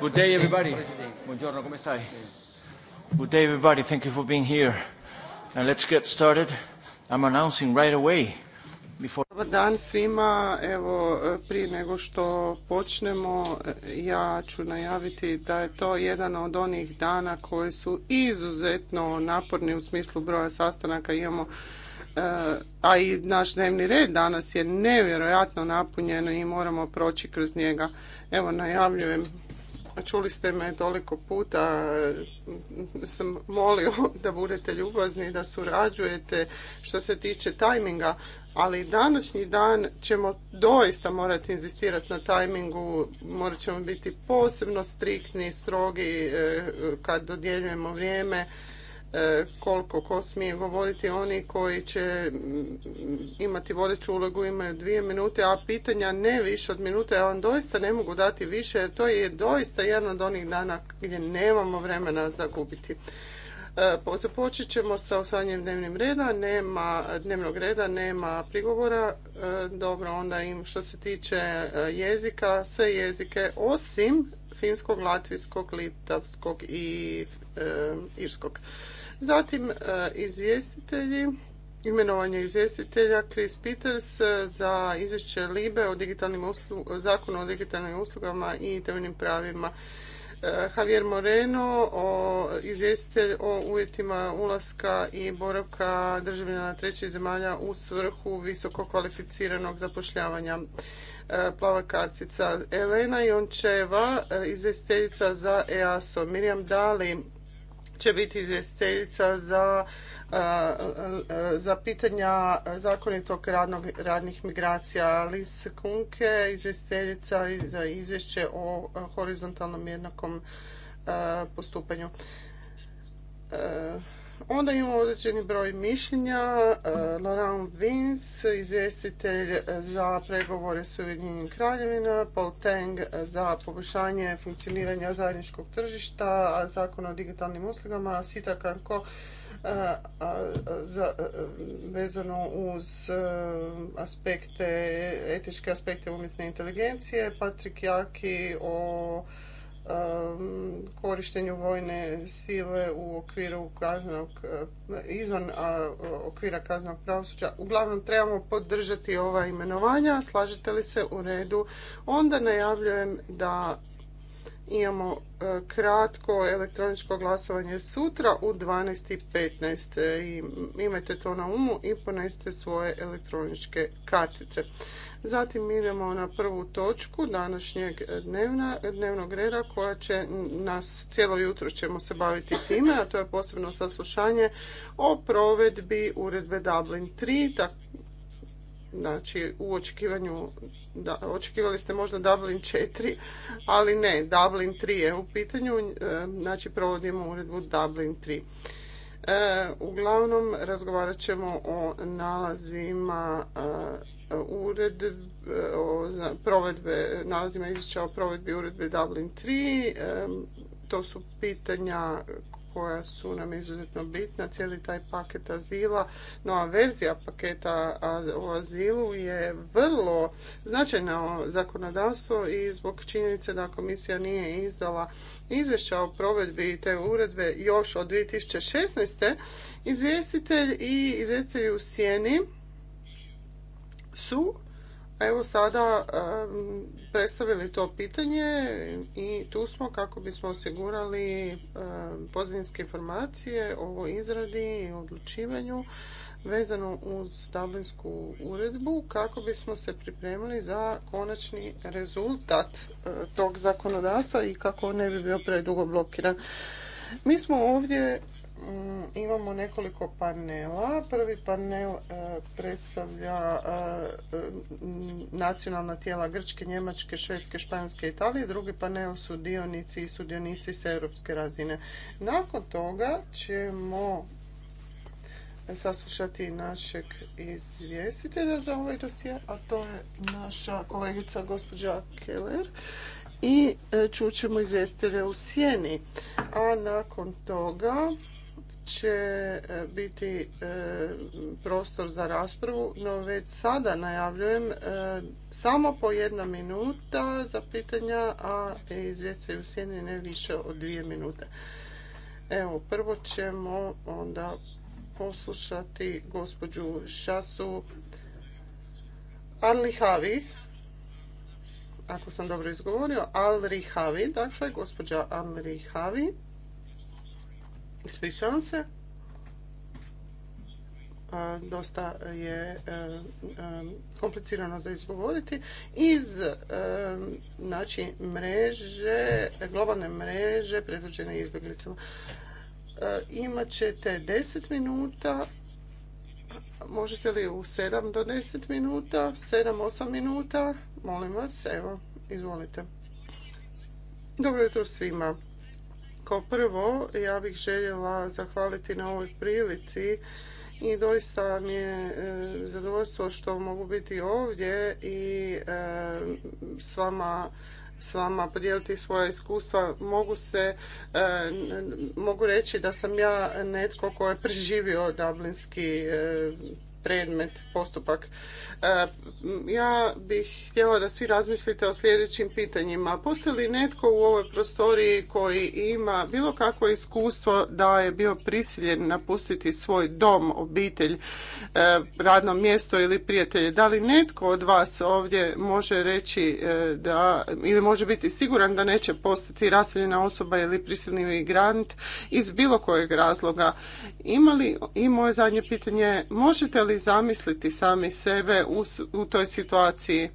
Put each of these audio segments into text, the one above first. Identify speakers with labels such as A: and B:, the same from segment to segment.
A: Good day, everybody. Buongiorno, come stai? Good day, everybody. Thank you for being here. And let's get started. I'm announcing right away.
B: Before... Dobar dan svima. Evo, prije nego što počnemo, ja ću najaviti da je to jedan od onih dana koji su izuzetno naporni u smislu broja sastanaka. Imamo eh, a i naš dnevni red danas je nevjerojatno napunjen i moramo proći kroz njega. Evo najavljujem pa čuli ste me toliko puta, sam molio da budete ljubazni, da surađujete što se tiče tajminga, ali današnji dan ćemo doista morati inzistirati na tajmingu, morat ćemo biti posebno striktni, strogi eh, kad dodjeljujemo vrijeme E, koliko ko smije govoriti oni koji će mm, imati vodeću ulogu imaju dvije minute, a pitanja ne više od minute. Ja vam doista ne mogu dati više jer to je doista jedan od onih dana gdje nemamo vremena zagubiti. E, započet ćemo sa osvajanjem dnevnim reda, nema dnevnog reda, nema prigovora. E, dobro, onda im što se tiče jezika, sve jezike osim finskog, latvijskog, litavskog i irskog. Zatim e, izvjestitelji, imenovanje izvjestitelja Chris Peters e, za izvješće LIBE o digitalnim uslugama zakonu o digitalnim uslugama i temeljnim pravima. E, Javier Moreno, o, izvjestitelj o uvjetima ulaska i boravka državljana trećih zemalja u svrhu visoko kvalificiranog zapošljavanja. Plava kartica Elena Jončeva, izvjestiteljica za EASO. Mirjam Dali, će biti izvjestiteljica za, e, e, za pitanja zakonitog radnog, radnih migracija. Liz Kunke, izvjestiteljica za izvješće o horizontalnom jednakom e, postupanju. Onda imamo određeni broj mišljenja. E, Laurent Vins, izvjestitelj za pregovore s Ujedinjenim kraljevina, Paul Tang za poboljšanje funkcioniranja zajedničkog tržišta, zakon o digitalnim uslugama, Sita Kanko e, za, e, vezano uz aspekte, etičke aspekte umjetne inteligencije, Patrick Jaki o Um, korištenju vojne sile u okviru kaznog, uh, izvan uh, okvira kaznog pravosuđa. Uglavnom trebamo podržati ova imenovanja, slažete li se u redu. Onda najavljujem da imamo uh, kratko elektroničko glasovanje sutra u 12.15. Imajte to na umu i ponesite svoje elektroničke kartice. Zatim idemo na prvu točku današnjeg dnevna, dnevnog reda koja će nas cijelo jutro ćemo se baviti time, a to je posebno saslušanje o provedbi uredbe Dublin 3, tak, znači u očekivanju da, očekivali ste možda Dublin 4, ali ne, Dublin 3 je u pitanju, e, znači provodimo uredbu Dublin 3. E, uglavnom razgovarat ćemo o nalazima e, ured e, o provedbe, nalazima izvješća o provedbi uredbe Dublin 3. E, to su pitanja koja su nam izuzetno bitna, cijeli taj paket azila. Nova verzija paketa o azilu je vrlo značajno zakonodavstvo i zbog činjenice da komisija nije izdala izvješća o provedbi te uredbe još od 2016. Izvjestitelj i izvjestitelj u Sjeni su evo sada predstavili to pitanje i tu smo kako bismo osigurali pozadinske informacije o izradi i odlučivanju vezano uz Dublinsku uredbu kako bismo se pripremili za konačni rezultat e, tog zakonodavstva i kako ne bi bio predugo blokiran. Mi smo ovdje Mm, imamo nekoliko panela. Prvi panel e, predstavlja e, nacionalna tijela Grčke, Njemačke, Švedske, Španjolske i Italije. Drugi panel su dionici i sudionici s europske razine. Nakon toga ćemo saslušati našeg izvjestitelja za ovaj dosje, a to je naša kolegica gospođa Keller i e, čućemo izvjestitelja u sjeni. A nakon toga će e, biti e, prostor za raspravu, no već sada najavljujem e, samo po jedna minuta za pitanja, a izvjestitelj u sjeni ne više od dvije minute. Evo, prvo ćemo onda poslušati gospođu Šasu Arlihavi, ako sam dobro izgovorio, Alrihavi, dakle, gospođa Alrihavi Ispričavam se. Dosta je e, e, komplicirano za izgovoriti. Iz e, znači, mreže, globalne mreže predvođene izbjeglicama. Imat ćete 10 minuta možete li u 7 do 10 minuta, 7-8 minuta, molim vas, evo, izvolite. Dobro jutro svima. Kao prvo, ja bih željela zahvaliti na ovoj prilici i doista mi je e, zadovoljstvo što mogu biti ovdje i e, s vama s vama podijeliti svoje iskustva. Mogu se, e, mogu reći da sam ja netko ko je preživio dublinski predmet, postupak. E, ja bih htjela da svi razmislite o sljedećim pitanjima. Postoji li netko u ovoj prostoriji koji ima bilo kakvo iskustvo da je bio prisiljen napustiti svoj dom, obitelj, e, radno mjesto ili prijatelje? Da li netko od vas ovdje može reći e, da ili može biti siguran da neće postati raseljena osoba ili prisilni migrant iz bilo kojeg razloga? Ima li, i moje zadnje pitanje, možete li zamisliti sami sebe u, toj situaciji.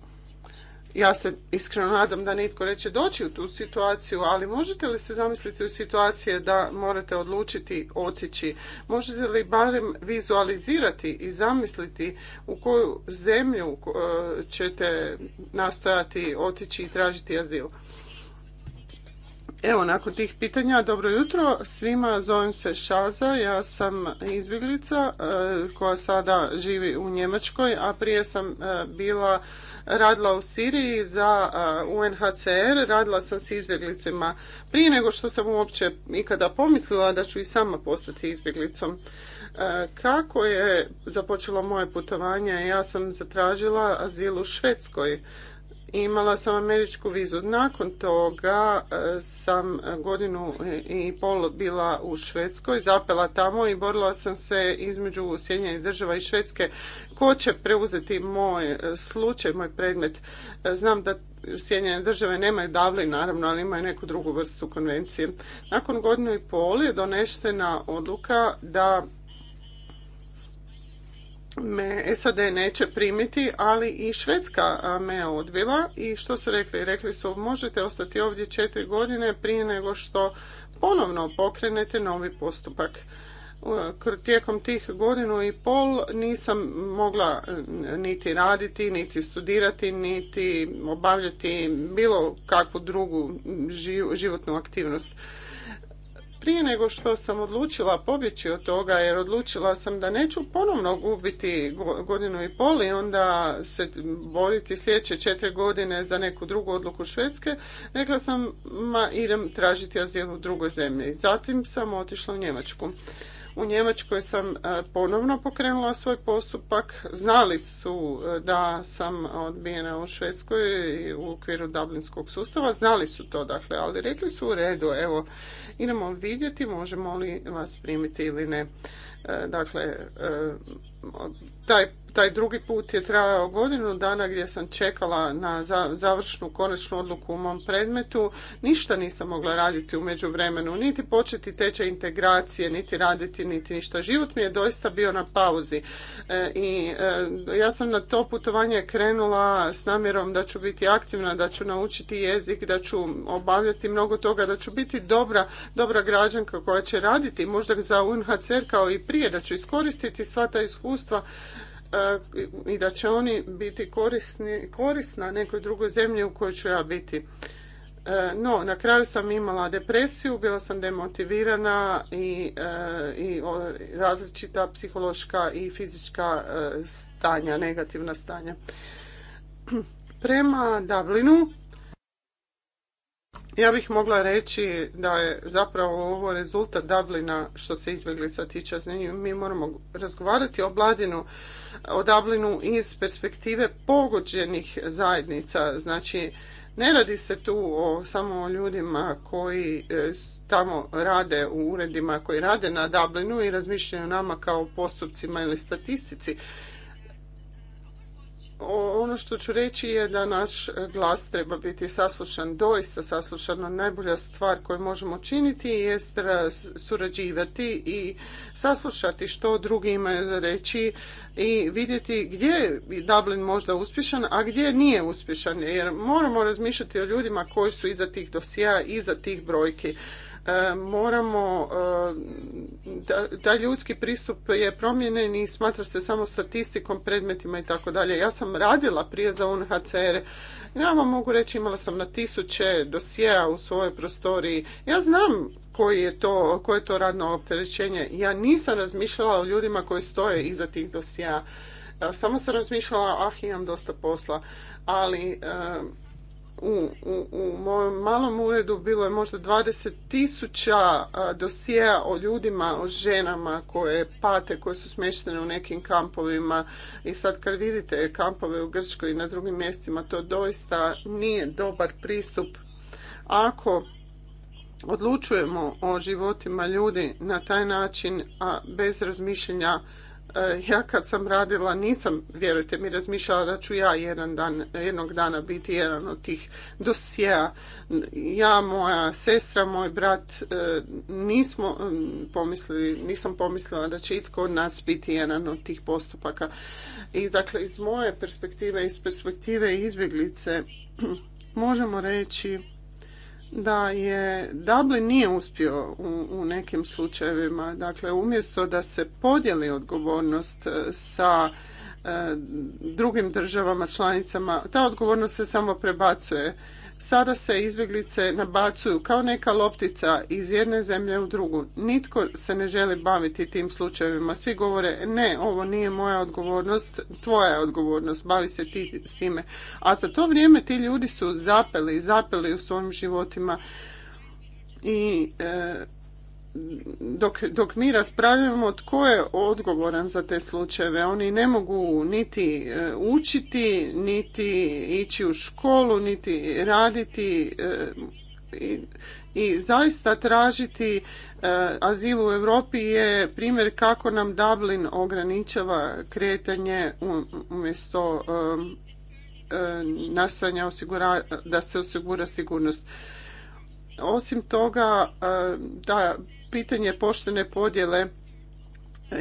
B: Ja se iskreno nadam da nitko neće doći u tu situaciju, ali možete li se zamisliti u situacije da morate odlučiti otići? Možete li barem vizualizirati i zamisliti u koju zemlju e, ćete nastojati otići i tražiti azil? Evo, nakon tih pitanja, dobro jutro svima, zovem se Šaza, ja sam izbjeglica e, koja sada živi u Njemačkoj, a prije sam e, bila radila u Siriji za e, UNHCR, radila sam s izbjeglicima prije nego što sam uopće ikada pomislila da ću i sama postati izbjeglicom. Kako je započelo moje putovanje, ja sam zatražila azil u Švedskoj imala sam američku vizu. Nakon toga e, sam godinu i pol bila u Švedskoj, zapela tamo i borila sam se između Sjedinjenih država i Švedske. Ko će preuzeti moj e, slučaj, moj predmet? E, znam da Sjedinjene države nemaju davli, naravno, ali imaju neku drugu vrstu konvencije. Nakon godinu i pol je donešena odluka da me SAD neće primiti, ali i Švedska me odbila i što su rekli? Rekli su možete ostati ovdje četiri godine prije nego što ponovno pokrenete novi postupak. Tijekom tih godinu i pol nisam mogla niti raditi, niti studirati, niti obavljati bilo kakvu drugu životnu aktivnost. Prije nego što sam odlučila pobjeći od toga, jer odlučila sam da neću ponovno gubiti godinu i pol i onda se boriti sljedeće četiri godine za neku drugu odluku Švedske, rekla sam ma idem tražiti azil u drugoj zemlji. Zatim sam otišla u Njemačku. U Njemačkoj sam e, ponovno pokrenula svoj postupak. Znali su e, da sam odbijena u Švedskoj u okviru Dublinskog sustava. Znali su to, dakle, ali rekli su u redu, evo, idemo vidjeti možemo li vas primiti ili ne. E, dakle, taj taj drugi put je trajao godinu dana gdje sam čekala na završnu konačnu odluku u mom predmetu. Ništa nisam mogla raditi u međuvremenu, niti početi tečaj integracije, niti raditi, niti ništa. Život mi je doista bio na pauzi e, i e, ja sam na to putovanje krenula s namjerom da ću biti aktivna, da ću naučiti jezik, da ću obavljati mnogo toga, da ću biti dobra, dobra građanka koja će raditi možda za UNHCR kao i prije, da ću iskoristiti sva ta iskustva i da će oni biti korisni, korisna nekoj drugoj zemlji u kojoj ću ja biti. E, no, na kraju sam imala depresiju, bila sam demotivirana i, e, i različita psihološka i fizička e, stanja, negativna stanja. Prema Dublinu, ja bih mogla reći da je zapravo ovo rezultat Dublina što se izbjeglica tiče. Znači, mi moramo razgovarati o Bladinu o Dublinu iz perspektive pogođenih zajednica. Znači, ne radi se tu o, samo o ljudima koji e, tamo rade u uredima koji rade na Dublinu i razmišljaju o nama kao postupcima ili statistici ono što ću reći je da naš glas treba biti saslušan, doista saslušan. Najbolja stvar koju možemo činiti jest surađivati i saslušati što drugi imaju za reći i vidjeti gdje je Dublin možda uspješan, a gdje nije uspješan. Jer moramo razmišljati o ljudima koji su iza tih dosija, iza tih brojki. E, moramo, e, taj ljudski pristup je promijenjen i smatra se samo statistikom, predmetima i tako dalje. Ja sam radila prije za UNHCR, ja vam mogu reći imala sam na tisuće dosjea u svojoj prostoriji. Ja znam koji je to, koje je to radno opterećenje. Ja nisam razmišljala o ljudima koji stoje iza tih dosjea. E, samo sam razmišljala, ah imam dosta posla, ali u, u, mojem malom uredu bilo je možda 20 tisuća dosjea o ljudima, o ženama koje pate, koje su smještene u nekim kampovima i sad kad vidite kampove u Grčkoj i na drugim mjestima, to doista nije dobar pristup. Ako odlučujemo o životima ljudi na taj način, a bez razmišljenja, Eh, ja kad sam radila nisam, vjerujte mi, razmišljala da ću ja jedan dan, jednog dana biti jedan od tih dosjea. Ja, moja sestra, moj brat, eh, nismo mm, pomislili, nisam pomislila da će itko od nas biti jedan od tih postupaka. I dakle, iz moje perspektive, iz perspektive izbjeglice, možemo reći da je Dublin nije uspio u, u nekim slučajevima. Dakle, umjesto da se podijeli odgovornost e, sa e, drugim državama članicama, ta odgovornost se samo prebacuje Sada se izbjeglice nabacuju kao neka loptica iz jedne zemlje u drugu. Nitko se ne želi baviti tim slučajevima. Svi govore ne, ovo nije moja odgovornost, tvoja je odgovornost, bavi se ti s time. A za to vrijeme ti ljudi su zapeli, zapeli u svojim životima i e, dok, dok mi raspravljamo tko je odgovoran za te slučajeve, oni ne mogu niti e, učiti, niti ići u školu, niti raditi e, i, i zaista tražiti e, azil u Europi je primjer kako nam Dublin ograničava kretanje umjesto nastojanja osigura, da se osigura sigurnost. Osim toga, da pitanje poštene podjele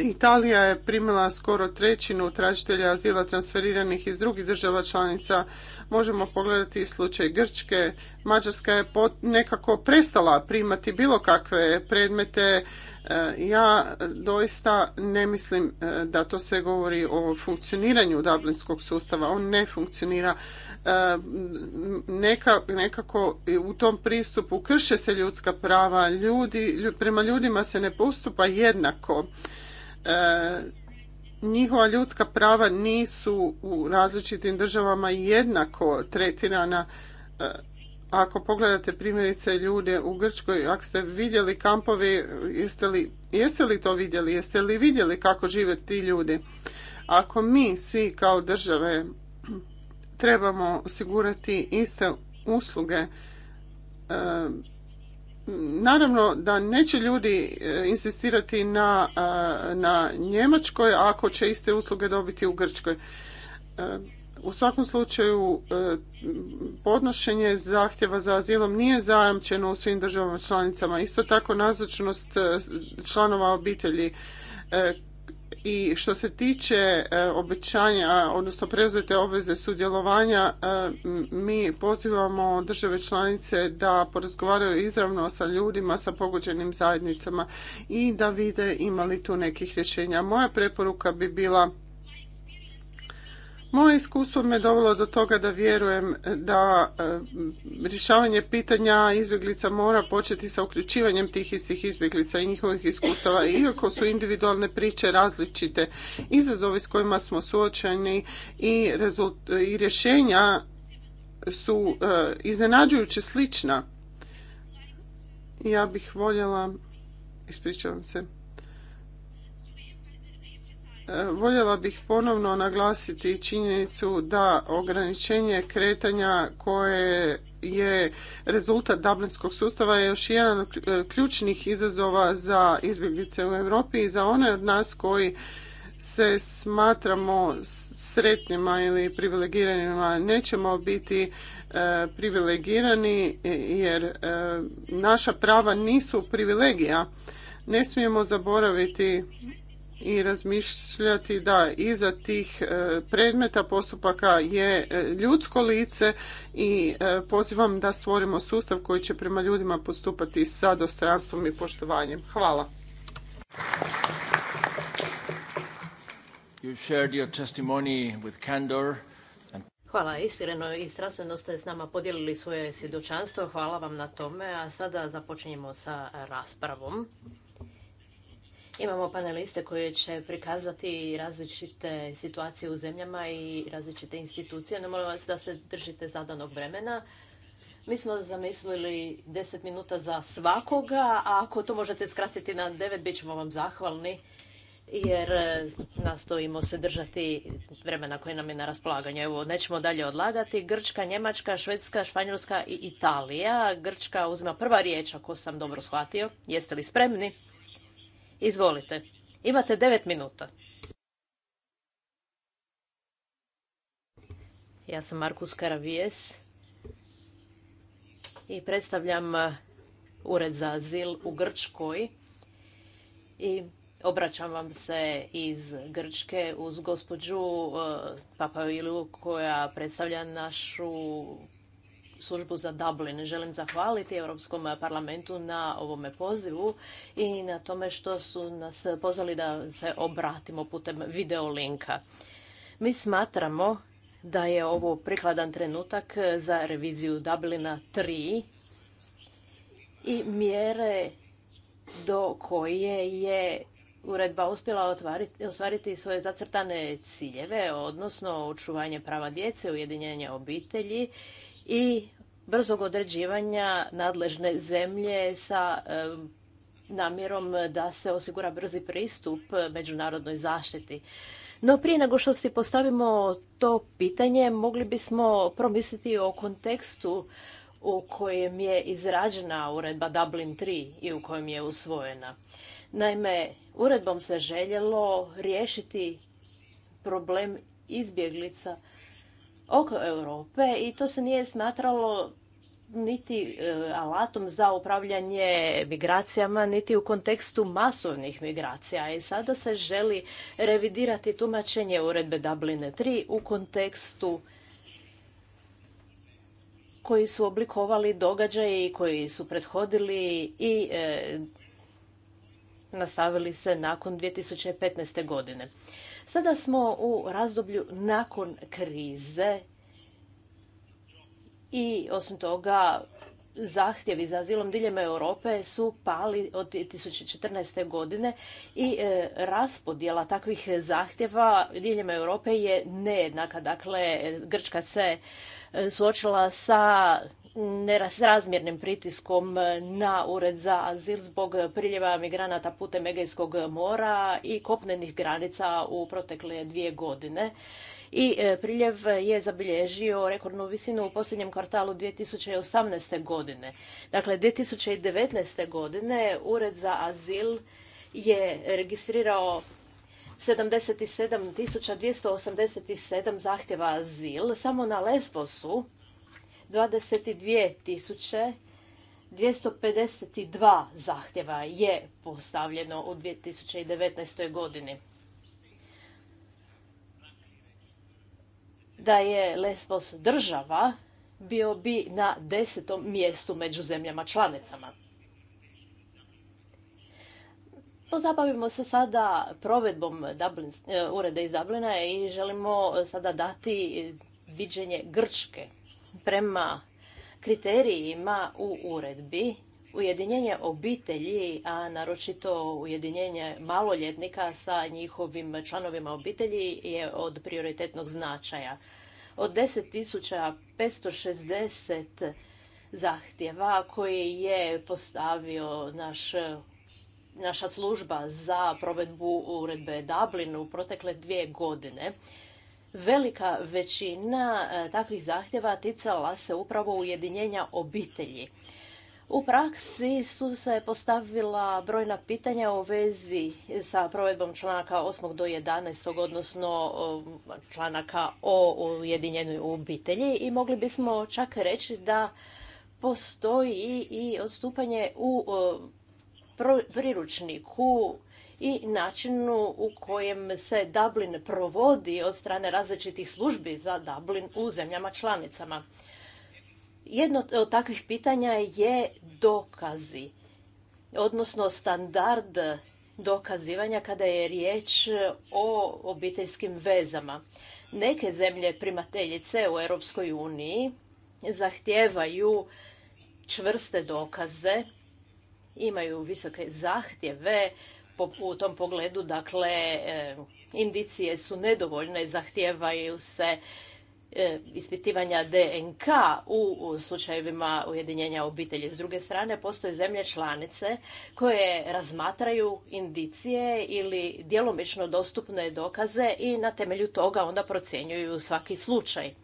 B: Italija je primila skoro trećinu tražitelja azila transferiranih iz drugih država članica. Možemo pogledati i slučaj Grčke. Mađarska je nekako prestala primati bilo kakve predmete. E, ja doista ne mislim e, da to sve govori o funkcioniranju dublinskog sustava. On ne funkcionira. E, neka, nekako u tom pristupu krše se ljudska prava, ljudi, prema ljudima se ne postupa jednako. E, njihova ljudska prava nisu u različitim državama jednako tretirana e, ako pogledate primjerice ljude u Grčkoj, ako ste vidjeli kampove, jeste li, jeste li to vidjeli, jeste li vidjeli kako žive ti ljudi? Ako mi svi kao države trebamo osigurati iste usluge. E, naravno da neće ljudi e, insistirati na, e, na Njemačkoj ako će iste usluge dobiti u Grčkoj. U svakom slučaju podnošenje zahtjeva za azilom nije zajamčeno u svim državama članicama. Isto tako nazočnost članova obitelji i što se tiče e, obećanja, odnosno preuzete obveze sudjelovanja, e, mi pozivamo države članice da porazgovaraju izravno sa ljudima, sa pogođenim zajednicama i da vide ima li tu nekih rješenja. Moja preporuka bi bila moje iskustvo me dovelo do toga da vjerujem da e, rješavanje pitanja izbjeglica mora početi sa uključivanjem tih istih izbjeglica i njihovih iskustava. Iako su individualne priče različite, izazovi s kojima smo suočeni i, i rješenja su e, iznenađujuće slična. Ja bih voljela, ispričavam se, voljela bih ponovno naglasiti činjenicu da ograničenje kretanja koje je rezultat dublinskog sustava je još jedan od ključnih izazova za izbjeglice u Europi i za one od nas koji se smatramo sretnima ili privilegiranima nećemo biti e, privilegirani e, jer e, naša prava nisu privilegija ne smijemo zaboraviti i razmišljati da iza tih e, predmeta postupaka je e, ljudsko lice i e, pozivam da stvorimo sustav koji će prema ljudima postupati sa dostojanstvom i poštovanjem. Hvala.
C: Hvala iskreno i strastveno ste s nama podijelili svoje svjedočanstvo. Hvala vam na tome, a sada započinjemo sa raspravom. Imamo paneliste koje će prikazati različite situacije u zemljama i različite institucije. No, molim vas da se držite zadanog vremena. Mi smo zamislili 10 minuta za svakoga, a ako to možete skratiti na 9, bit ćemo vam zahvalni jer e, nastojimo se držati vremena koje nam je na raspolaganju. Evo, nećemo dalje odlagati. Grčka, Njemačka, Švedska, Španjolska i Italija. Grčka uzima prva riječ, ako sam dobro shvatio. Jeste li spremni? Izvolite. Imate devet minuta. Ja sam Markus Karavijes i predstavljam e, Ured za azil u Grčkoj i obraćam vam se iz Grčke uz gospođu e, Papailu koja predstavlja našu službu za Dublin. Želim zahvaliti Europskom parlamentu na ovome pozivu i na tome što su nas pozvali da se obratimo putem videolinka. Mi smatramo da je ovo prikladan trenutak za reviziju Dublina 3 i mjere do koje je uredba uspjela ostvariti svoje zacrtane ciljeve, odnosno očuvanje prava djece, ujedinjenje obitelji i brzog određivanja nadležne zemlje sa namjerom da se osigura brzi pristup međunarodnoj zaštiti. No prije nego što si postavimo to pitanje, mogli bismo promisliti o kontekstu u kojem je izrađena uredba Dublin 3 i u kojem je usvojena. Naime, uredbom se željelo riješiti problem izbjeglica oko Europe i to se nije smatralo niti e, alatom za upravljanje migracijama, niti u kontekstu masovnih migracija. I sada se želi revidirati tumačenje uredbe Dubline 3 u kontekstu koji su oblikovali događaji koji su prethodili i e, nastavili se nakon 2015. godine. Sada smo u razdoblju nakon krize i osim toga zahtjevi za azilom diljem Europe su pali od 2014. godine i e, raspodjela takvih zahtjeva diljem Europe je nejednaka. Dakle, Grčka se e, suočila sa nerazmjernim pritiskom na Ured za azil zbog priljeva migranata putem Egejskog mora i kopnenih granica u protekle dvije godine. I e, priljev je zabilježio rekordnu visinu u posljednjem kvartalu 2018. godine. Dakle, 2019. godine Ured za azil je registrirao 77.287 zahtjeva azil. Samo na Lesbosu 22.252 zahtjeva je postavljeno u 2019. godini. Da je Lesbos država, bio bi na desetom mjestu među zemljama članicama. Pozabavimo se sada provedbom Dublin, e, ureda iz Dublina i želimo sada dati viđenje Grčke prema kriterijima u uredbi ujedinjenje obitelji, a naročito ujedinjenje maloljetnika sa njihovim članovima obitelji je od prioritetnog značaja. Od 10.560 zahtjeva koje je postavio naš naša služba za provedbu uredbe Dublinu u protekle dvije godine velika većina e, takvih zahtjeva ticala se upravo ujedinjenja obitelji. U praksi su se postavila brojna pitanja u vezi sa provedbom članaka 8. do 11. odnosno članaka o ujedinjenoj obitelji i mogli bismo čak reći da postoji i odstupanje u priručniku i načinu u kojem se Dublin provodi od strane različitih službi za Dublin u zemljama članicama. Jedno od takvih pitanja je dokazi, odnosno standard dokazivanja kada je riječ o obiteljskim vezama. Neke zemlje primateljice u Europskoj uniji zahtijevaju čvrste dokaze, imaju visoke zahtjeve u tom pogledu. Dakle, e, indicije su nedovoljne, zahtijevaju se e, ispitivanja DNK u slučajevima ujedinjenja obitelji. S druge strane, postoje zemlje članice koje razmatraju indicije ili djelomično dostupne dokaze i na temelju toga onda procjenjuju svaki slučaj.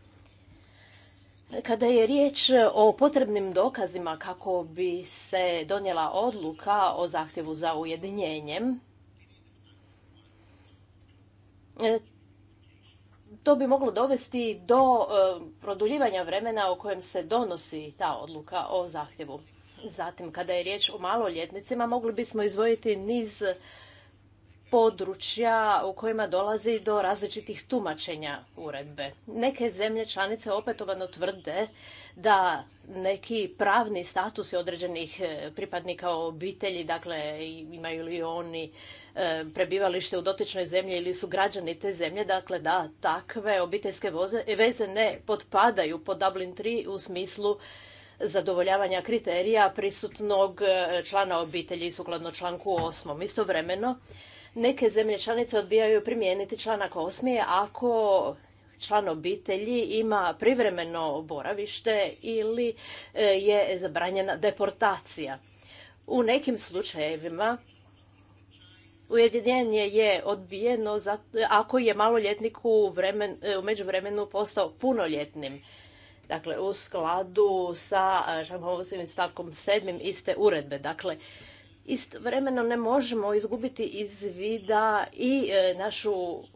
C: Kada je riječ o potrebnim dokazima kako bi se donijela odluka o zahtjevu za ujedinjenjem, e, to bi moglo dovesti do e, produljivanja vremena o kojem se donosi ta odluka o zahtjevu. Zatim, kada je riječ o maloljetnicima, mogli bismo izvojiti niz područja u kojima dolazi do različitih tumačenja uredbe. Neke zemlje članice opetovano tvrde da neki pravni statusi određenih e, pripadnika obitelji, dakle imaju li oni e, prebivalište u dotičnoj zemlji ili su građani te zemlje, dakle da takve obiteljske veze ne potpadaju pod Dublin 3 u smislu zadovoljavanja kriterija prisutnog e, člana obitelji sukladno članku 8. Istovremeno, Neke zemlje članice odbijaju primijeniti članak 8. ako član obitelji ima privremeno boravište ili e, je zabranjena deportacija. U nekim slučajevima ujedinjenje je odbijeno ako je maloljetnik u, vremen, e, u međuvremenu postao punoljetnim. Dakle, u skladu sa e, stavkom 7. iste uredbe. Dakle, Istovremeno ne možemo izgubiti iz vida i e, našu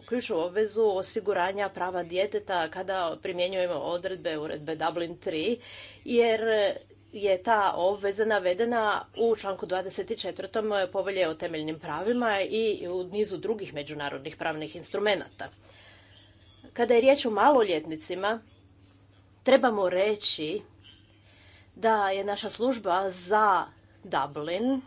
C: ključnu obvezu osiguranja prava djeteta kada primjenjujemo odredbe uredbe Dublin 3 jer je ta obveza navedena u članku 24. povelje o temeljnim pravima i u nizu drugih međunarodnih pravnih instrumenata. Kada je riječ o maloljetnicima, trebamo reći da je naša služba za Dublin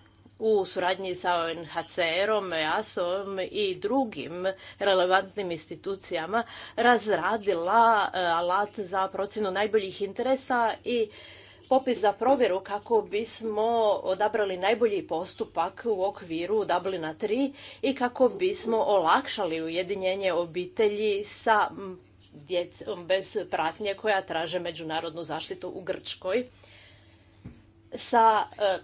C: u suradnji sa UNHCR-om, EASO-om i drugim relevantnim institucijama razradila e, alat za procjenu najboljih interesa i popis za provjeru kako bismo odabrali najbolji postupak u okviru Dublina 3 i kako bismo olakšali ujedinjenje obitelji sa djecom bez pratnje koja traže međunarodnu zaštitu u Grčkoj sa e,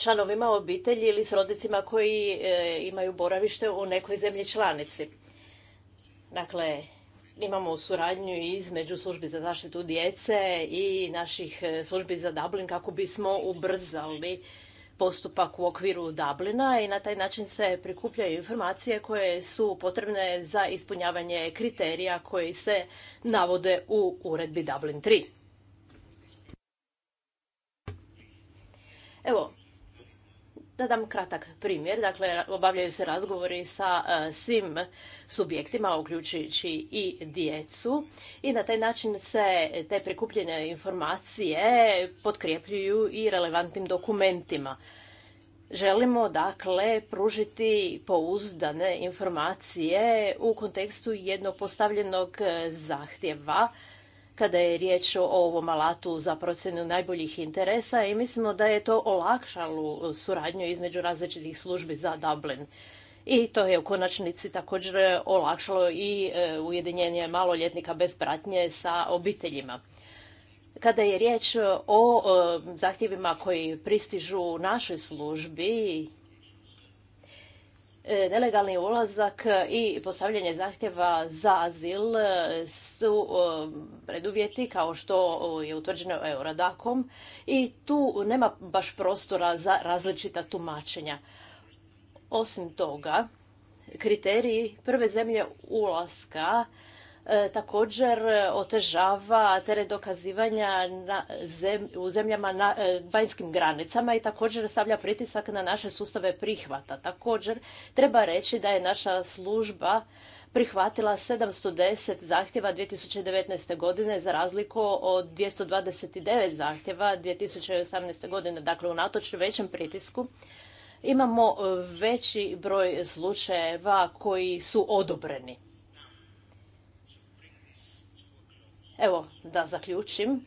C: članovima obitelji ili s rodicima koji e, imaju boravište u nekoj zemlji članici. Dakle, imamo suradnju između službi za zaštitu djece i naših e, službi za Dublin kako bismo ubrzali postupak u okviru Dublina i na taj način se prikupljaju informacije koje su potrebne za ispunjavanje kriterija koji se navode u uredbi Dublin 3. Evo, da dam kratak primjer, dakle obavljaju se razgovori sa e, svim subjektima, uključujući i djecu i na taj način se te prikupljene informacije potkrepljuju i relevantnim dokumentima. Želimo dakle pružiti pouzdane informacije u kontekstu jednog postavljenog e, zahtjeva kada je riječ o ovom alatu za procjenu najboljih interesa i mislimo da je to olakšalo suradnju između različitih službi za Dublin. I to je u konačnici također olakšalo i e, ujedinjenje maloljetnika bez pratnje sa obiteljima. Kada je riječ o e, zahtjevima koji pristižu našoj službi, e, nelegalni ulazak i postavljanje zahtjeva za azil su um, preduvjeti kao što uh, je utvrđeno Eurodakom i tu nema baš prostora za različita tumačenja. Osim toga, kriteriji prve zemlje ulaska uh, također otežava teret dokazivanja u zemljama na uh, vanjskim granicama i također stavlja pritisak na naše sustave prihvata. Također treba reći da je naša služba prihvatila 710 zahtjeva 2019. godine za razliku od 229 zahtjeva 2018. godine, dakle unatoč većem pritisku. Imamo e, veći broj slučajeva koji su odobreni. Evo, da zaključim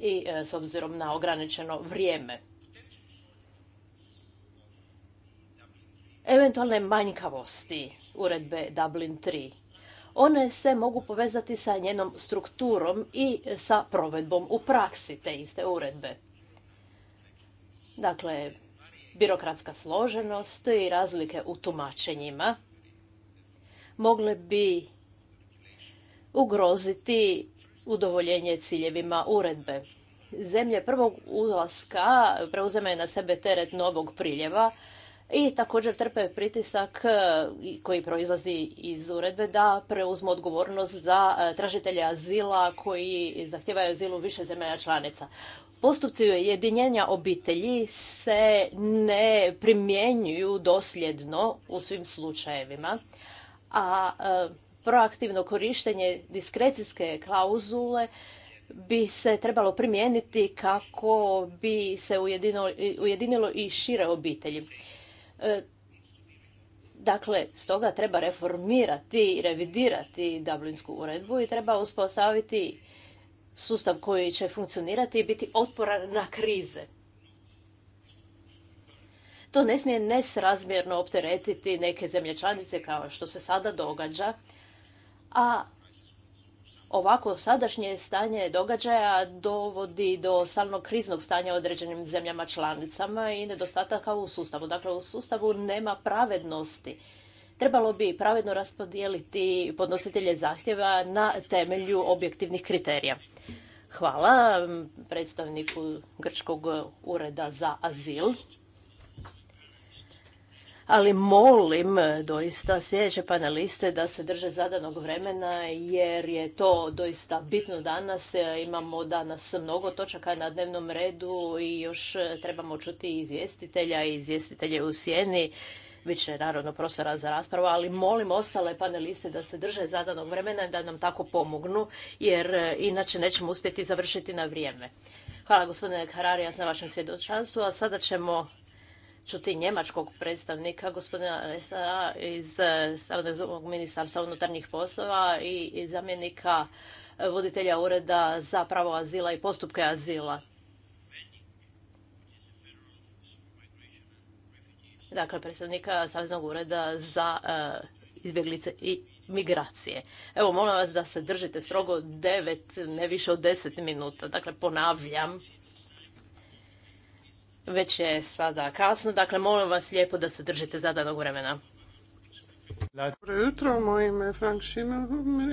C: i e, s obzirom na ograničeno vrijeme. eventualne manjkavosti uredbe Dublin 3. One se mogu povezati sa njenom strukturom i sa provedbom u praksi te iste uredbe. Dakle, birokratska složenost i razlike u tumačenjima mogle bi ugroziti udovoljenje ciljevima uredbe. Zemlje prvog ulaska preuzemaju na sebe teret novog priljeva i također trpe pritisak e, koji proizlazi iz uredbe da preuzmu odgovornost za e, tražitelje azila koji zahtijevaju azil u više zemalja članica. Postupci ujedinjenja obitelji se ne primjenjuju dosljedno u svim slučajevima, a e, proaktivno korištenje diskrecijske klauzule bi se trebalo primijeniti kako bi se ujedinilo i šire obitelji. E, dakle, stoga treba reformirati i revidirati Dublinsku uredbu i treba uspostaviti sustav koji će funkcionirati i biti otporan na krize. To ne smije nesrazmjerno opteretiti neke zemlje članice kao što se sada događa, a ovako sadašnje stanje događaja dovodi do stalnog kriznog stanja u određenim zemljama članicama i nedostataka u sustavu. Dakle, u sustavu nema pravednosti. Trebalo bi pravedno raspodijeliti podnositelje zahtjeva na temelju objektivnih kriterija. Hvala predstavniku Grčkog ureda za azil ali molim e, doista sljedeće paneliste da se drže zadanog vremena jer je to doista bitno danas. E, imamo danas mnogo točaka na dnevnom redu i još e, trebamo čuti izvjestitelja i izvjestitelje u sjeni. Biće naravno prostora za raspravu, ali molim ostale paneliste da se drže zadanog vremena i da nam tako pomognu jer inače nećemo uspjeti završiti na vrijeme. Hvala gospodine Kararijas na vašem svjedočanstvu, a sada ćemo čuti njemačkog predstavnika, gospodina Lesara iz eh, Saveznog ministarstva unutarnjih poslova i zamjenika eh, voditelja Ureda za pravo azila i postupke azila. Dakle, predstavnika Saveznog ureda za eh, izbjeglice i migracije. Evo, molim vas da se držite strogo devet, ne više od deset minuta. Dakle, ponavljam, već je sada kasno, dakle molim vas lijepo da se držite zadanog vremena.
B: Dobro jutro, moje ime je Frank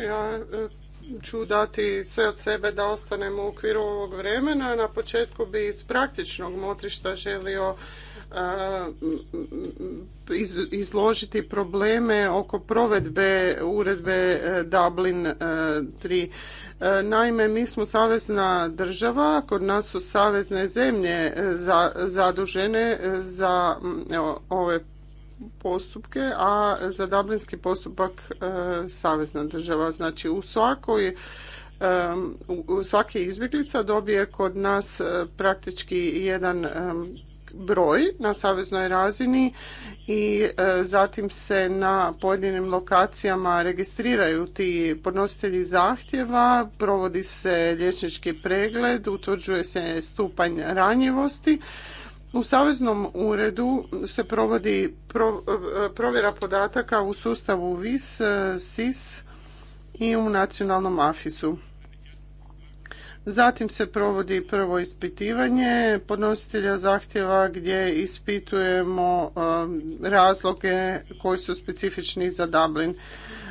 B: Ja e, ću dati sve od sebe da ostanem u okviru ovog vremena. Na početku bi iz praktičnog motrišta želio e, izložiti probleme oko provedbe uredbe e, Dublin 3. E, naime, mi smo savezna država, kod nas su savezne zemlje e, zadužene e, za ove postupke, a za dublinski postupak savezna država. Znači u svakoj svaki izbjeglica dobije kod nas praktički jedan broj na saveznoj razini i e, zatim se na pojedinim lokacijama registriraju ti podnositelji zahtjeva, provodi se liječnički pregled, utvrđuje se stupanj ranjivosti. U Saveznom uredu se provodi e, provjera podataka u sustavu VIS, SIS i u nacionalnom afis Zatim se provodi prvo ispitivanje podnositelja zahtjeva gdje ispitujemo um, razloge koji su specifični za Dublin.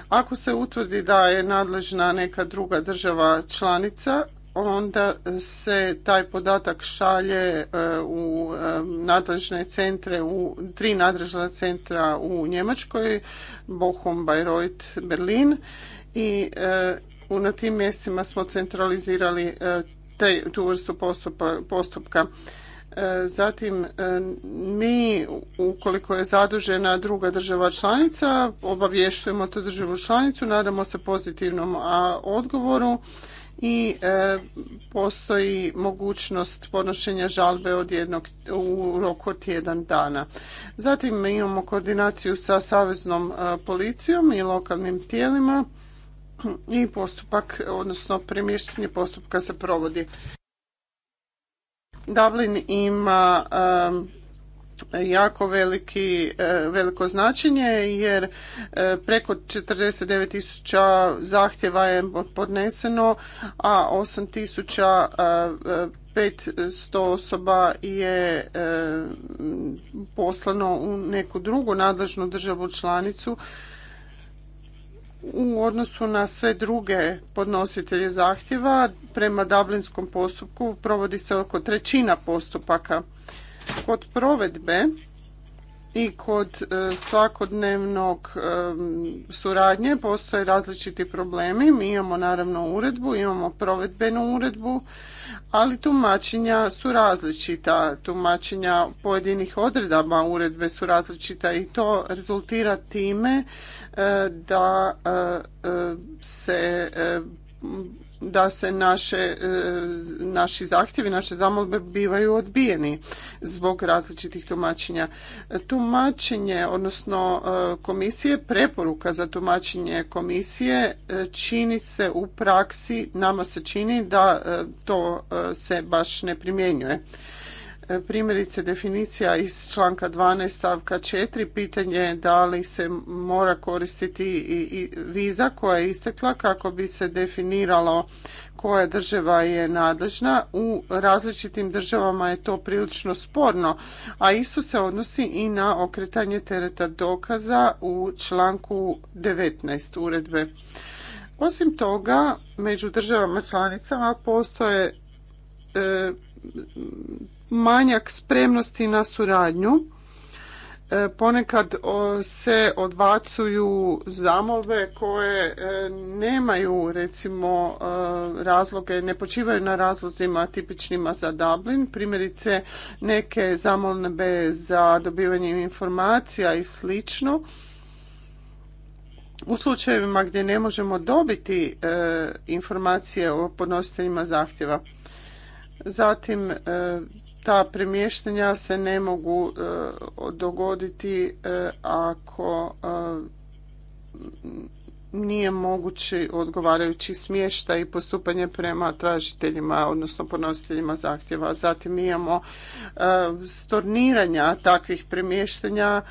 B: Ako se utvrdi da je nadležna neka druga država članica, onda se taj podatak šalje uh, u um, nadležne centre, u tri nadležna centra u Njemačkoj, Bochum, Bayreuth, Berlin i uh, na tim mjestima smo centralizirali e, te, tu vrstu postupka. E, zatim, e, mi, ukoliko je zadužena druga država članica, obavještujemo tu državu članicu, nadamo se pozitivnom odgovoru i postoji mogućnost podnošenja žalbe od jednog, u roku od tjedan dana. Zatim imamo koordinaciju sa saveznom policijom i lokalnim tijelima i postupak, odnosno premještanje postupka se provodi. Dublin ima jako veliki, e, veliko značenje jer e, preko 49.000 zahtjeva je podneseno, a 8.500 e, osoba je poslano u neku drugu nadležnu državu članicu u odnosu na sve druge podnositelje zahtjeva prema Dublinskom postupku provodi se oko trećina postupaka. Kod provedbe i kod e, svakodnevnog e, suradnje postoje različiti problemi. Mi imamo naravno uredbu, imamo provedbenu uredbu, ali tumačenja su različita. Tumačenja pojedinih odredaba uredbe su različita i to rezultira time e, da se da se naše, e, naši zahtjevi, naše zamolbe bivaju odbijeni zbog različitih tumačenja. Tumačenje, odnosno e, komisije, preporuka za tumačenje komisije e, čini se u praksi, nama se čini da to se baš ne primjenjuje primjerice definicija iz članka 12 stavka 4 pitanje je da li se mora koristiti i viza koja je istekla kako bi se definiralo koja država je nadležna. U različitim državama je to prilično sporno, a isto se odnosi i na okretanje tereta dokaza u članku 19 uredbe. Osim toga, među državama članicama postoje e, manjak spremnosti na suradnju. E, ponekad se odbacuju zamolbe koje e, nemaju recimo e, razloge, ne počivaju na razlozima tipičnima za Dublin. Primjerice neke zamolbe za dobivanje informacija i slično. U slučajevima gdje ne možemo dobiti informacije o podnositeljima zahtjeva. Zatim ta premještanja se ne mogu e, dogoditi e, ako e, nije mogući odgovarajući smještaj i postupanje prema tražiteljima, odnosno podnositeljima zahtjeva. Zatim imamo storniranja takvih premještanja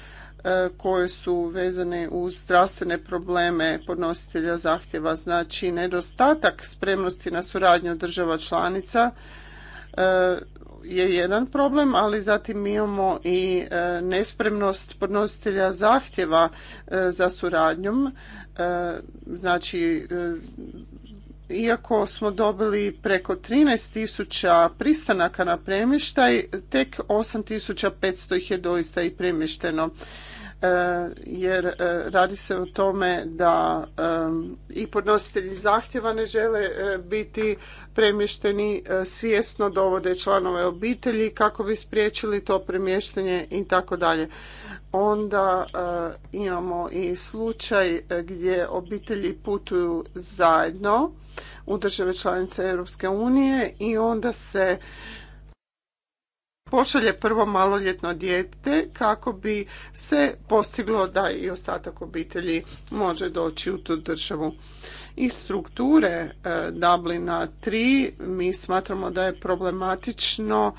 B: koje su vezane uz zdravstvene probleme podnositelja zahtjeva, znači nedostatak spremnosti na suradnju država članica je jedan problem, ali zatim imamo i e, nespremnost podnositelja zahtjeva e, za suradnjom. E, znači, iako smo dobili preko 13.000 pristanaka na premještaj, tek 8.500 ih je doista i premješteno. Eh, jer eh, radi se o tome da i podnositelji zahtjeva ne žele eh, biti premješteni svjesno dovode članove obitelji kako bi spriječili to premještenje i tako dalje. Onda imamo i slučaj gdje obitelji putuju zajedno u države članice Europske unije i onda se pošalje prvo maloljetno dijete kako bi se postiglo da i ostatak obitelji može doći u tu državu. Iz strukture e, Dublina 3 mi smatramo da je problematično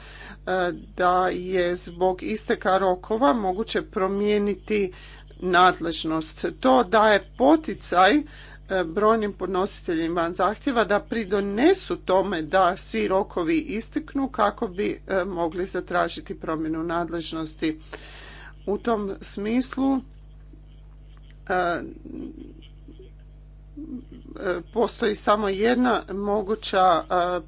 B: e, da je zbog isteka rokova moguće promijeniti nadležnost. To daje poticaj brojnim podnositeljima zahtjeva da pridonesu tome da svi rokovi isteknu kako bi e, mogli zatražiti promjenu nadležnosti. U tom smislu e, e, postoji samo jedna moguća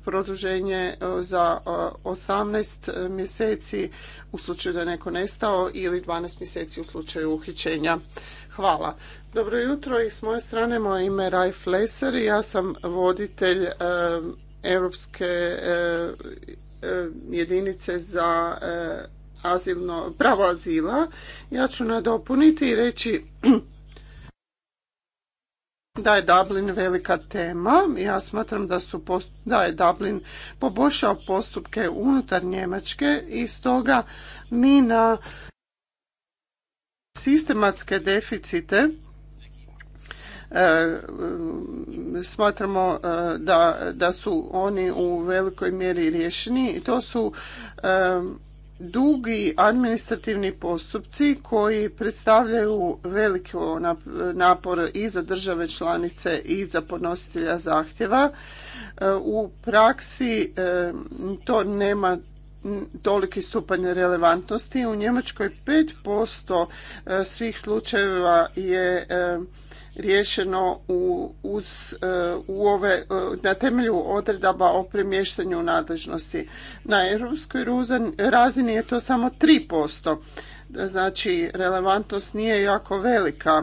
B: produženje za 18 mjeseci u slučaju da je neko nestao ili 12 mjeseci u slučaju uhićenja. Hvala. Dobro jutro i s moje strane moje ime je Raj Fleser i ja sam voditelj e, Europske e, e, jedinice za azilno, pravo azila. Ja ću nadopuniti i reći da je Dublin velika tema. Ja smatram da, da je Dublin poboljšao postupke unutar Njemačke i stoga mi na sistematske deficite E, smatramo e, da, su oni u velikoj mjeri riješeni i to su e, dugi administrativni postupci koji predstavljaju veliki napor i za države članice i za podnositelja zahtjeva. U praksi to nema toliki stupanj relevantnosti. U Njemačkoj 5% svih slučajeva je riješeno u, uz, e, u ove, e, na temelju odredaba o premještanju nadležnosti. Na europskoj razini je to samo 3%. Znači, relevantnost nije jako velika.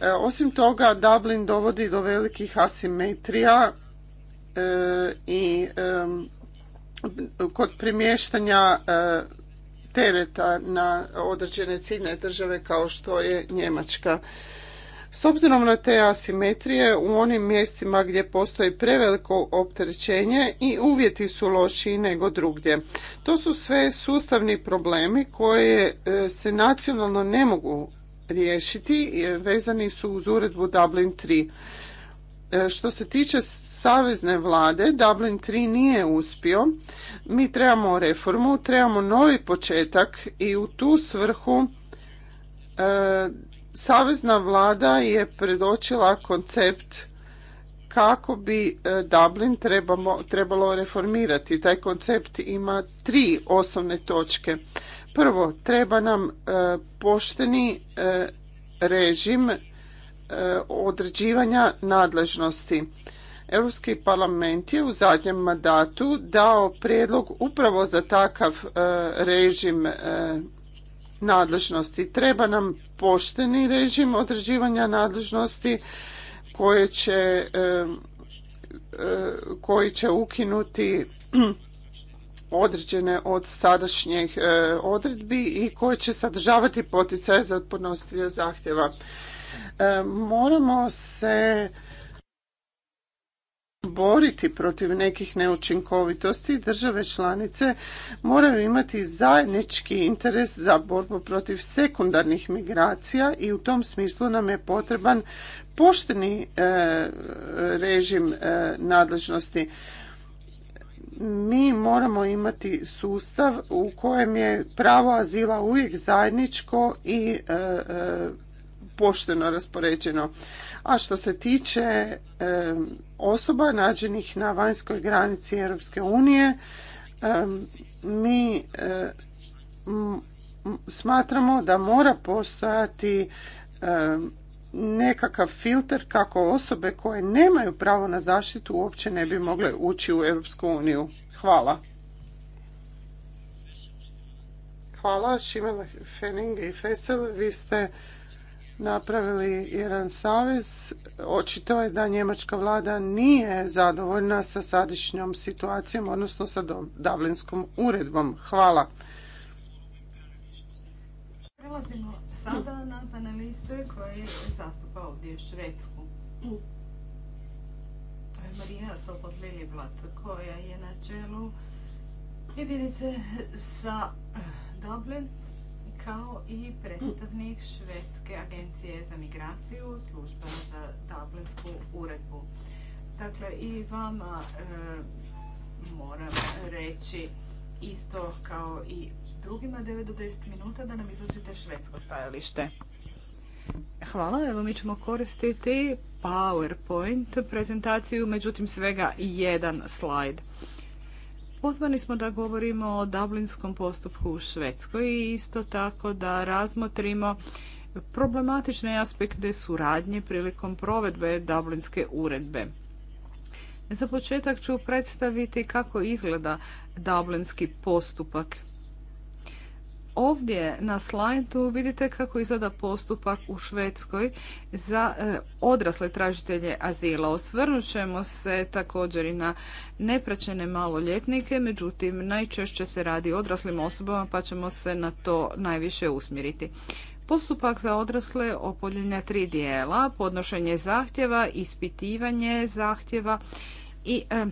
B: E, osim toga, Dublin dovodi do velikih asimetrija i kod premještanja tereta na određene ciljne države kao što je Njemačka. S obzirom na te asimetrije u onim mjestima gdje postoji preveliko opterećenje i uvjeti su lošiji nego drugdje. To su sve sustavni problemi koje e, se nacionalno ne mogu riješiti, e, vezani su uz uredbu Dublin 3. E, što se tiče savezne vlade, Dublin 3 nije uspio. Mi trebamo reformu, trebamo novi početak i u tu svrhu Savezna vlada je predočila koncept kako bi e, Dublin trebamo, trebalo reformirati. Taj koncept ima tri osnovne točke. Prvo, treba nam e, pošteni e, režim određivanja nadležnosti. Europski parlament je u zadnjem mandatu dao prijedlog upravo za takav režim nadležnosti. Treba nam pošteni režim određivanja nadležnosti koje će, eh, koji će ukinuti određene od sadašnjih eh, odredbi i koje će sadržavati poticaje za podnositelja zahtjeva. Moramo se boriti protiv nekih neučinkovitosti, države članice moraju imati zajednički interes za borbu protiv sekundarnih migracija i u tom smislu nam je potreban pošteni e, režim e, nadležnosti mi moramo imati sustav u kojem je pravo azila uvijek zajedničko i e, pošteno raspoređeno. A što se tiče osoba nađenih na vanjskoj granici Europske unije, mi smatramo da mora postojati nekakav filter kako osobe koje nemaju pravo na zaštitu uopće ne bi mogle ući u Europsku uniju. Hvala. Hvala Šimel Fening i Fesel, vi ste napravili jedan savez. Očito je da njemačka vlada nije zadovoljna sa sadašnjom situacijom, odnosno sa Dublinskom uredbom. Hvala.
A: Prelazimo sada na paneliste koje zastupa ovdje Švedsku. Marija Sopot koja je na čelu jedinice za eh, Dublin kao i predstavnik Švedske agencije za migraciju, služba za Dublinsku uredbu. Dakle, i vama e, moram reći isto kao i drugima 9 do 10 minuta da nam izložite švedsko stajalište. Hvala, evo mi ćemo koristiti PowerPoint prezentaciju, međutim svega jedan slajd. Pozvani smo da govorimo o dublinskom postupku u Švedskoj i isto tako da razmotrimo problematične aspekte suradnje prilikom provedbe Dublinske uredbe. Za početak ću predstaviti kako izgleda Dublinski postupak Ovdje na slajdu vidite kako izgleda postupak u Švedskoj za e, odrasle tražitelje azila. Osvrnut ćemo se također i na nepraćene maloljetnike, međutim najčešće se radi o odraslim osobama pa ćemo se na to najviše usmjeriti. Postupak za odrasle opoljenja tri dijela, podnošenje zahtjeva, ispitivanje zahtjeva i e,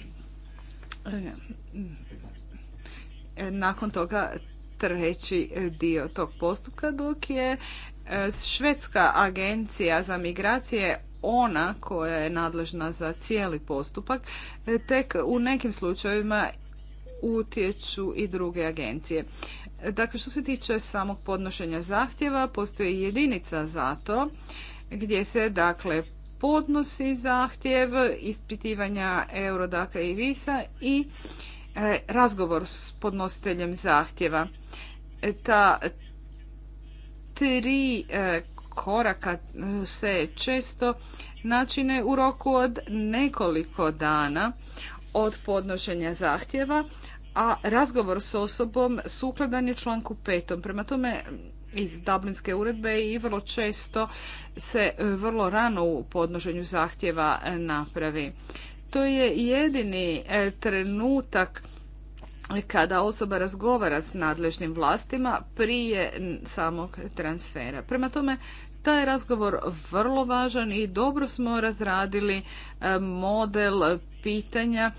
A: e, nakon toga treći e, dio tog postupka, dok je e, Švedska agencija za migracije ona koja je nadležna za cijeli postupak, e, tek u nekim slučajevima utječu i druge agencije. Dakle, što se tiče samog podnošenja zahtjeva, postoji jedinica za to gdje se dakle podnosi zahtjev ispitivanja Eurodaka i Visa i E, razgovor s podnositeljem zahtjeva. E, ta tri e, koraka se često načine u roku od nekoliko dana od podnošenja zahtjeva, a razgovor s osobom sukladan je članku petom. Prema tome, iz Dublinske uredbe i vrlo često se vrlo rano u podnoženju zahtjeva napravi. To je jedini e, trenutak kada osoba razgovara s nadležnim vlastima prije samog transfera. Prema tome, taj je razgovor vrlo važan i dobro smo razradili e, model pitanja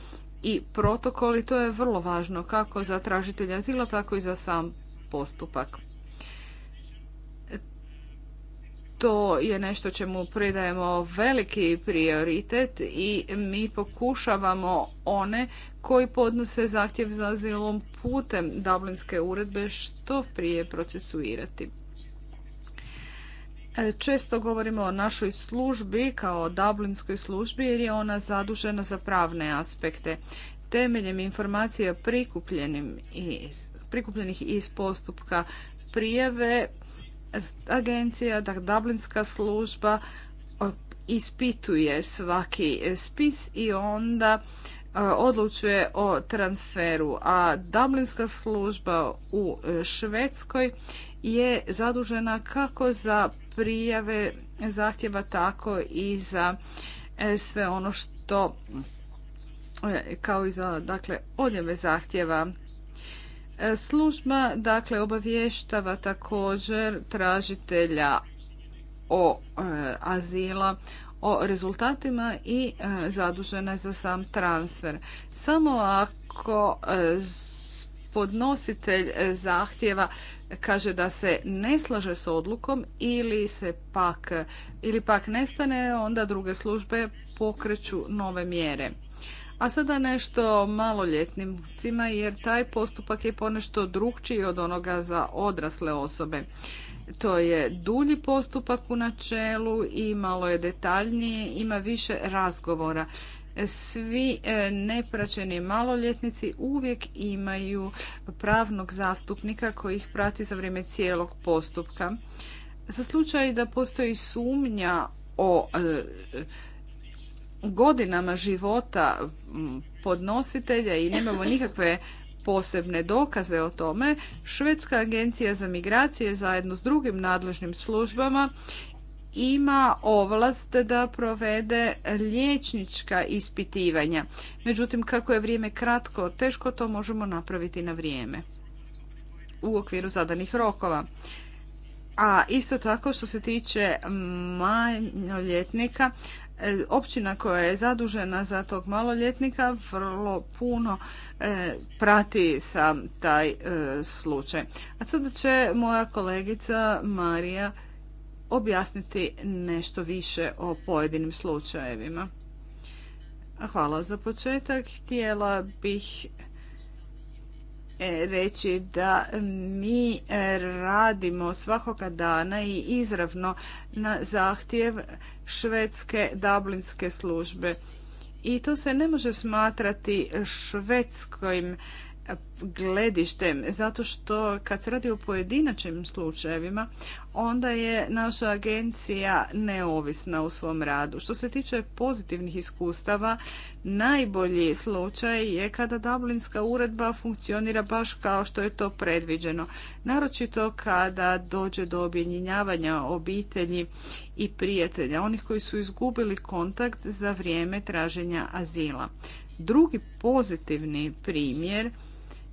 A: i protokol i to je vrlo važno kako za tražitelja azila, tako i za sam postupak to je nešto čemu pridajemo veliki prioritet i mi pokušavamo one koji podnose zahtjev za azilom putem Dublinske uredbe što prije procesuirati. E, često govorimo o našoj službi kao Dublinskoj službi jer je ona zadužena za pravne aspekte. Temeljem informacija prikupljenih iz postupka prijave agencija, da Dublinska služba ispituje svaki spis i onda e, odlučuje o transferu, a Dublinska služba u e, Švedskoj je zadužena kako za prijave zahtjeva, tako i za e, sve ono što kao i za dakle odjave zahtjeva E, služba dakle obavještava također tražitelja o e, azila, o rezultatima i e, zadužena je za sam transfer. Samo ako podnositelj zahtjeva kaže da se ne slaže s odlukom ili se pak ili pak nestane, onda druge službe pokreću nove mjere. A sada nešto o maloljetnicima jer taj postupak je ponešto drugčiji od onoga za odrasle osobe. To je dulji postupak u načelu i malo je detaljnije, ima više razgovora. Svi e, nepraćeni maloljetnici uvijek imaju pravnog zastupnika koji ih prati za vrijeme cijelog postupka. Za slučaj da postoji sumnja o e, godinama života podnositelja i nemamo nikakve posebne dokaze o tome, Švedska agencija za migracije zajedno s drugim nadležnim službama ima ovlast da provede liječnička ispitivanja. Međutim, kako je vrijeme kratko, teško to možemo napraviti na vrijeme u okviru zadanih rokova. A isto tako što se tiče maloljetnika, E, općina koja je zadužena za tog maloljetnika vrlo puno e, prati sam taj e, slučaj. A sada će moja kolegica Marija objasniti nešto više o pojedinim slučajevima. Hvala za početak. Htjela bih reći da mi radimo svakoga dana i izravno na zahtjev švedske dublinske službe. I to se ne može smatrati švedskim gledištem, zato što kad se radi o pojedinačnim slučajevima, onda je naša agencija neovisna u svom radu. Što se tiče pozitivnih iskustava, najbolji slučaj je kada Dublinska uredba funkcionira baš kao što je to predviđeno. Naročito kada dođe do objedinjavanja obitelji i prijatelja, onih koji su izgubili kontakt za vrijeme traženja azila. Drugi pozitivni primjer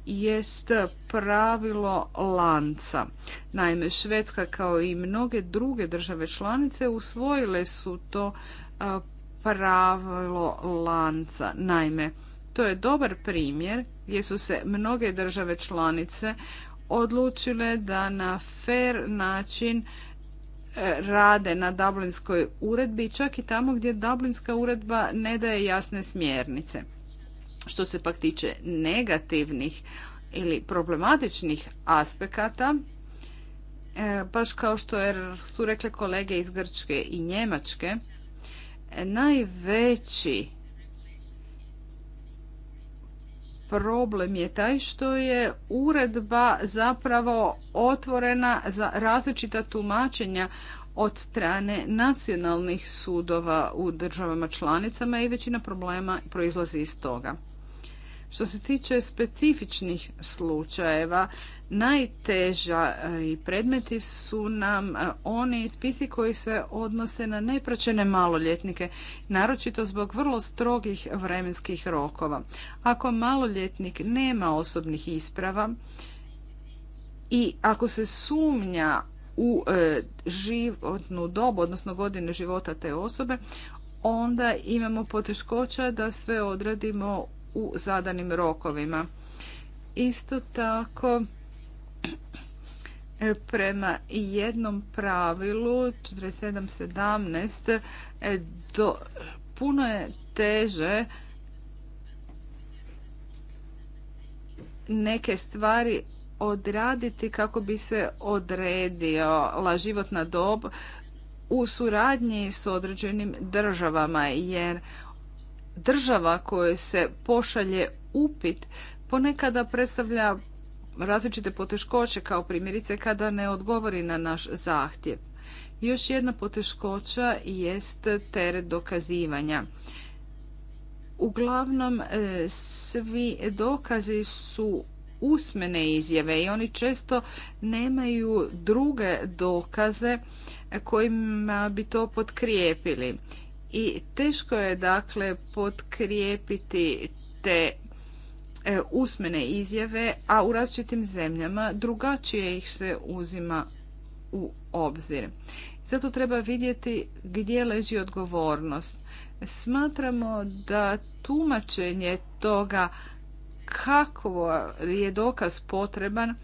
A: jest pravilo lanca. Naime, Švedska kao i mnoge druge države članice usvojile su to pravilo lanca. Naime, to je dobar primjer gdje su se mnoge države članice odlučile da na fer način e, rade na Dublinskoj uredbi, čak i tamo gdje Dublinska uredba ne daje jasne smjernice. Što se pak tiče negativnih ili problematičnih aspekata, e, baš kao što er, su rekle kolege iz Grčke i Njemačke, najveći problem je taj što je uredba zapravo otvorena za različita tumačenja od strane nacionalnih sudova u državama članicama i većina problema proizlazi iz toga. Što se tiče specifičnih slučajeva, najteža e, i predmeti su nam e, oni spisi koji se odnose na nepraćene maloljetnike, naročito zbog vrlo strogih vremenskih rokova. Ako maloljetnik nema osobnih isprava i ako se sumnja u e, životnu dobu, odnosno godine života te osobe, onda imamo poteškoća da sve odradimo u zadanim rokovima. Isto tako, e, prema jednom pravilu 47.17 e, do, puno je teže neke stvari odraditi kako bi se odredila životna dob u suradnji s određenim državama jer država koje se pošalje upit ponekada predstavlja različite poteškoće kao primjerice kada ne odgovori na naš zahtjev. Još jedna poteškoća jest teret dokazivanja. Uglavnom e, svi dokazi su usmene izjave i oni često nemaju druge dokaze kojima bi to potkrijepili i teško je dakle potkrijepiti te e, usmene izjave, a u različitim zemljama drugačije ih se uzima u obzir. Zato treba vidjeti gdje leži odgovornost. Smatramo da tumačenje toga kako je dokaz potreban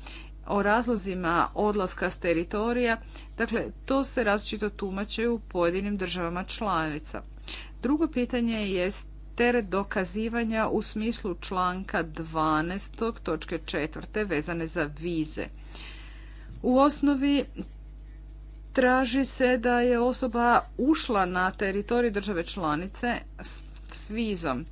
A: o razlozima odlaska s teritorija, dakle to se različito tumače u pojedinim državama članica. Drugo pitanje je teret dokazivanja u smislu članka 12. točke 4. vezane za vize. U osnovi traži se da je osoba ušla na teritorij države članice s vizom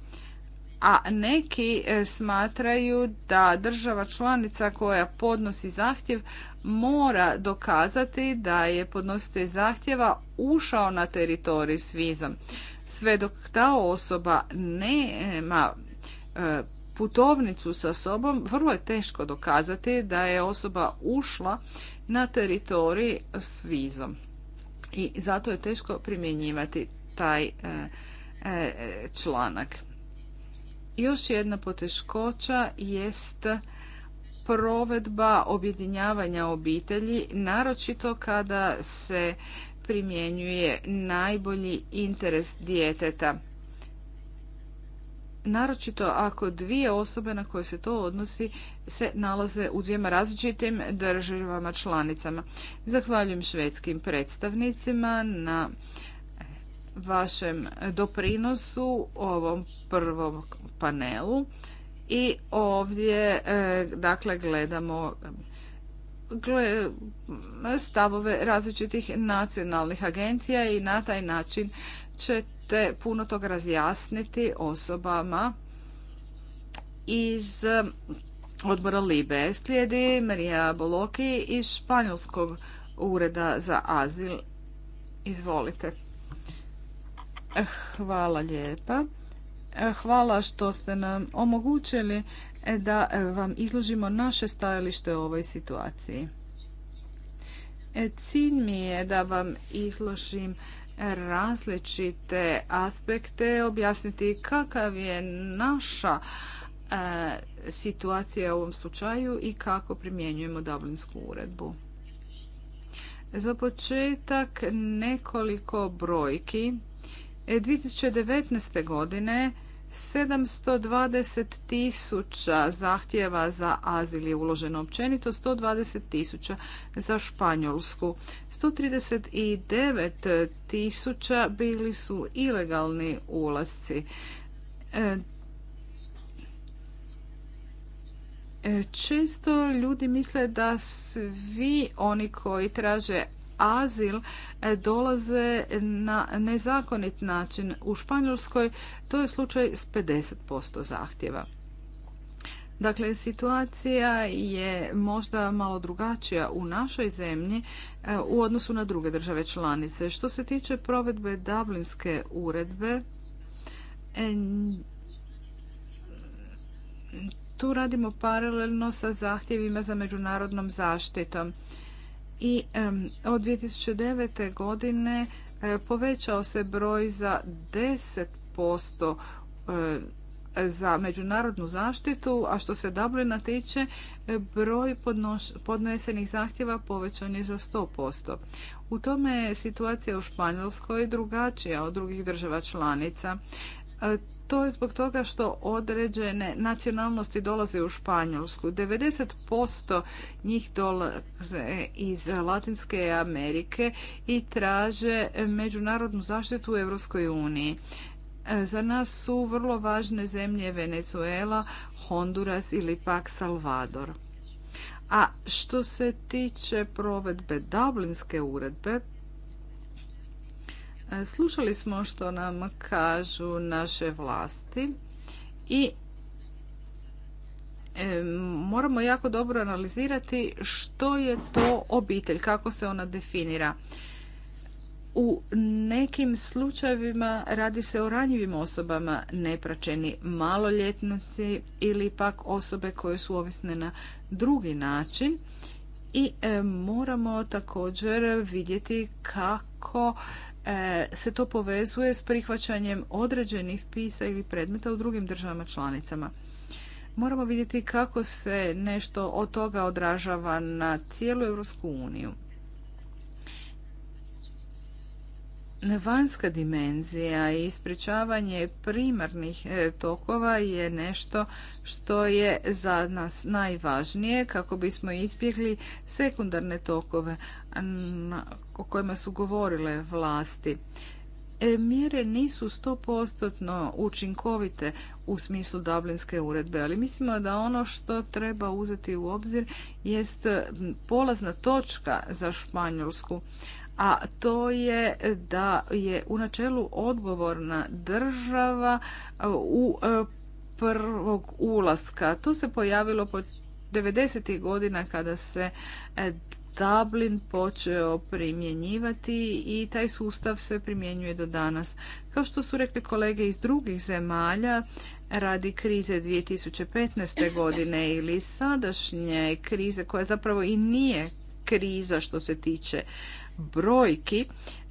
A: a neki e, smatraju da država članica koja podnosi zahtjev mora dokazati da je podnositelj zahtjeva ušao na teritorij s vizom. Sve dok ta osoba nema e, putovnicu sa sobom, vrlo je teško dokazati da je osoba ušla na teritorij s vizom. I zato je teško primjenjivati taj e, članak. Još jedna poteškoća jest provedba objedinjavanja obitelji, naročito kada se primjenjuje najbolji interes djeteta. Naročito ako dvije osobe na koje se to odnosi se nalaze u dvijema različitim državama članicama. Zahvaljujem švedskim predstavnicima na vašem doprinosu ovom prvom panelu i ovdje e, dakle gledamo stavove različitih nacionalnih agencija i na taj način ćete puno toga razjasniti osobama iz odbora Libe. Slijedi Marija Boloki iz Španjolskog ureda za azil. Izvolite. Hvala lijepa. Hvala što ste nam omogućili e, da e, vam izložimo naše stajalište u ovoj situaciji. E, cilj mi je da vam izložim različite aspekte, objasniti kakav je naša situacija u ovom slučaju i kako primjenjujemo Dublinsku uredbu. Za početak nekoliko brojki 2019. E, godine 720 tisuća zahtjeva za azil je uloženo općenito, 120 tisuća za Španjolsku. 139 tisuća bili su ilegalni ulazci. E, e, često ljudi misle da svi oni koji traže azil e, dolaze na nezakonit način. U Španjolskoj to je slučaj s 50% zahtjeva. Dakle, situacija je možda malo drugačija u našoj zemlji e, u odnosu na druge države članice. Što se tiče provedbe Dublinske uredbe, e, tu radimo paralelno sa zahtjevima za međunarodnom zaštitom i od 2009. godine e, povećao se broj za 10% e, za međunarodnu zaštitu, a što se Dublina tiče, e, broj podnesenih zahtjeva povećan je za 100%. U tome je situacija u Španjolskoj drugačija od drugih država članica. To je zbog toga što određene nacionalnosti dolaze u Španjolsku. 90% njih dolaze iz Latinske Amerike i traže međunarodnu zaštitu u Europskoj uniji. E, za nas su vrlo važne zemlje Venezuela, Honduras ili pak Salvador. A što se tiče provedbe Dublinske uredbe, E, slušali smo što nam kažu naše vlasti i e, moramo jako dobro analizirati što je to obitelj, kako se ona definira. U nekim slučajevima radi se o ranjivim osobama, nepraćeni maloljetnici ili pak osobe koje su ovisne na drugi način i e, moramo također vidjeti kako E, se to povezuje s prihvaćanjem određenih spisa ili predmeta u drugim državama članicama. Moramo vidjeti kako se nešto od toga odražava na cijelu Europsku uniju. Vanjska dimenzija i ispričavanje primarnih e, tokova je nešto što je za nas najvažnije kako bismo izbjegli sekundarne tokove, o kojima su govorile vlasti. E, mjere nisu stopostotno učinkovite u smislu Dublinske uredbe, ali mislimo da ono što treba uzeti u obzir jest polazna točka za Španjolsku, a to je da je u načelu odgovorna država e, u e, prvog ulaska. To se pojavilo po 90. godina kada se Dublin počeo primjenjivati i taj sustav se primjenjuje do danas. Kao što su rekli kolege iz drugih zemalja, radi krize 2015. godine ili sadašnje krize koja zapravo i nije kriza što se tiče brojki,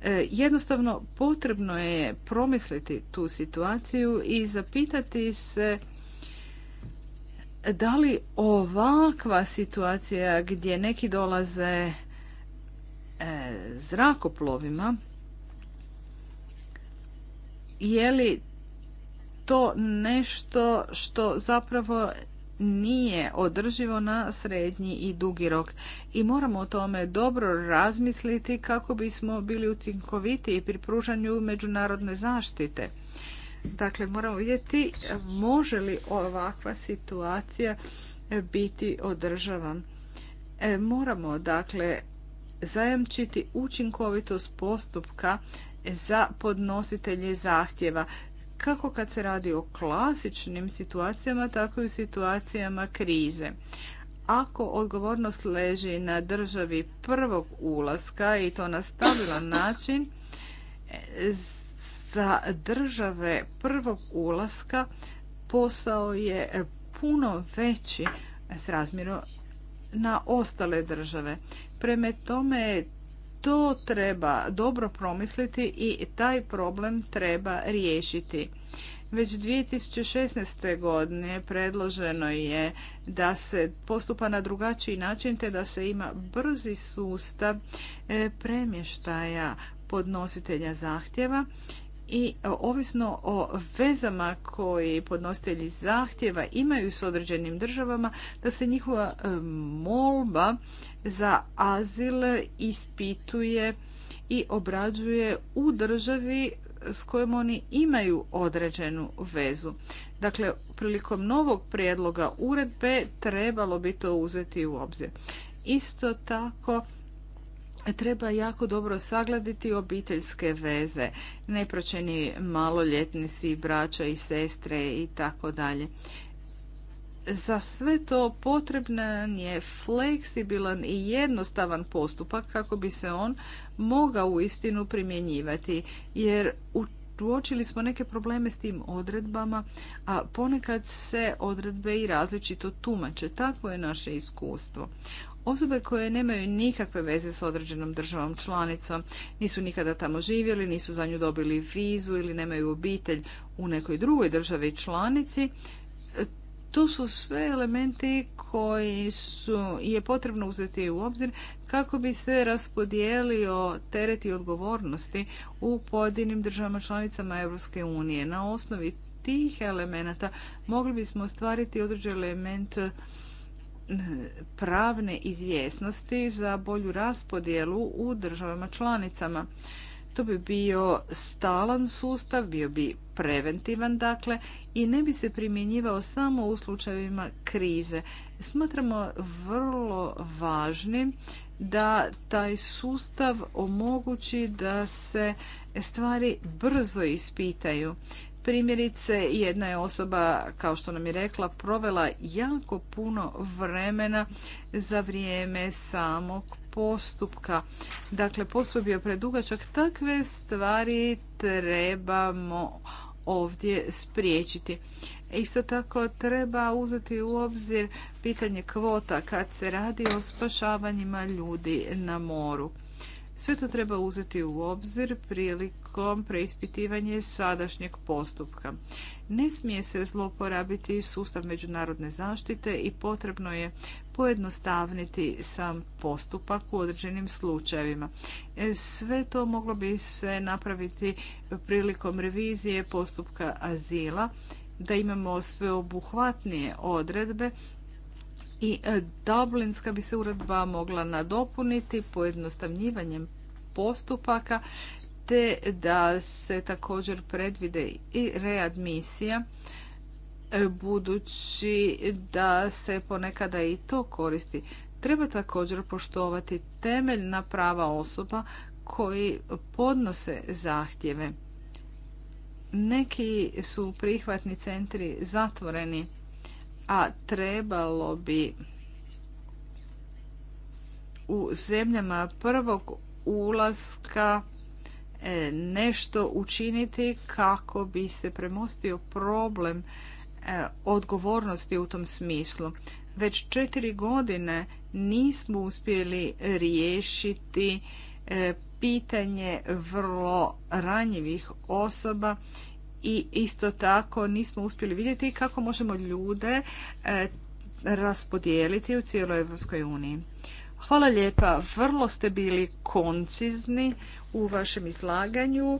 A: e, jednostavno potrebno je promisliti tu situaciju i zapitati se da li ovakva situacija gdje neki dolaze e, zrakoplovima, je li to nešto što zapravo nije održivo na srednji i dugi rok i moramo o tome dobro razmisliti kako bismo bili učinkovitiji pri pružanju međunarodne zaštite. Dakle, moramo vidjeti može li ovakva situacija biti održava. E, moramo, dakle, zajamčiti učinkovitost postupka za podnositelje zahtjeva kako kad se radi o klasičnim situacijama, tako i u situacijama krize. Ako odgovornost leži na državi prvog ulaska i to na stabilan način, e, za države prvog ulaska posao je puno veći s razmjeru na ostale države. Preme tome to treba dobro promisliti i taj problem treba riješiti. Već 2016. godine predloženo je da se postupa na drugačiji način te da se ima brzi sustav e, premještaja podnositelja zahtjeva i e, ovisno o vezama koji podnositelji zahtjeva imaju s određenim državama, da se njihova e, molba za azil ispituje i obrađuje u državi s kojom oni imaju određenu vezu. Dakle, prilikom novog prijedloga uredbe trebalo bi to uzeti u obzir. Isto tako, treba jako dobro sagladiti obiteljske veze, nepročeni maloljetnici, braća i sestre i tako dalje. Za sve to potreban je fleksibilan i jednostavan postupak kako bi se on mogao u istinu primjenjivati, jer uočili smo neke probleme s tim odredbama, a ponekad se odredbe i različito tumače. Takvo je naše iskustvo osobe koje nemaju nikakve veze s određenom državom članicom, nisu nikada tamo živjeli, nisu za nju dobili vizu ili nemaju obitelj u nekoj drugoj državi članici, tu su sve elementi koji su, je potrebno uzeti u obzir kako bi se raspodijelio teret i odgovornosti u pojedinim državama članicama Europske unije. Na osnovi tih elemenata mogli bismo ostvariti određen element pravne izvjesnosti za bolju raspodjelu u državama članicama. To bi bio stalan sustav, bio bi preventivan dakle i ne bi se primjenjivao samo u slučajevima krize. Smatramo vrlo važnim da taj sustav omogući da se stvari brzo ispitaju. Primjerice, jedna je osoba, kao što nam je rekla, provela jako puno vremena za vrijeme samog postupka. Dakle, postup je bio predugačak. Takve stvari trebamo ovdje spriječiti. Isto tako treba uzeti u obzir pitanje kvota kad se radi o spašavanjima ljudi na moru. Sve to treba uzeti u obzir prilikom postupkom preispitivanje sadašnjeg postupka. Ne smije se zloporabiti sustav međunarodne zaštite i potrebno je pojednostavniti sam postupak u određenim slučajevima. E, sve to moglo bi se napraviti prilikom revizije postupka azila, da imamo sveobuhvatnije odredbe i e, Dublinska bi se uredba mogla nadopuniti pojednostavnjivanjem postupaka te da se također predvide i readmisija e, budući da se ponekada i to koristi. Treba također poštovati temeljna prava osoba koji podnose zahtjeve. Neki su prihvatni centri zatvoreni, a trebalo bi u zemljama prvog ulaska E, nešto učiniti kako bi se premostio problem e, odgovornosti u tom smislu. Već četiri godine nismo uspjeli riješiti e, pitanje vrlo ranjivih osoba i isto tako nismo uspjeli vidjeti kako možemo ljude raspodijeliti u cijeloj EU. uniji. Hvala lijepa, vrlo ste bili koncizni u vašem izlaganju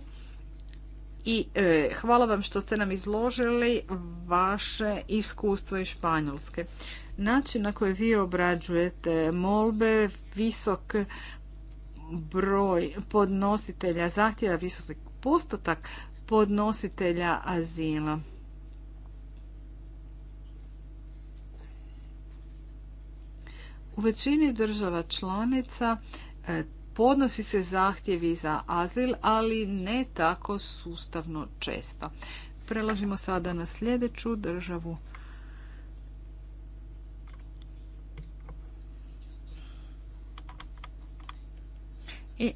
A: i e, hvala vam što ste nam izložili vaše iskustvo iz Španjolske. Način na koji vi obrađujete molbe, visok broj podnositelja zahtjeva, visok postotak podnositelja azila. U većini država članica e, podnosi se zahtjevi za azil, ali ne tako sustavno često. Prelazimo sada na sljedeću državu. I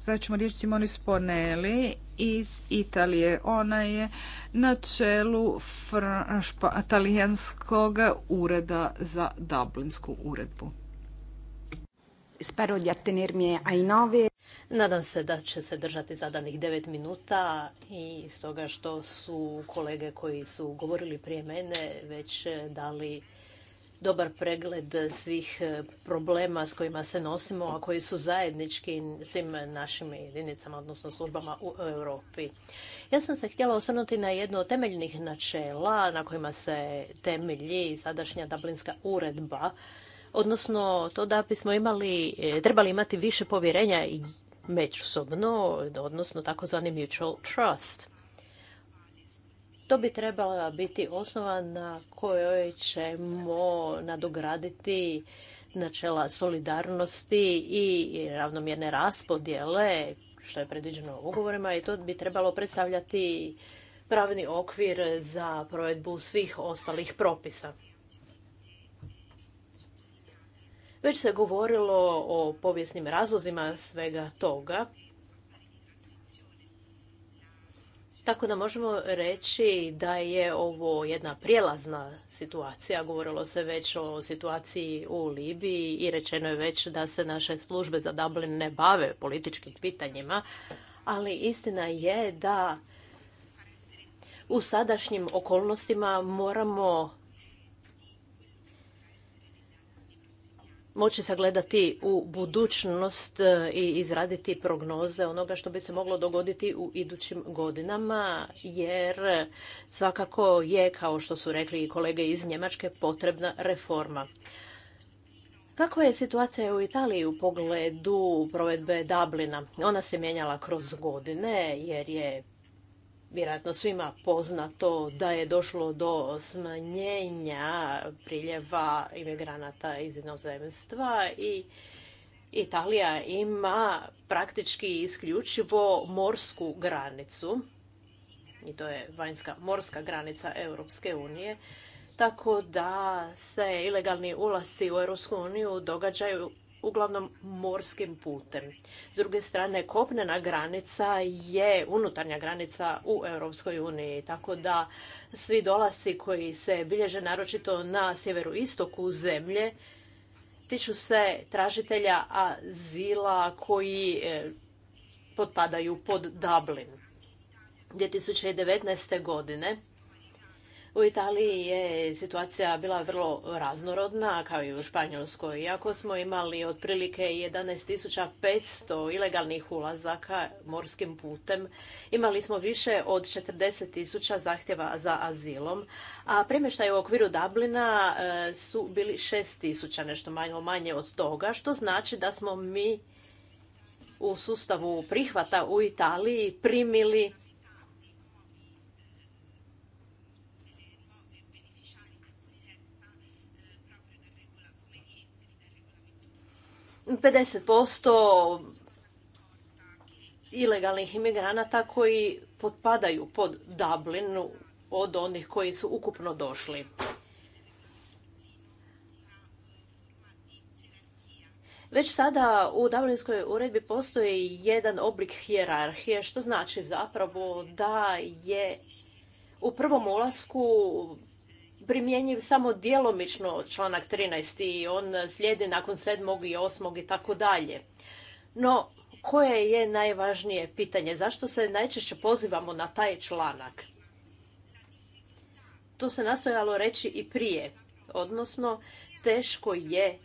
A: sad ćemo riječi Simoni Sponelli iz Italije. Ona je na čelu talijanskog ureda za Dublinsku uredbu.
C: Spero di attenermi ai nove. Nadam se da će se držati zadanih devet minuta i stoga što su kolege koji su govorili prije mene već dali dobar pregled svih problema s kojima se nosimo, a koji su zajednički svim našim jedinicama, odnosno službama u Europi. Ja sam se htjela osvrnuti na jedno od temeljnih načela na kojima se temelji sadašnja Dublinska uredba, odnosno to da bismo imali, e, trebali imati više povjerenja i međusobno, odnosno takozvani mutual trust. To bi trebala biti osnova na kojoj ćemo nadograditi načela solidarnosti i ravnomjerne raspodjele što je predviđeno ugovorima i to bi trebalo predstavljati pravni okvir za provedbu svih ostalih propisa. Već se govorilo o povijesnim razlozima svega toga. Tako da možemo reći da je ovo jedna prijelazna situacija. Govorilo se već o situaciji u Libiji i rečeno je već da se naše službe za Dublin ne bave političkim pitanjima, ali istina je da u sadašnjim okolnostima moramo moći sagledati u budućnost e, i izraditi prognoze onoga što bi se moglo dogoditi u idućim godinama, jer svakako je, kao što su rekli i kolege iz Njemačke, potrebna reforma. Kako je situacija u Italiji u pogledu provedbe Dublina? Ona se mijenjala kroz godine jer je vjerojatno svima poznato da je došlo do smanjenja priljeva imigranata iz inozemstva i Italija ima praktički isključivo morsku granicu i to je vanjska morska granica Europske unije, tako da se ilegalni ulasci u Europsku uniju događaju uglavnom morskim putem. S druge strane, kopnena granica je unutarnja granica u Europskoj uniji, tako da svi dolasci koji se bilježe naročito na sjeveru istoku zemlje tiču se tražitelja azila koji e, potpadaju pod Dublin. 2019. godine u Italiji je situacija bila vrlo raznorodna, kao i u Španjolskoj. Iako smo imali otprilike 11.500 ilegalnih ulazaka morskim putem, imali smo više od 40.000 zahtjeva za azilom, a premještaj u okviru Dublina e, su bili 6.000, nešto manje od toga, što znači da smo mi u sustavu prihvata u Italiji primili 50% ilegalnih imigranata koji potpadaju pod Dublin od onih koji su ukupno došli. Već sada u Dublinskoj uredbi postoji jedan oblik hijerarhije, što znači zapravo da je u prvom ulasku primjenjiv samo djelomično članak 13. i on slijedi nakon 7. i 8. i tako dalje. No, koje je najvažnije pitanje? Zašto se najčešće pozivamo na taj članak? To se nastojalo reći i prije, odnosno teško je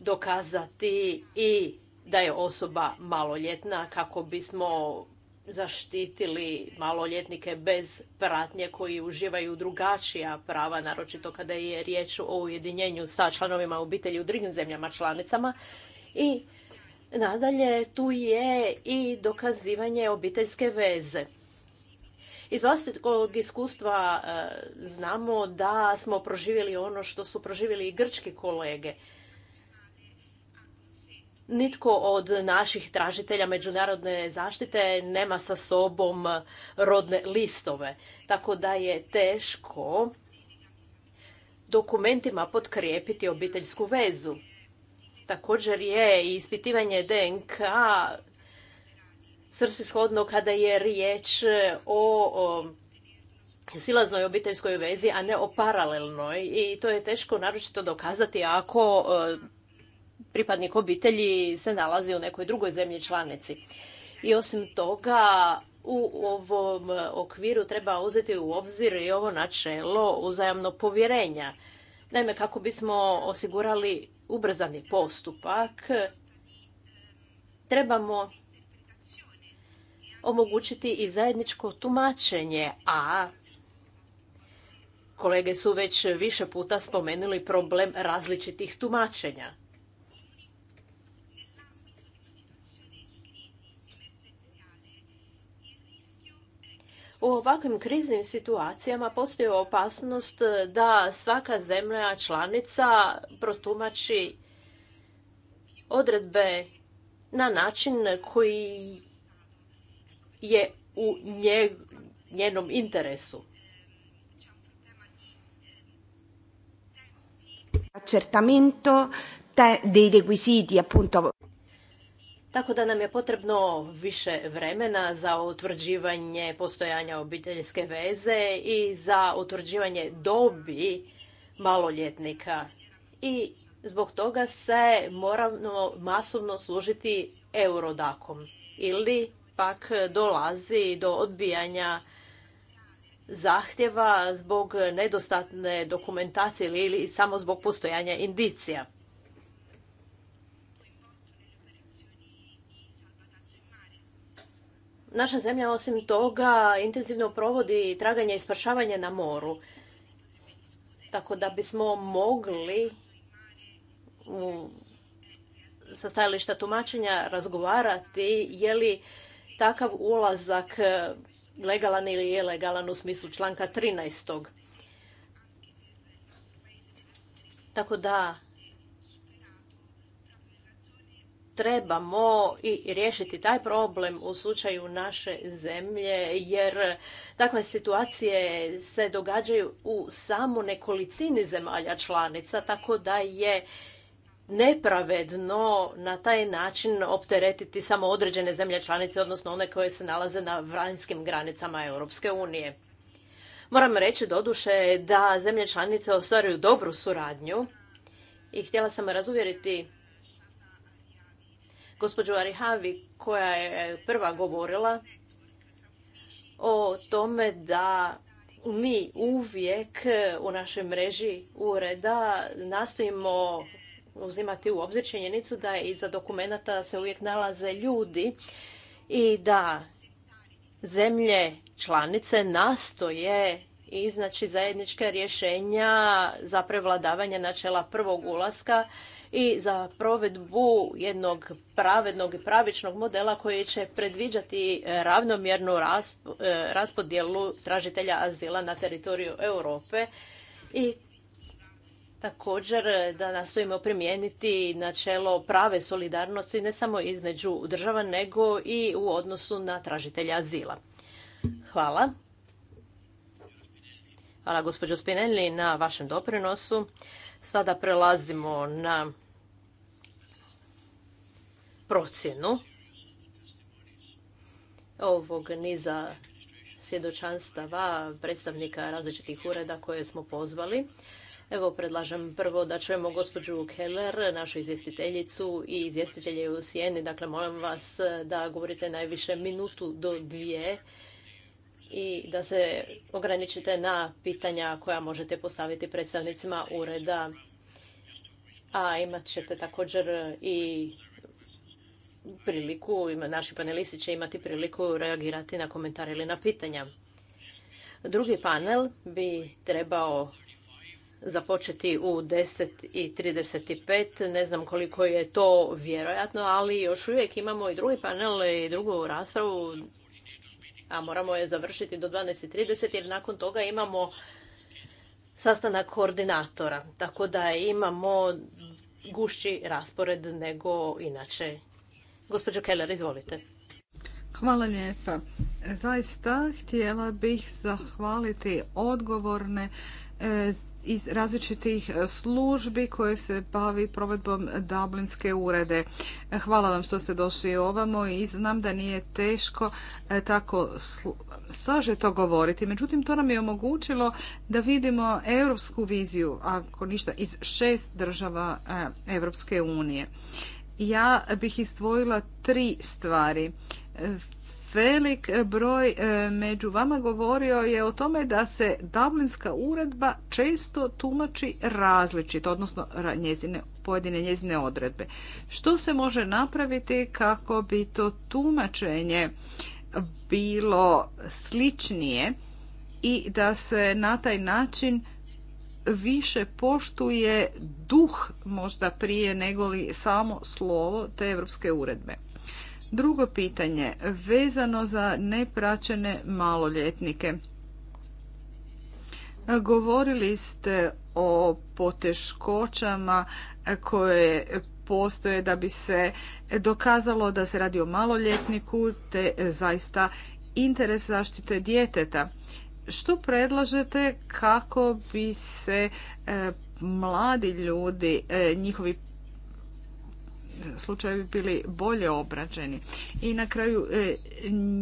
C: dokazati i da je osoba maloljetna kako bismo zaštitili maloljetnike bez pratnje koji uživaju drugačija prava, naročito kada je riječ o ujedinjenju sa članovima obitelji u drugim zemljama članicama. I nadalje tu je i dokazivanje obiteljske veze. Iz vlastitog iskustva e, znamo da smo proživjeli ono što su proživjeli i grčki kolege – Nitko od naših tražitelja međunarodne zaštite nema sa sobom rodne listove, tako da je teško dokumentima potkrijepiti obiteljsku vezu. Također je i ispitivanje DNK srsishodno kada je riječ o, o silaznoj obiteljskoj vezi, a ne o paralelnoj. I to je teško naročito dokazati ako e, pripadnik obitelji se nalazi u nekoj drugoj zemlji članici. I osim toga, u ovom okviru treba uzeti u obzir i ovo načelo uzajamno povjerenja. Naime, kako bismo osigurali ubrzani postupak, trebamo omogućiti i zajedničko tumačenje, a kolege su već više puta spomenuli problem različitih tumačenja. U ovakvim kriznim situacijama postoji opasnost e, da svaka zemlja članica protumači odredbe na način koji je u njenom interesu.
A: Accertamento dei requisiti appunto
C: tako da nam je potrebno više vremena za utvrđivanje postojanja obiteljske veze i za utvrđivanje dobi maloljetnika. I zbog toga se moramo masovno služiti eurodakom ili pak dolazi do odbijanja zahtjeva zbog nedostatne dokumentacije ili samo zbog postojanja indicija. Naša zemlja osim toga intenzivno provodi traganje i spašavanje na moru. Tako da bismo mogli sa stajališta tumačenja razgovarati je li takav ulazak legalan ili ilegalan u smislu članka 13. Tako da trebamo i riješiti taj problem u slučaju naše zemlje, jer takve situacije se događaju u samo nekolicini zemalja članica, tako da je nepravedno na taj način opteretiti samo određene zemlje članice, odnosno one koje se nalaze na vanjskim granicama Europske unije. Moram reći doduše da zemlje članice ostvaruju dobru suradnju i htjela sam razuvjeriti gospođu Arihavi koja je prva govorila o tome da mi uvijek u našoj mreži ureda nastojimo uzimati u obzir činjenicu da iza dokumenata se uvijek nalaze ljudi i da zemlje članice nastoje iznaći zajednička rješenja za prevladavanje načela prvog ulaska i za provedbu jednog pravednog i pravičnog modela koji će predviđati e, ravnomjernu e, raspodjelu tražitelja azila na teritoriju Europe i također e, da nastojimo primijeniti načelo prave solidarnosti ne samo između država nego i u odnosu na tražitelja azila. Hvala. Hvala gospođo Spinelli na vašem doprinosu. Sada prelazimo na procjenu ovog niza svjedočanstava predstavnika različitih ureda koje smo pozvali. Evo, predlažem prvo da čujemo gospođu Keller, našu izvjestiteljicu i izvjestitelje u Sijeni. Dakle, molim vas da govorite najviše minutu do dvije i da se ograničite na pitanja koja možete postaviti predstavnicima ureda. A imat ćete također i priliku, naši panelisti će imati priliku reagirati na komentare ili na pitanja. Drugi panel bi trebao započeti u 10.35. Ne znam koliko je to vjerojatno, ali još uvijek imamo i drugi panel i drugu raspravu, a moramo je završiti do 12.30 jer nakon toga imamo sastanak koordinatora. Tako da imamo gušći raspored nego inače Gospođo Keller, izvolite.
A: Hvala lijepa. Zaista htjela bih zahvaliti odgovorne e, iz različitih službi koje se bavi provedbom Dublinske urede. Hvala vam što ste došli ovamo i znam da nije teško e, tako sažeto govoriti. Međutim, to nam je omogućilo da vidimo europsku viziju, ako ništa, iz šest država Europske unije ja bih istvojila tri stvari. Velik broj e, među vama govorio je o tome da se Dublinska uredba često tumači različito, odnosno njezine, pojedine njezine odredbe. Što se može napraviti kako bi to tumačenje bilo sličnije i da se na taj način više poštuje duh možda prije nego li samo slovo te europske uredbe. Drugo pitanje vezano za nepraćene maloljetnike. Govorili ste o poteškoćama koje postoje da bi se dokazalo da se radi o maloljetniku te zaista interes zaštite djeteta što predlažete kako bi se e, mladi ljudi, e, njihovi slučajevi bili bolje obrađeni. I na kraju e,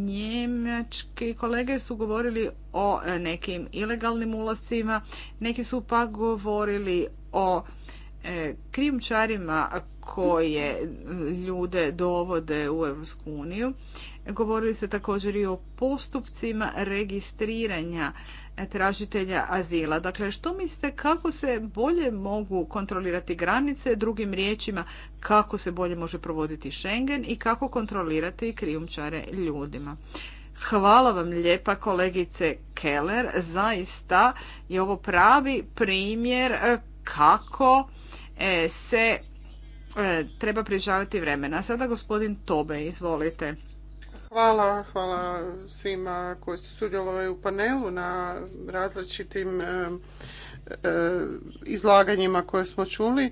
A: njemački kolege su govorili o nekim ilegalnim ulazcima, neki su pa govorili o krijumčarima koje ljude dovode u Europsku uniju. Govorili ste također i o postupcima registriranja tražitelja azila. Dakle, što mislite kako se bolje mogu kontrolirati granice, drugim riječima kako se bolje može provoditi Schengen i kako kontrolirati krijumčare ljudima? Hvala vam lijepa kolegice Keller, zaista je ovo pravi primjer kako e, se e, treba prižavati vremena. Sada gospodin Tobe, izvolite.
B: Hvala, hvala svima koji su sudjelovali u panelu na različitim e, e, izlaganjima koje smo čuli.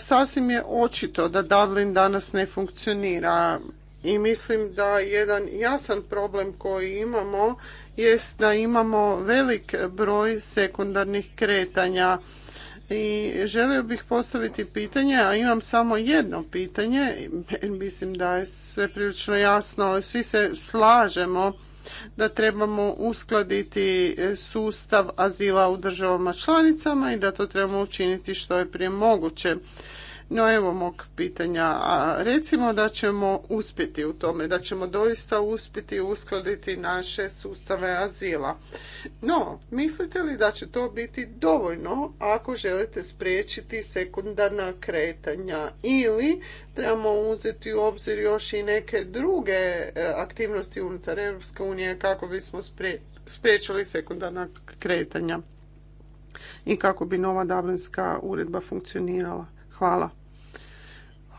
B: Sasvim je očito da Dublin danas ne funkcionira i mislim da jedan jasan problem koji imamo jest da imamo velik broj sekundarnih kretanja i želio bih postaviti pitanje, a imam samo jedno pitanje, mislim da je sve prilično jasno, svi se slažemo da trebamo uskladiti sustav azila u državama članicama i da to trebamo učiniti što je prije moguće. No evo mog pitanja, a recimo da ćemo uspjeti u tome, da ćemo doista uspjeti uskladiti naše sustave azila. No, mislite li da će to biti dovoljno ako želite spriječiti sekundarna kretanja ili trebamo uzeti u obzir još i neke druge e, aktivnosti unutar Europske unije kako bismo spriječili sekundarna kretanja i kako bi nova Dablinska uredba funkcionirala. Hvala.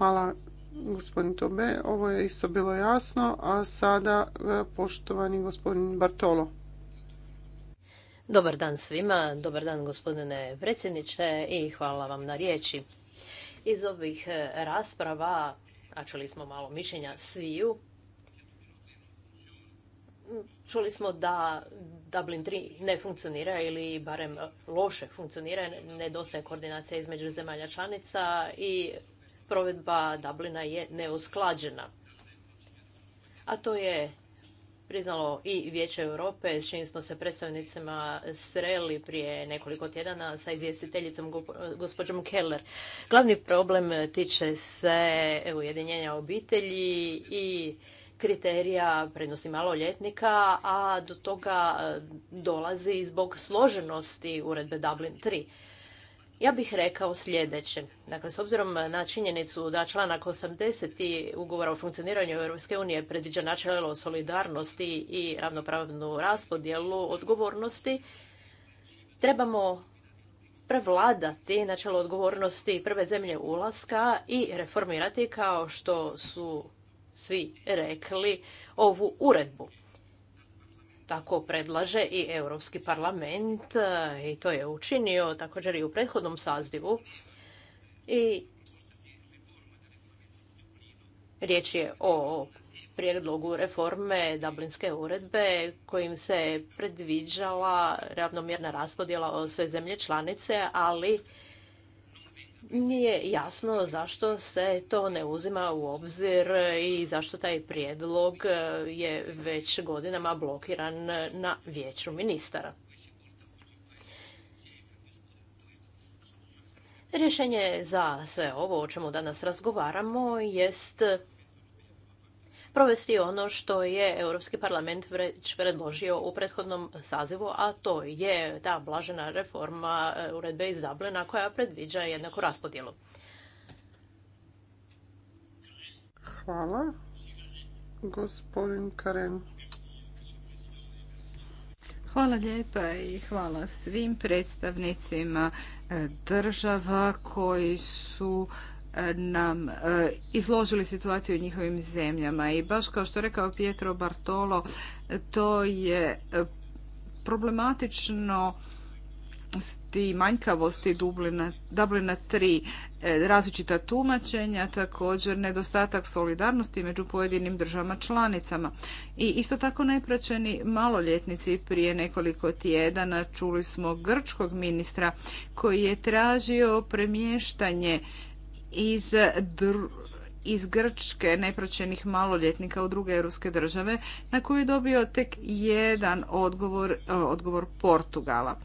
B: Hvala gospodin Tobe. Ovo je isto bilo jasno, a sada e, poštovani gospodin Bartolo.
C: Dobar dan svima, dobar dan gospodine predsjedniče i hvala vam na riječi. Iz ovih e, rasprava, a čuli smo malo mišljenja sviju, čuli smo da Dublin 3 ne funkcionira ili barem loše funkcionira, nedostaje koordinacija između zemalja članica i provedba Dublina je neusklađena. A to je priznalo i Vijeće Europe, s čim smo se predstavnicima sreli prije nekoliko tjedana sa izvjestiteljicom gospođom Keller. Glavni problem tiče se ujedinjenja obitelji i kriterija prednosti maloljetnika, a do toga dolazi zbog složenosti uredbe Dublin 3. Ja bih rekao sljedeće. Dakle, s obzirom na činjenicu da članak 80. ugovora o funkcioniranju Europske unije predviđa načelo solidarnosti i ravnopravnu raspodjelu odgovornosti, trebamo prevladati načelo odgovornosti prve zemlje ulaska i reformirati kao što su svi rekli ovu uredbu tako predlaže i Europski parlament e, i to je učinio također i u prethodnom sazivu. I riječ je o prijedlogu reforme Dublinske uredbe kojim se predviđala ravnomjerna raspodjela o sve zemlje članice, ali nije jasno zašto se to ne uzima u obzir i zašto taj prijedlog e, je već godinama blokiran na vijeću ministara. Rješenje za sve ovo o čemu danas razgovaramo jest provesti ono što je Europski parlament već predložio u prethodnom sazivu, a to je ta blažena reforma e, uredbe iz Dublina koja predviđa jednaku raspodjelu.
B: Hvala.
A: Gospodin Karen. Hvala lijepa i hvala svim predstavnicima e, država koji su nam e, izložili situaciju u njihovim zemljama. I baš kao što je rekao Pietro Bartolo, to je e, problematično ti manjkavosti Dublina, Dublina 3, e, različita tumačenja, također nedostatak solidarnosti među pojedinim državama članicama. I isto tako nepraćeni maloljetnici prije nekoliko tjedana čuli smo grčkog ministra koji je tražio premještanje iz iz Grčke nepraćenih maloljetnika u druge europske države na koju je dobio tek jedan odgovor, e, odgovor Portugala.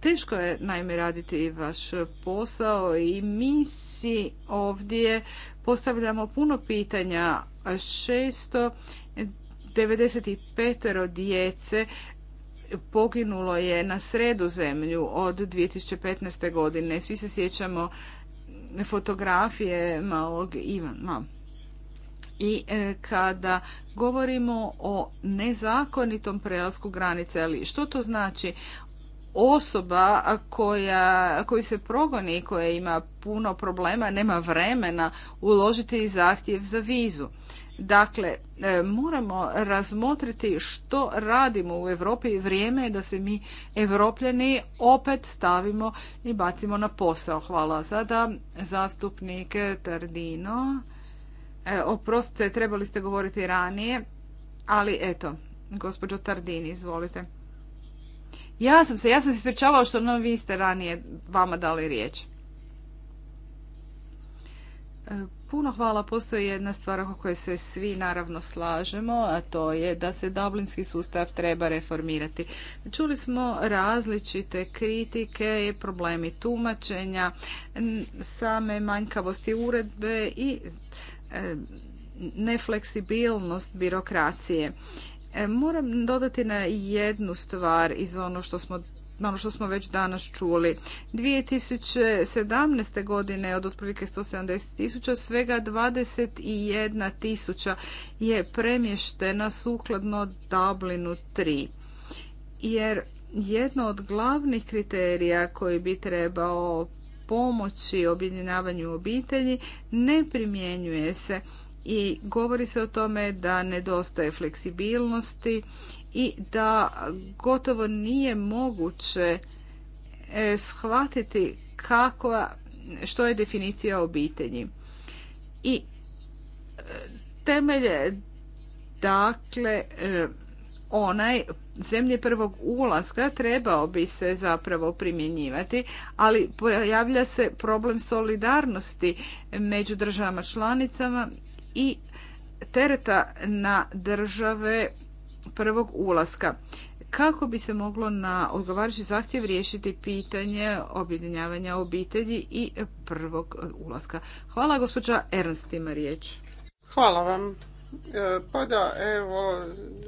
A: Teško je naime raditi vaš posao i mi si ovdje postavljamo puno pitanja. 695 djece poginulo je na sredu zemlju od 2015. godine. Svi se sjećamo fotografije malog Ivana. I e, kada govorimo o nezakonitom prelasku granice, ali što to znači? Osoba koja, koji se progoni, koja ima puno problema, nema vremena uložiti zahtjev za vizu. Dakle, e, moramo razmotriti što radimo u Europi i vrijeme je da se mi evropljani opet stavimo i bacimo na posao. Hvala. Sada zastupnik Tardino. E, oprostite, trebali ste govoriti ranije, ali eto, gospođo Tardini, izvolite. Ja sam se, ja sam se što no, vi ste ranije vama dali riječ. E, Puno hvala. Postoji jedna stvar oko koje se svi naravno slažemo, a to je da se dublinski sustav treba reformirati. Čuli smo različite kritike, problemi tumačenja, same manjkavosti uredbe i e, nefleksibilnost birokracije. E, moram dodati na jednu stvar iz ono što smo ono što smo već danas čuli. 2017. godine od otprilike 170 tisuća svega 21 tisuća je premještena sukladno Dublinu 3. Jer jedno od glavnih kriterija koji bi trebao pomoći objedinjavanju obitelji ne primjenjuje se i govori se o tome da nedostaje fleksibilnosti i da gotovo nije moguće e, shvatiti kako, što je definicija obitelji. I e, temelje, dakle, e, onaj zemlje prvog ulaska trebao bi se zapravo primjenjivati, ali pojavlja se problem solidarnosti među državama članicama i tereta na države prvog ulaska kako bi se moglo na odgovarajući zahtjev riješiti pitanje objedinjavanja obitelji i prvog ulaska. Hvala gospođa Ernst ima riječ. Hvala vam.
B: E, pa da, evo,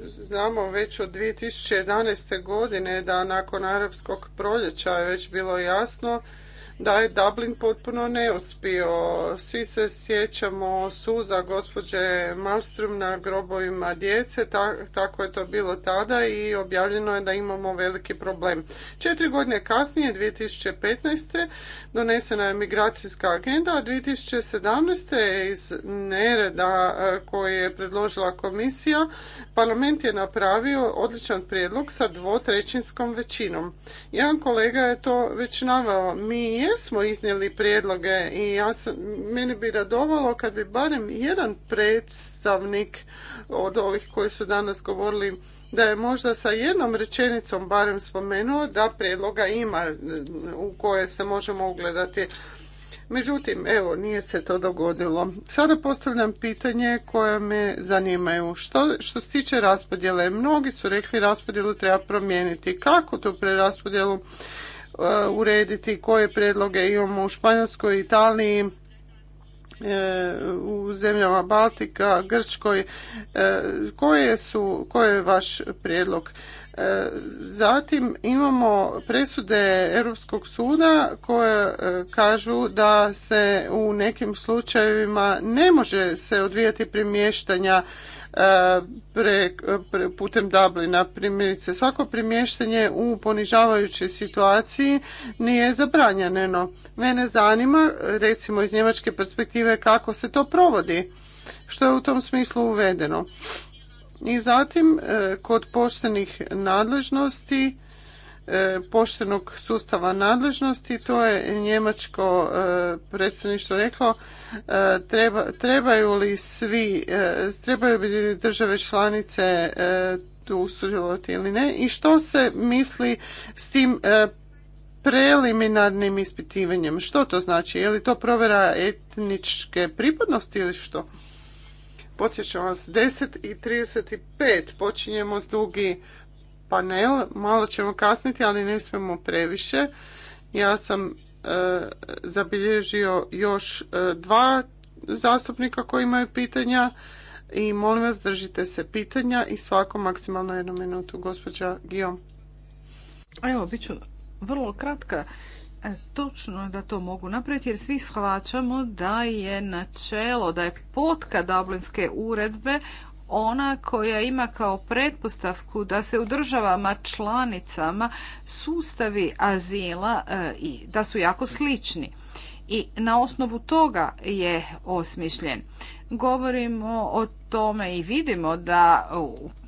B: znamo već od 2011. godine da nakon arapskog proljeća je već bilo jasno da je Dublin potpuno neuspio. Svi se sjećamo suza gospođe Malstrom na grobovima djece, tako je to bilo tada i objavljeno je da imamo veliki problem. Četiri godine kasnije, 2015. donesena je migracijska agenda, a 2017. iz nereda koje je predložila komisija Parlament je napravio odličan prijedlog sa dvotrećinskom većinom. Jedan kolega je to već naveo. Mi jesmo iznijeli prijedloge i ja sam, meni bi radovalo kad bi barem jedan predstavnik od ovih koji su danas govorili da je možda sa jednom rečenicom barem spomenuo da prijedloga ima u koje se možemo ugledati. Međutim, evo, nije se to dogodilo. Sada postavljam pitanje koje me zanimaju. Što, što se tiče raspodjele, mnogi su rekli raspodjelu treba promijeniti. Kako tu preraspodjelu e, urediti, koje predloge imamo u Španjolskoj, Italiji, e, u zemljama Baltika, Grčkoj. E, koje, su, koje je vaš prijedlog? Zatim imamo presude Europskog suda koje e, kažu da se u nekim slučajevima ne može se odvijati primještanja e, pre, putem Dublina. Primjerice, svako primještanje u ponižavajućoj situaciji nije zabranjeno. Mene zanima, recimo iz njemačke perspektive, kako se to provodi. Što je u tom smislu uvedeno? I zatim e, kod poštenih nadležnosti e, poštenog sustava nadležnosti, to je njemačko e, predstavništvo reklo, trebaju li svi, trebaju li države članice tu sudjelovati ili ne i što se misli s tim preliminarnim ispitivanjem. Što to znači? Je li to provjera etničke pripadnosti ili što? Podsjećam vas, 10 i 35 počinjemo s dugi panel, malo ćemo kasniti, ali ne smemo previše. Ja sam e, zabilježio još e, dva zastupnika koji imaju pitanja i molim vas držite se pitanja i svako maksimalno jednu minutu. Gospođa Gijom.
A: Evo, bit ću vrlo kratka E, točno je da to mogu napraviti jer svi shvaćamo da je načelo, da je potka Dublinske uredbe ona koja ima kao pretpostavku da se u državama članicama sustavi azila e, i da su jako slični. I na osnovu toga je osmišljen govorimo o tome i vidimo da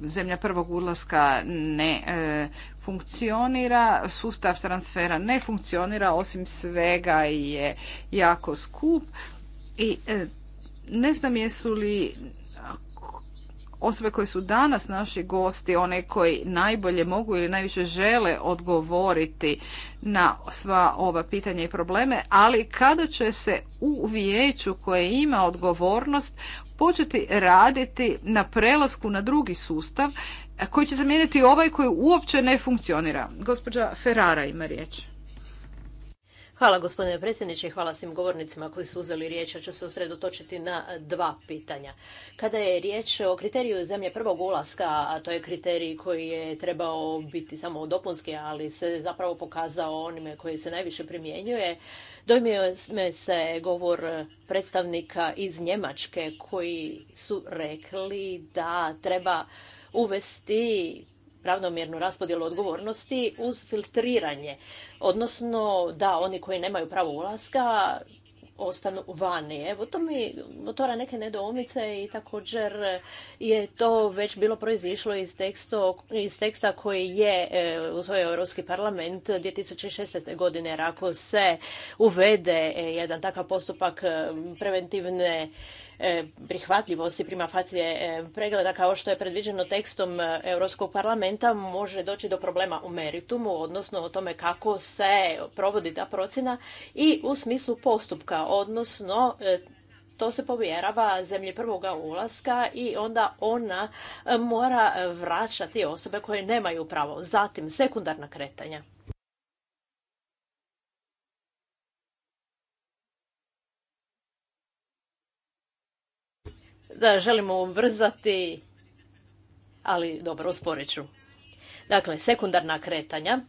A: zemlja prvog ulaska ne e, funkcionira, sustav transfera ne funkcionira, osim svega je jako skup i e, ne znam jesu li osobe koje su danas naši gosti, one koji najbolje mogu ili najviše žele odgovoriti na sva ova pitanja i probleme, ali kada će se u vijeću koje ima odgovornost početi raditi na prelasku na drugi sustav koji će zamijeniti ovaj koji uopće ne funkcionira. Gospođa Ferrara ima riječ.
C: Hvala gospodine predsjedniče i hvala svim govornicima koji su uzeli riječ, ja ću se usredotočiti na dva pitanja. Kada je riječ o kriteriju zemlje prvog ulaska, a to je kriterij koji je trebao biti samo dopunski, ali se zapravo pokazao onime koji se najviše primjenjuje, dojmio me se govor predstavnika iz Njemačke koji su rekli da treba uvesti ravnomjernu raspodjelu odgovornosti uz filtriranje. Odnosno da oni koji nemaju pravo ulaska ostanu vani. Evo to mi otvara neke nedoumice i također je to već bilo proizišlo iz, teksto, iz teksta koji je e, usvojio Europski parlament 2016. godine. Jer ako se uvede e, jedan takav postupak e, preventivne E, prihvatljivosti prima facije e, pregleda kao što je predviđeno tekstom e, Europskog parlamenta može doći do problema u meritumu, odnosno o tome kako se provodi ta procjena i u smislu postupka, odnosno to se povjerava zemlji prvoga ulaska i onda ona mora vraćati osobe koje nemaju pravo. Zatim, sekundarna kretanja. da želimo ubrzati, ali dobro, osporit ću. Dakle, sekundarna kretanja.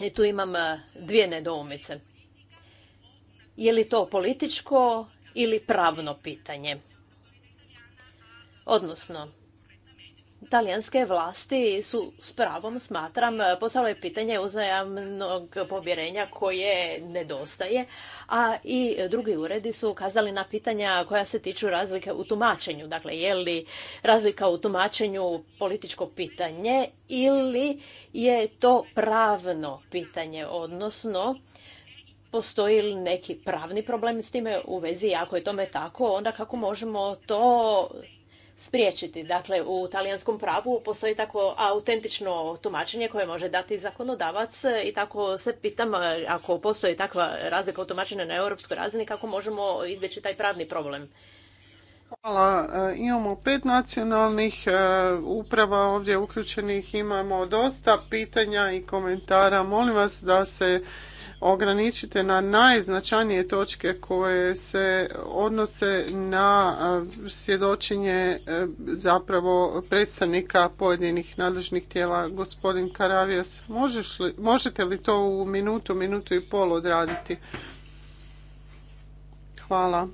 C: I tu imam e, dvije nedoumice. Je li to političko ili pravno pitanje? Odnosno, talijanske vlasti su s pravom, smatram, poslalo je pitanje uzajamnog povjerenja koje nedostaje, a i drugi uredi su ukazali na pitanja koja se tiču razlike u tumačenju. Dakle, je li razlika u tumačenju političko pitanje ili je to pravno pitanje, odnosno postoji li neki pravni problem s time u vezi, ako je tome tako, onda kako možemo to spriječiti. Dakle, u talijanskom pravu postoji tako autentično tumačenje koje može dati zakonodavac i tako se pitam e, ako postoji takva razlika u tumačenju na europskoj razini kako možemo izbjeći taj pravni problem.
B: Hvala. E, imamo pet nacionalnih e, uprava ovdje uključenih. Imamo dosta pitanja i komentara. Molim vas da se ograničite na najznačajnije točke koje se odnose na svjedočenje e, zapravo predstavnika pojedinih nadležnih tijela. Gospodin Karavijas, možete li to u minutu, minutu i pol odraditi? Hvala.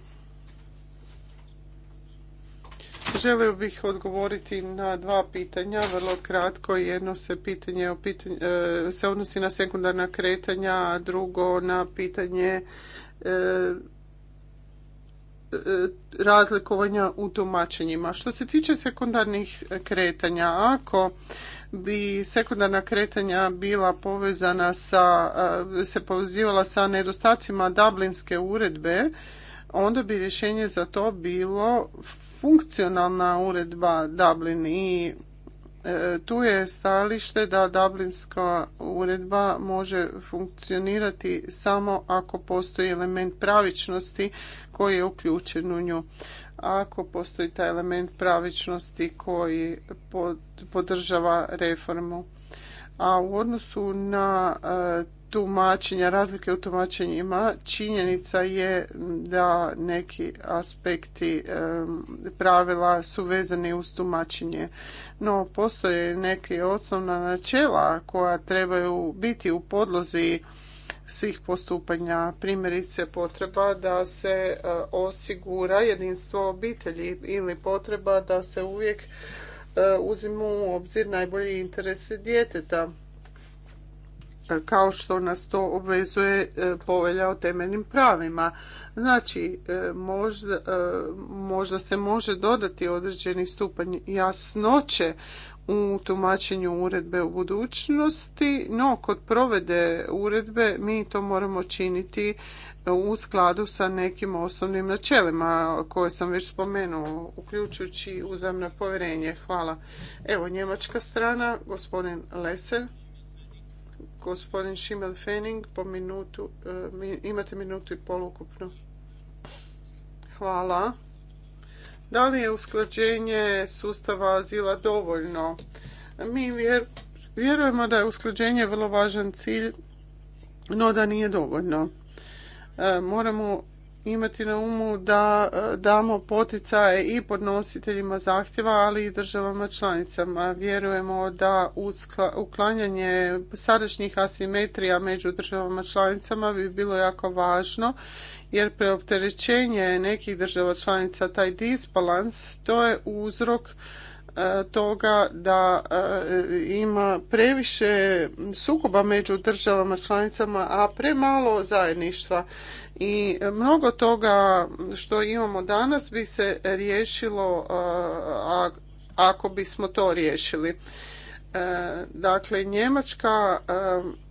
B: Želio bih odgovoriti na dva pitanja, vrlo kratko. Jedno se pitanje, e, se odnosi na sekundarna kretanja, a drugo na pitanje e, e, razlikovanja u tumačenjima. Što se tiče sekundarnih kretanja, ako bi sekundarna kretanja bila povezana sa, se povezivala sa nedostacima Dublinske uredbe, onda bi rješenje za to bilo funkcionalna uredba Dublin i e, tu je stajalište da Dublinska uredba može funkcionirati samo ako postoji element pravičnosti koji je uključen u nju. Ako postoji taj element pravičnosti koji podržava reformu. A u odnosu na e, tumačenja, razlike u tumačenjima, činjenica je da neki aspekti pravila su vezani uz tumačenje. No, postoje neke osnovna načela koja trebaju biti u podlozi svih postupanja. Primjerice potreba da se e, osigura jedinstvo obitelji ili potreba da se uvijek e, uzimu u obzir najbolji interese djeteta kao što nas to obvezuje e, povelja o temeljnim pravima. Znači, e, možda, e, možda se može dodati određeni stupanj jasnoće u tumačenju uredbe u budućnosti, no kod provede uredbe mi to moramo činiti u skladu sa nekim osnovnim načelima koje sam već spomenuo, uključujući uzemno povjerenje. Hvala. Evo, njemačka strana, gospodin Lesel. Gospodin Šimel po minutu, e, imate minutu i pol ukupno. Hvala. Da li je usklađenje sustava azila dovoljno? Mi vjerujemo da je usklađenje vrlo važan cilj, no da nije dovoljno. E, moramo imati na umu da e, damo poticaje i podnositeljima zahtjeva, ali i državama članicama. Vjerujemo da uklanjanje sadašnjih asimetrija među državama članicama bi bilo jako važno, jer preopterećenje nekih država članica, taj disbalans, to je uzrok E, toga da e, ima previše sukoba među državama članicama, a premalo zajedništva. I mnogo toga što imamo danas bi se riješilo e, ako bismo to riješili. Dakle, Njemačka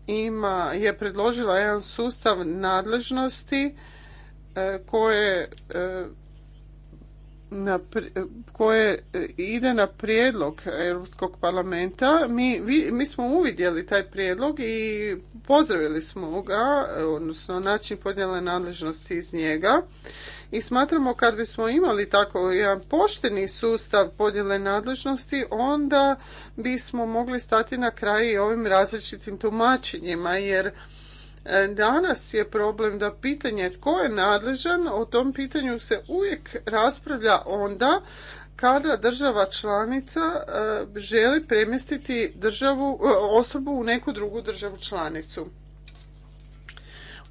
B: ima, je predložila jedan sustav nadležnosti koje na, koje e, ide na prijedlog Europskog parlamenta. Mi, mi smo uvidjeli taj prijedlog i pozdravili smo ga, e, odnosno način podjele nadležnosti iz njega. I smatramo kad bismo imali tako jedan pošteni sustav podjele nadležnosti, onda bismo mogli stati na kraj i ovim različitim tumačenjima, jer E, danas je problem da pitanje tko je nadležan, o tom pitanju se uvijek raspravlja onda kada država članica e, želi premjestiti državu, e, osobu u neku drugu državu članicu.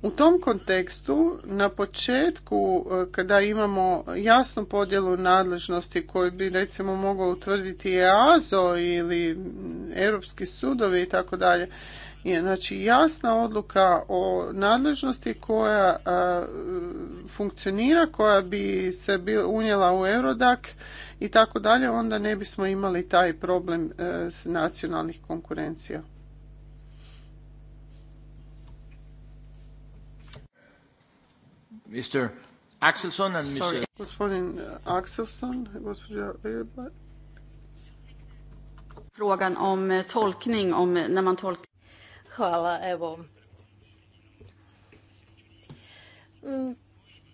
B: U tom kontekstu na početku kada imamo jasnu podjelu nadležnosti koju bi recimo mogao utvrditi EASO ili Europski sudovi i tako dalje, Znači jasna odluka o nadležnosti koja funkcionira, koja bi se unijela u Eurodac i tako dalje, onda ne bismo imali taj problem e, s nacionalnih konkurencija.
A: Mr.
C: Axelson and Mr.
B: Gospodin e, Axelson, gospođa
C: Frågan om eh, tolkning, om eh, när man tolkar Hvala, evo. Mm,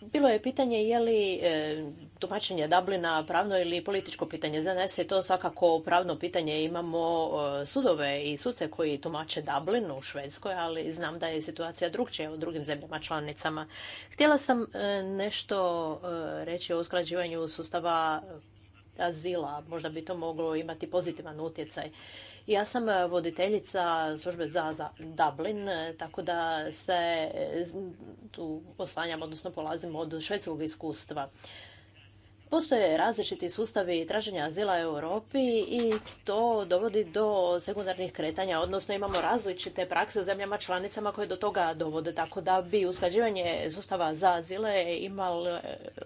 C: bilo je pitanje je li e, tumačenje Dublina pravno ili političko pitanje. Za nas je to svakako pravno pitanje. Imamo e, sudove i suce koji tumače Dublin u Švedskoj, ali znam da je situacija drugčija u drugim zemljama članicama. Htjela sam e, nešto reći o usklađivanju sustava azila. Možda bi to moglo imati pozitivan utjecaj. Ja sam e, voditeljica službe za, Dublin, e, tako da se e, tu oslanjam, odnosno polazim od švedskog iskustva. Postoje različiti sustavi traženja azila u Europi i to dovodi do sekundarnih kretanja, odnosno imamo različite prakse u zemljama članicama koje do toga dovode, tako da bi usklađivanje sustava za azile imalo,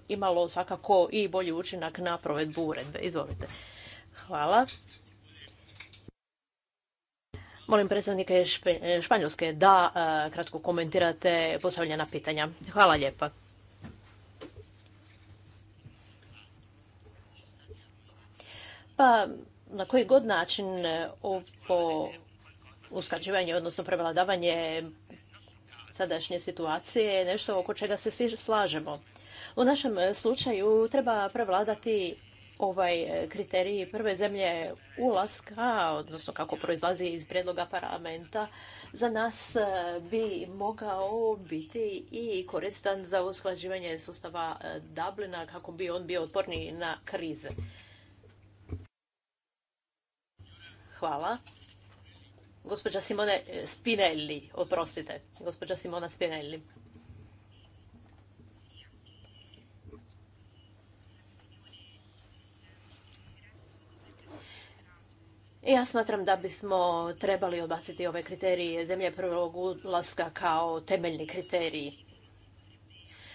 C: imalo svakako i bolji učinak na provedbu uredbe. Izvolite. Hvala. Molim predstavnike Španjolske da e, kratko komentirate postavljena pitanja. Hvala lijepa. Pa, na koji god način e, ovo uskađivanje, odnosno prevladavanje sadašnje situacije je nešto oko čega se svi slažemo. U našem slučaju treba prevladati ovaj e, kriterij prve zemlje ulaska, odnosno kako proizlazi iz prijedloga parlamenta, za nas e, bi mogao biti i koristan za usklađivanje sustava e, Dublina kako bi on bio otporniji na krize. Hvala. Gospođa Simone Spinelli, oprostite. Gospođa Simona Spinelli. Ja smatram da bismo trebali odbaciti ove kriterije zemlje prvog ulaska kao temeljni kriteriji.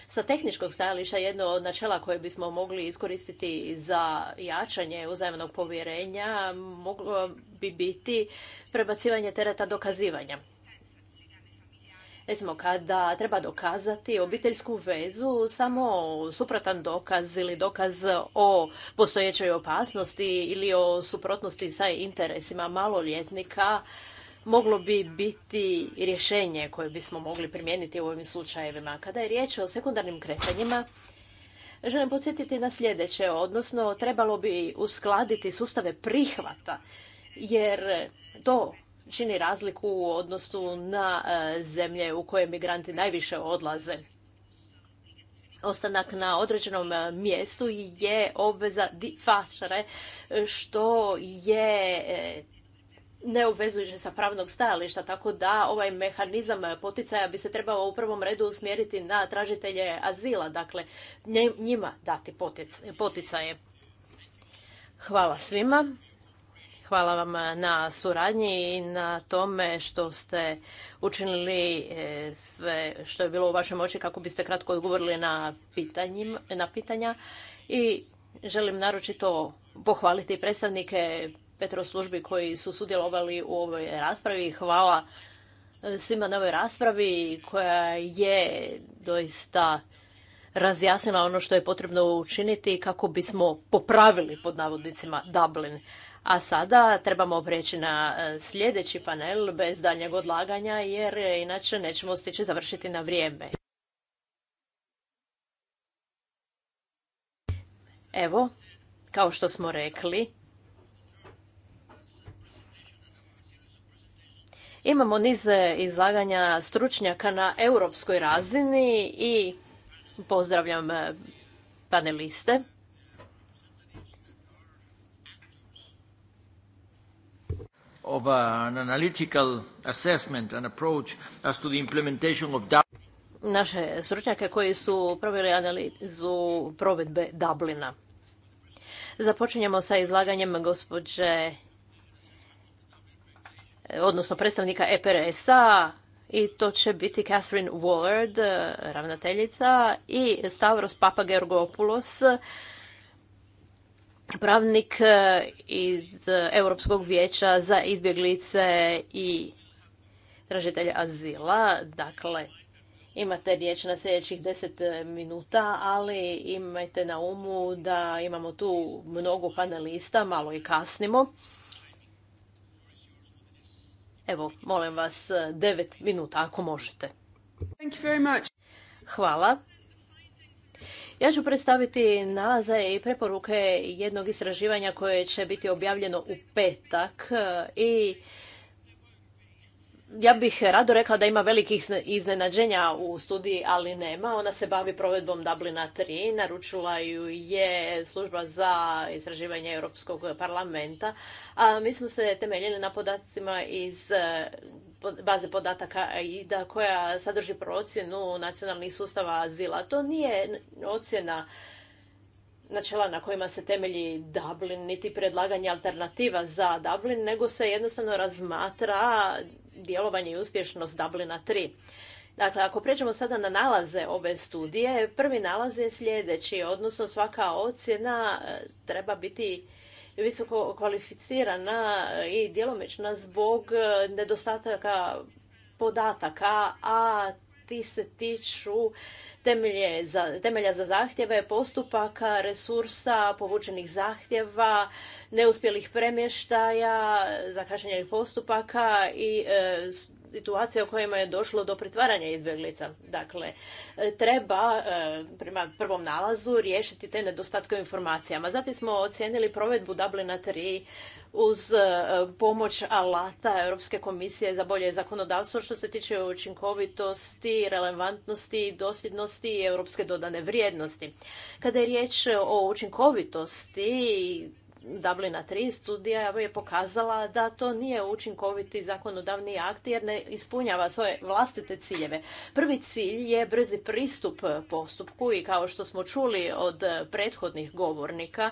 C: Sa tehničkog stajališta jedno od načela koje bismo mogli iskoristiti za jačanje uzajemnog povjerenja moglo bi biti prebacivanje tereta dokazivanja. Recimo, kada treba dokazati obiteljsku vezu, samo suprotan dokaz ili dokaz o postojećoj opasnosti ili o suprotnosti sa interesima maloljetnika moglo bi biti rješenje koje bismo mogli primijeniti u ovim slučajevima. Kada je riječ o sekundarnim kretanjima, želim podsjetiti na sljedeće, odnosno trebalo bi uskladiti sustave prihvata, jer to čini razliku u odnosu na e, zemlje u koje migranti najviše odlaze. Ostanak na određenom e, mjestu je obveza di fašare, što je e, neobvezujuće sa pravnog stajališta, tako da ovaj mehanizam poticaja bi se trebao u prvom redu usmjeriti na tražitelje azila, dakle njima dati poticaje. Hvala svima. Hvala vam eh, na suradnji i na tome što ste učinili eh, sve što je bilo u vašem oči kako biste kratko odgovorili na, pitanjim, na pitanja. I želim naročito pohvaliti predstavnike Petro službi koji su sudjelovali u ovoj raspravi. Hvala eh, svima na ovoj raspravi koja je doista razjasnila ono što je potrebno učiniti kako bismo popravili pod navodnicima Dublin. A sada trebamo preći na e, sljedeći panel bez daljnjeg odlaganja jer e, inače nećemo stići završiti na vrijeme. Evo, kao što smo rekli, imamo niz e, izlaganja stručnjaka na europskoj razini i pozdravljam paneliste.
A: of an analytical assessment and approach as to the implementation of
C: naše stručnjake koji su proveli analizu provedbe Dublina. Započinjemo sa izlaganjem gospođe, odnosno predstavnika EPRS-a i to će biti Catherine Ward, ravnateljica, i Stavros Papageorgopoulos, pravnik e, iz Europskog vijeća za izbjeglice i tražitelje azila. Dakle, imate riječ na sljedećih deset minuta, ali imajte na umu da imamo tu mnogo panelista, malo i kasnimo. Evo, molim vas, devet minuta ako možete. Hvala. Ja ću predstaviti nalaze i preporuke jednog istraživanja koje će biti objavljeno u petak e, i ja bih rado rekla da ima velikih iznenađenja u studiji, ali nema. Ona se bavi provedbom Dublina 3, naručila ju je služba za istraživanje Europskog parlamenta. A mi smo se temeljili na podacima iz eh, baze podataka IDA koja sadrži procjenu nacionalnih sustava azila. To nije ocjena načela na kojima se temelji Dublin, niti predlaganje alternativa za Dublin, nego se jednostavno razmatra djelovanje i uspješnost Dublina 3. Dakle, ako pređemo sada na nalaze ove studije, prvi nalaz je sljedeći, odnosno svaka ocjena e, treba biti visoko kvalificirana i djelomična zbog e, nedostataka podataka, a ti se tiču za, temelja za zahtjeve, postupaka, resursa, povučenih zahtjeva, neuspjelih premještaja, zakašnjenih postupaka i e, situacije u kojima je došlo do pritvaranja izbjeglica. Dakle, e, treba e, prema prvom nalazu riješiti te nedostatke u informacijama. Zatim smo ocijenili provedbu Dublina 3 uz e, pomoć alata Europske komisije za bolje zakonodavstvo što se tiče učinkovitosti, relevantnosti, dosljednosti i europske dodane vrijednosti. Kada je riječ o učinkovitosti, Dublina 3 studija je pokazala da to nije učinkoviti zakonodavni akt jer ne ispunjava svoje vlastite ciljeve. Prvi cilj je brzi pristup postupku i kao što smo čuli od prethodnih govornika,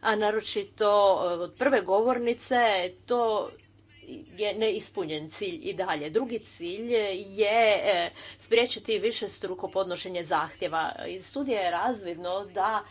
C: a naročito eh, od prve govornice, to je neispunjen cilj i dalje. Drugi cilj je eh, spriječiti više struko podnošenje zahtjeva. Iz studija je razvidno da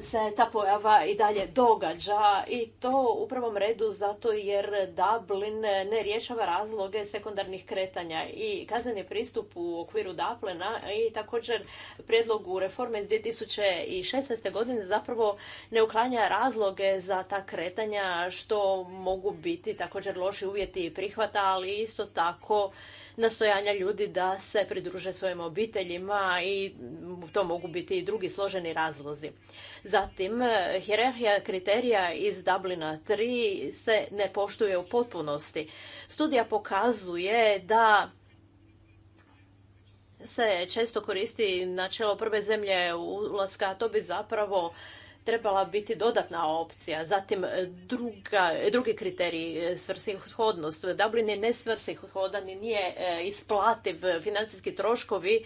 C: se ta pojava i dalje događa i to u prvom redu zato jer Dublin ne rješava razloge sekundarnih kretanja i kazneni pristup u okviru Dublina i također prijedlogu reforme iz 2016. godine zapravo ne uklanja razloge za ta kretanja što mogu biti također loši uvjeti prihvata, ali isto tako nastojanja ljudi da se pridruže svojim obiteljima i to mogu biti i drugi složeni razlozi. Zatim, hjerarhija eh, kriterija iz Dublina 3 se ne poštuje u potpunosti. Studija pokazuje da se često koristi načelo prve zemlje ulaska, a to bi zapravo trebala biti dodatna opcija. Zatim e, e, drugi kriterij e, svrsishodnost. Dublin je nesvrsishodan i nije isplativ. Financijski troškovi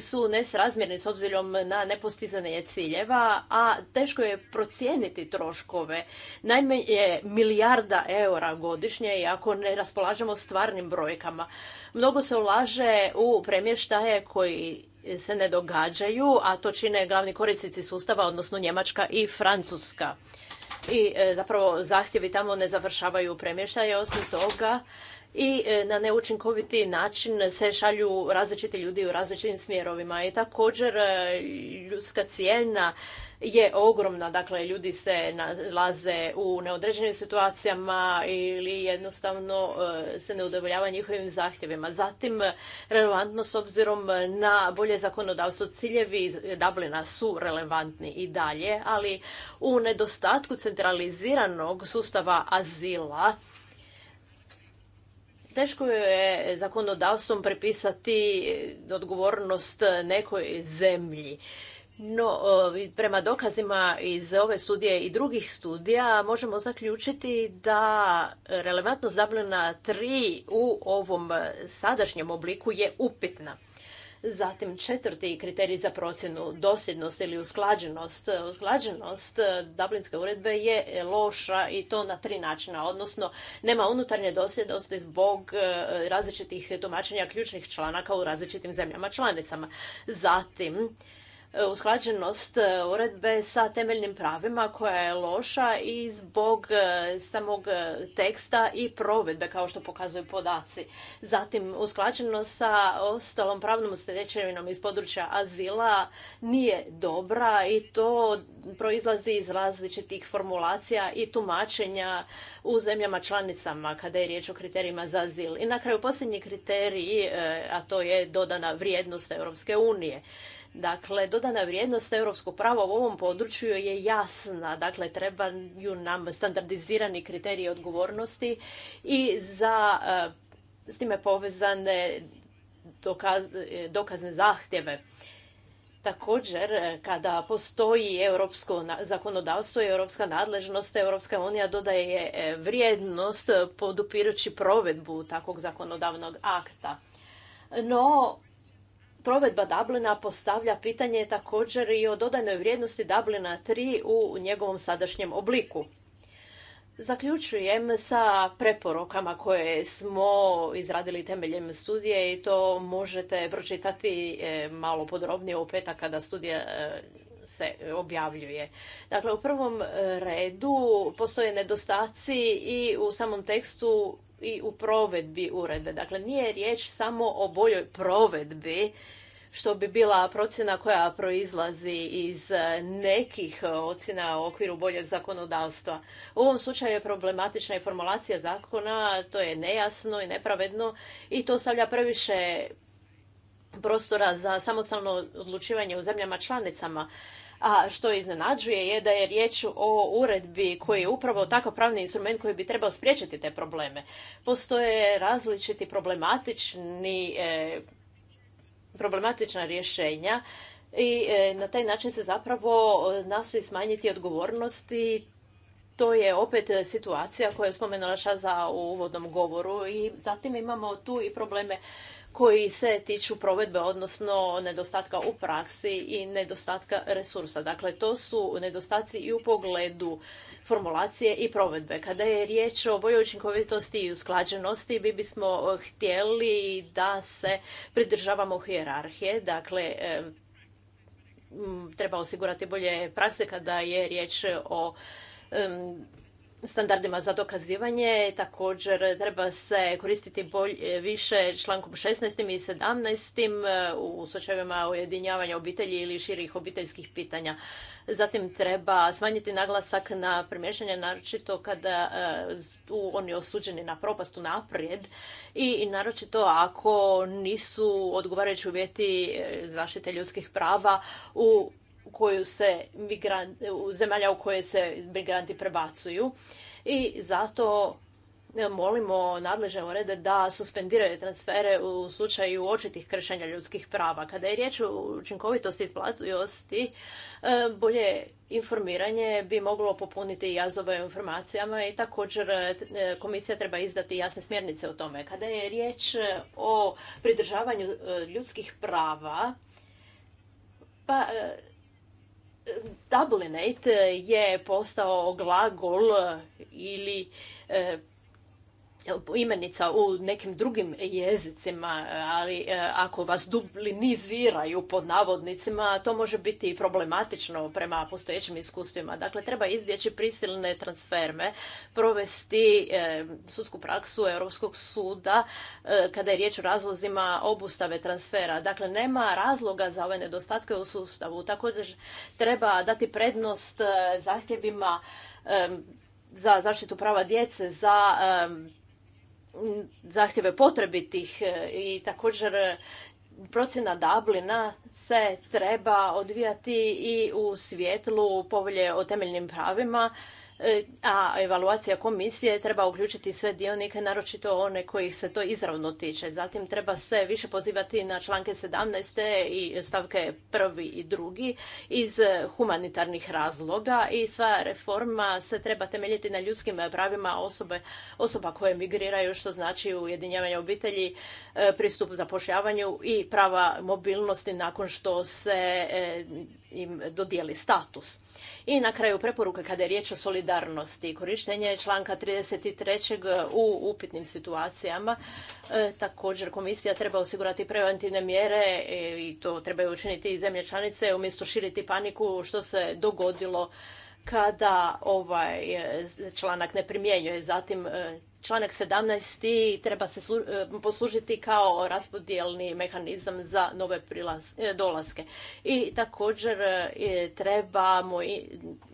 C: su nesrazmjerni s obzirom na nepostizanje ciljeva, a teško je procijeniti troškove. Najmanje je milijarda eura godišnje i ako ne raspolažemo stvarnim brojkama. Mnogo se ulaže u premještaje koji se ne događaju, a to čine glavni korisnici sustava, odnosno Njemačka i Francuska. I e, zapravo zahtjevi tamo ne završavaju premještaje, osim toga i e, na neučinkoviti način se šalju različiti ljudi u različitim smjerovima. I također e, ljudska cijena je ogromna. Dakle, ljudi se nalaze u neodređenim situacijama ili jednostavno e, se ne udovoljava njihovim zahtjevima. Zatim, relevantno s obzirom na bolje zakonodavstvo ciljevi Dublina su relevantni i dalje, ali u nedostatku centraliziranog sustava azila teško je zakonodavstvom prepisati odgovornost nekoj zemlji. No, e, prema dokazima iz ove studije i drugih studija možemo zaključiti da relevantnost Dublina 3 u ovom sadašnjem obliku je upitna. Zatim četvrti kriterij za procjenu dosljednost ili usklađenost. Usklađenost Dublinske uredbe je loša i to na tri načina, odnosno nema unutarnje dosljednosti zbog e, različitih tumačenja ključnih članaka u različitim zemljama članicama. Zatim E, usklađenost e, uredbe sa temeljnim pravima koja je loša i zbog e, samog teksta i provedbe kao što pokazuju podaci. Zatim usklađenost sa ostalom pravnom stečevinom iz područja azila nije dobra i to proizlazi iz različitih formulacija i tumačenja u zemljama članicama kada je riječ o kriterijima za azil. I na kraju posljednji kriterij, a to je dodana vrijednost Europske unije. Dakle, dodana vrijednost europskog prava u ovom području je jasna. Dakle, trebaju nam standardizirani kriteriji odgovornosti i za e, s time povezane dokazne zahtjeve. Također, e, kada postoji europsko zakonodavstvo i europska nadležnost, Europska unija dodaje e, vrijednost podupirući provedbu takvog zakonodavnog akta. No, provedba Dublina postavlja pitanje također i o dodanoj vrijednosti Dublina 3 u njegovom sadašnjem obliku. Zaključujem sa preporukama koje smo izradili temeljem studije i to možete pročitati e, malo podrobnije u petak kada studija e, se objavljuje. Dakle, u prvom redu postoje nedostaci i u samom tekstu i u provedbi uredbe. Dakle, nije riječ samo o boljoj provedbi, što bi bila procjena koja proizlazi iz nekih ocjena u okviru boljeg zakonodavstva. U ovom slučaju je problematična i formulacija zakona, to je nejasno i nepravedno i to stavlja previše prostora za samostalno odlučivanje u zemljama članicama. A što iznenađuje je da je riječ o uredbi koji je upravo takav pravni instrument koji bi trebao spriječiti te probleme. Postoje različiti problematični e, problematična rješenja i e, na taj način se zapravo nastoji smanjiti odgovornosti to je opet situacija koju je spomenula Šaza u uvodnom govoru i zatim imamo tu i probleme koji se tiču provedbe, odnosno nedostatka u praksi i nedostatka resursa. Dakle, to su nedostaci i u pogledu formulacije i provedbe. Kada je riječ o boju učinkovitosti i usklađenosti, bi bismo eh, htjeli da se pridržavamo hijerarhije, dakle, eh, treba osigurati bolje prakse kada je riječ o standardima za dokazivanje. Također treba se koristiti bolje, više člankom 16. i 17. E, u slučajevima ujedinjavanja obitelji ili širih obiteljskih pitanja. Zatim treba smanjiti naglasak na primješanje, naročito kada su e, oni osuđeni na propastu naprijed i naročito ako nisu odgovarajući uvjeti e, zaštite ljudskih prava u koju se u zemalja u koje se migranti prebacuju i zato e, molimo nadležne urede da suspendiraju transfere u slučaju očitih kršenja ljudskih prava. Kada je riječ o učinkovitosti i e, bolje informiranje bi moglo popuniti jazove informacijama i također e, komisija treba izdati jasne smjernice o tome. Kada je riječ o pridržavanju ljudskih prava, pa Dublinate je postao glagol ili e, imenica u nekim drugim jezicima, ali e, ako vas dubliniziraju pod navodnicima, to može biti problematično prema postojećim iskustvima. Dakle, treba izbjeći prisilne transferme, provesti e, sudsku praksu Europskog suda e, kada je riječ o razlozima obustave transfera. Dakle, nema razloga za ove nedostatke u sustavu. tako da treba dati prednost zahtjevima za zaštitu prava djece, za zahtjeve potrebitih e, i također e, procjena Dublina se treba odvijati i u svjetlu povelje o temeljnim pravima a evaluacija komisije treba uključiti sve dionike, naročito one kojih se to izravno tiče. Zatim treba se više pozivati na članke 17. i stavke prvi i drugi iz humanitarnih razloga i sva reforma se treba temeljiti na ljudskim pravima osoba koje migriraju, što znači ujedinjavanje obitelji, e, pristup zapošljavanju i prava mobilnosti nakon što se e, im dodijeli status. I na kraju preporuka kada je riječ o solidarnosti. Korištenje članka 33. u upitnim situacijama. E, također komisija treba osigurati preventivne mjere e, i to trebaju učiniti i zemlje članice umjesto širiti paniku što se dogodilo kada ovaj e, članak ne primjenjuje. Zatim članak 17. treba se e, poslužiti kao raspodjelni mehanizam za nove prilaz, e, dolaske. I također e, trebamo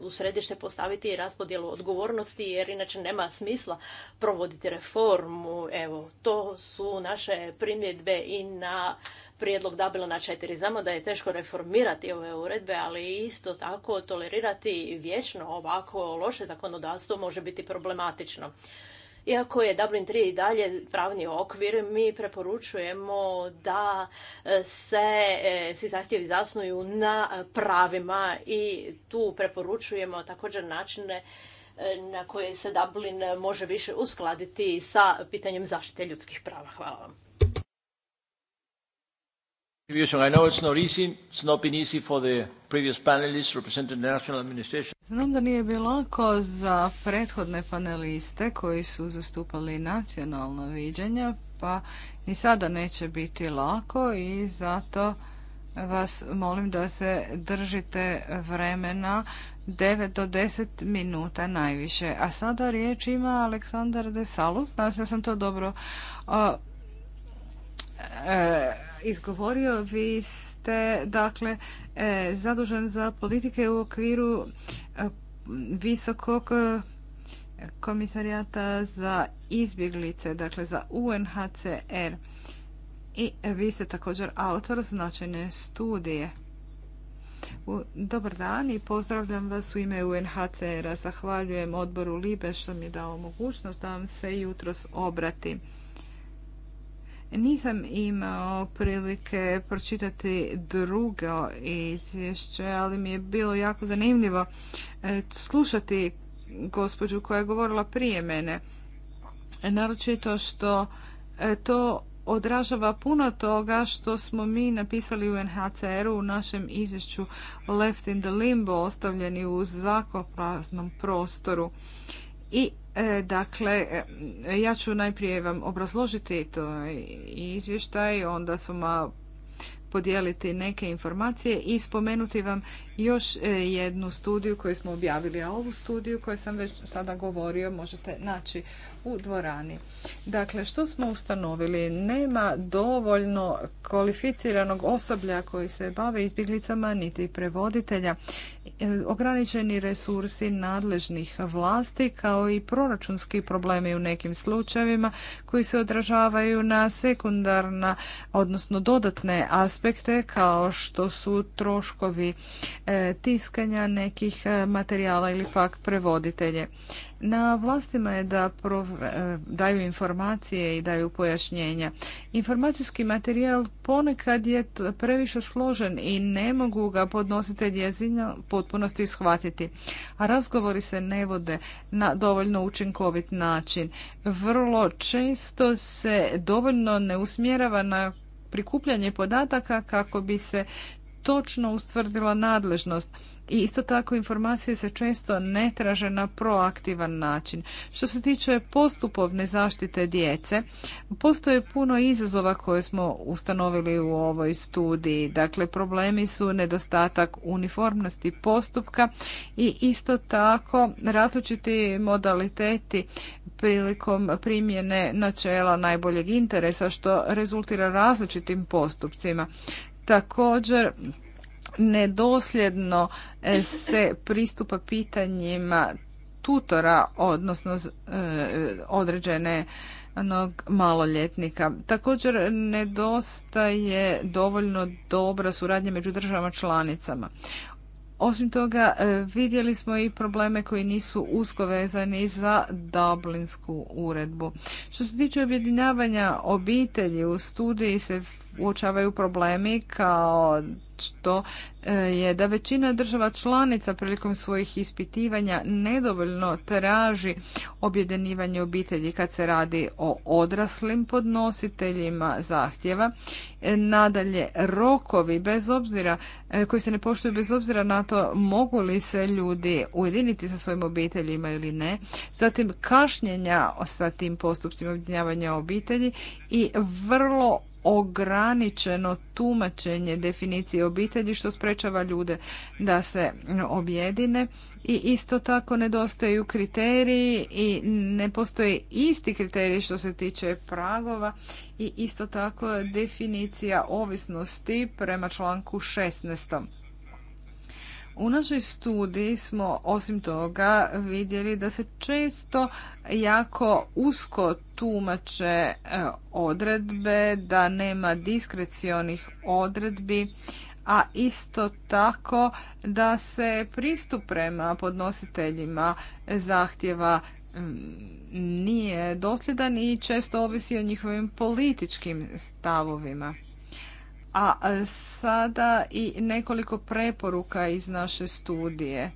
C: u središte postaviti raspodjelu odgovornosti jer inače nema smisla provoditi reformu. Evo, to su naše primjedbe i na prijedlog Dabila na četiri. Znamo da je teško reformirati ove uredbe, ali isto tako tolerirati vječno ovako loše zakonodavstvo može biti problematično. Iako je Dublin 3 i dalje pravni okvir, mi preporučujemo da e, se e, svi zahtjevi zasnuju na pravima i tu preporučujemo također načine e, na koje se Dublin može više uskladiti sa pitanjem zaštite ljudskih prava. Hvala vam.
A: Znam da nije bilo lako za prethodne paneliste koji su zastupali nacionalna viđenja, pa ni sada neće biti lako i zato vas molim da se držite vremena 9 do 10 minuta najviše. A sada riječ ima Aleksandar De nadam se sam to dobro... E, izgovorio. Vi ste dakle e, zadužen za politike u okviru e, visokog e, komisarijata za izbjeglice, dakle za UNHCR. I vi ste također autor značajne studije. Dobar dan i pozdravljam vas u ime UNHCR-a. Zahvaljujem odboru Libe što mi je dao mogućnost da vam se jutros obratim nisam imao prilike pročitati drugo izvješće, ali mi je bilo jako zanimljivo e, slušati gospođu koja je govorila prije mene. Naročito što e, to odražava puno toga što smo mi napisali u NHCR-u u našem izvješću Left in the Limbo, ostavljeni u zakopraznom prostoru. I E, dakle, e, ja ću najprije vam obrazložiti to izvještaj, onda ćemo podijeliti neke informacije i spomenuti vam još e, jednu studiju koju smo objavili, a ovu studiju koju sam već sada govorio možete naći u dvorani. Dakle, što smo ustanovili? Nema dovoljno kvalificiranog osoblja koji se bave izbjeglicama niti prevoditelja. E, ograničeni resursi nadležnih vlasti kao i proračunski problemi u nekim slučajevima koji se odražavaju na sekundarna, odnosno dodatne aspekte kao što su troškovi E, tiskanja nekih e, materijala ili pak prevoditelje. Na vlastima je da e, daju informacije i daju pojašnjenja. Informacijski materijal ponekad je previše složen i ne mogu ga podnositelj jezina potpunosti shvatiti. A razgovori se ne vode na dovoljno učinkovit način. Vrlo često se dovoljno ne usmjerava na prikupljanje podataka kako bi se točno ustvrdila nadležnost i isto tako informacije se često ne traže na proaktivan način. Što se tiče postupovne zaštite djece, postoje puno izazova koje smo ustanovili u ovoj studiji. Dakle, problemi su nedostatak uniformnosti postupka i isto tako različiti modaliteti prilikom primjene načela najboljeg interesa što rezultira različitim postupcima. Također, nedosljedno e, se pristupa pitanjima tutora, odnosno e, određene maloljetnika. Također nedostaje dovoljno dobra suradnja među državama članicama. Osim toga, e, vidjeli smo i probleme koji nisu usko vezani za Dublinsku uredbu. Što se tiče objedinjavanja obitelji, u studiji se uočavaju problemi kao što e, je da većina država članica prilikom svojih ispitivanja nedovoljno traži objedinivanje obitelji kad se radi o odraslim podnositeljima zahtjeva. E, nadalje, rokovi bez obzira e, koji se ne poštuju bez obzira na to mogu li se ljudi ujediniti sa svojim obiteljima ili ne. Zatim kašnjenja sa tim postupcima objedinjavanja obitelji i vrlo ograničeno tumačenje definicije obitelji što sprečava ljude da se objedine i isto tako nedostaju kriteriji i ne postoje isti kriteriji što se tiče pragova i isto tako definicija ovisnosti prema članku 16. U našoj studiji smo osim toga vidjeli da se često jako usko tumače e, odredbe, da nema diskrecionih odredbi, a isto tako da se pristup prema podnositeljima zahtjeva nije dosljedan i često ovisi o njihovim političkim stavovima. A e, sada i nekoliko preporuka iz naše studije.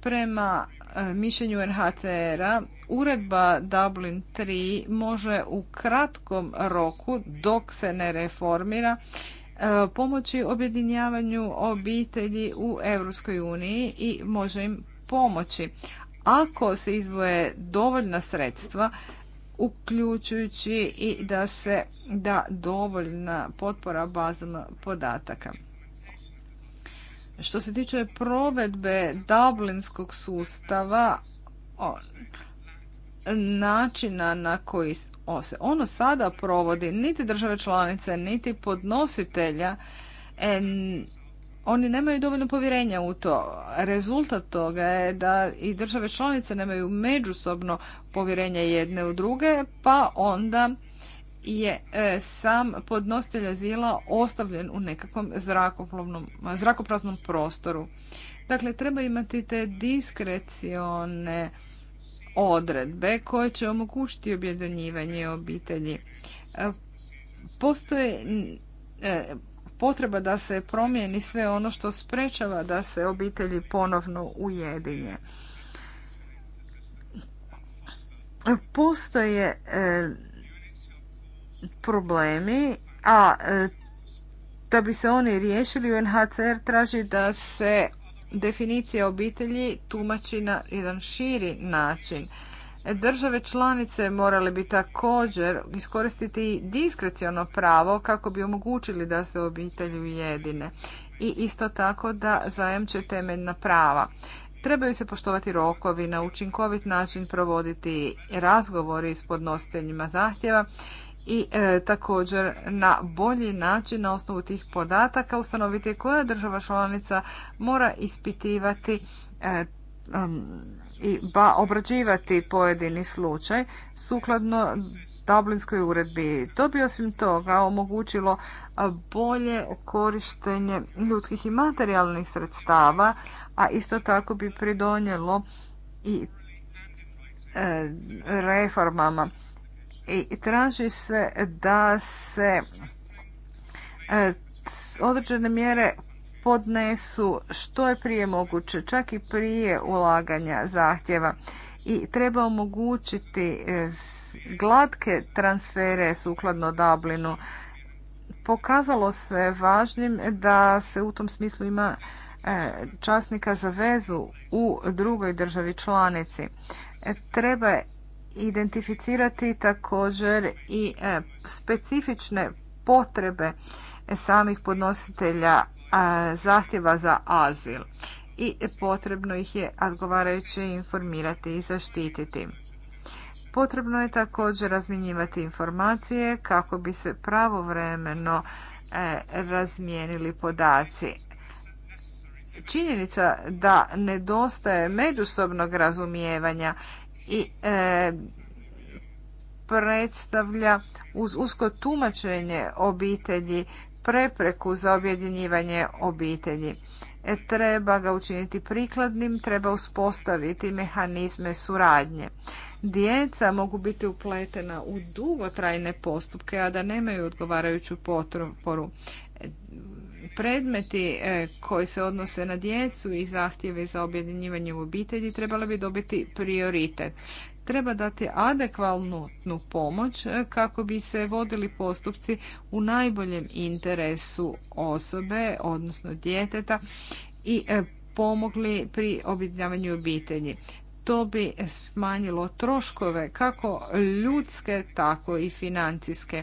A: Prema e, mišljenju NHCR-a, uredba Dublin 3 može u kratkom roku, dok se ne reformira, e, pomoći objedinjavanju obitelji u Europskoj uniji i može im pomoći. Ako se izvoje dovoljna sredstva, uključujući i da se da dovoljna potpora bazama podataka. Što se tiče provedbe Dublinskog sustava, načina na koji se ono sada provodi, niti države članice, niti podnositelja oni nemaju dovoljno povjerenja u to. Rezultat toga je da i države članice nemaju međusobno povjerenja jedne u druge, pa onda je e, sam podnositelj azila ostavljen u nekakvom zrakopraznom prostoru. Dakle, treba imati te diskrecione odredbe koje će omogućiti objedinjivanje obitelji. E, postoje e, potreba da se promijeni sve ono što sprečava da se obitelji ponovno ujedinje. Postoje e, problemi, a e, da bi se oni riješili, UNHCR traži da se definicija obitelji tumači na jedan širi način Države članice morale bi također iskoristiti diskrecijno pravo kako bi omogućili da se obitelji ujedine i isto tako da zajamče temeljna prava. Trebaju se poštovati rokovi, na učinkovit način provoditi razgovori s podnositeljima zahtjeva i e, također na bolji način na osnovu tih podataka ustanoviti koja država članica mora ispitivati e, Um, i ba obrađivati pojedini slučaj sukladno Dublinskoj uredbi. To bi osim toga omogućilo bolje korištenje ljudskih i materijalnih sredstava, a isto tako bi pridonjelo i e, reformama. I traži se da se e, određene mjere podnesu što je prije moguće, čak i prije ulaganja zahtjeva i treba omogućiti e, glatke transfere sukladno Dublinu. Pokazalo se važnim da se u tom smislu ima e, časnika za vezu u drugoj državi članici. E, treba identificirati također i specifične potrebe samih podnositelja zahtjeva za azil i potrebno ih je odgovarajuće informirati i zaštititi. Potrebno je također razmjenjivati informacije kako bi se pravovremeno e, razmijenili podaci. Činjenica da nedostaje međusobnog razumijevanja i e, predstavlja uz usko tumačenje obitelji prepreku za objedinjivanje obitelji. E, treba ga učiniti prikladnim, treba uspostaviti mehanizme suradnje. Djeca mogu biti upletena u dugotrajne postupke, a da nemaju odgovarajuću potporu. Predmeti e, koji se odnose na djecu i zahtjeve za objedinjivanje u obitelji trebali bi dobiti prioritet treba dati adekvalnu pomoć e, kako bi se vodili postupci u najboljem interesu osobe, odnosno djeteta i e, pomogli pri objedinjavanju obitelji. To bi smanjilo troškove kako ljudske, tako i financijske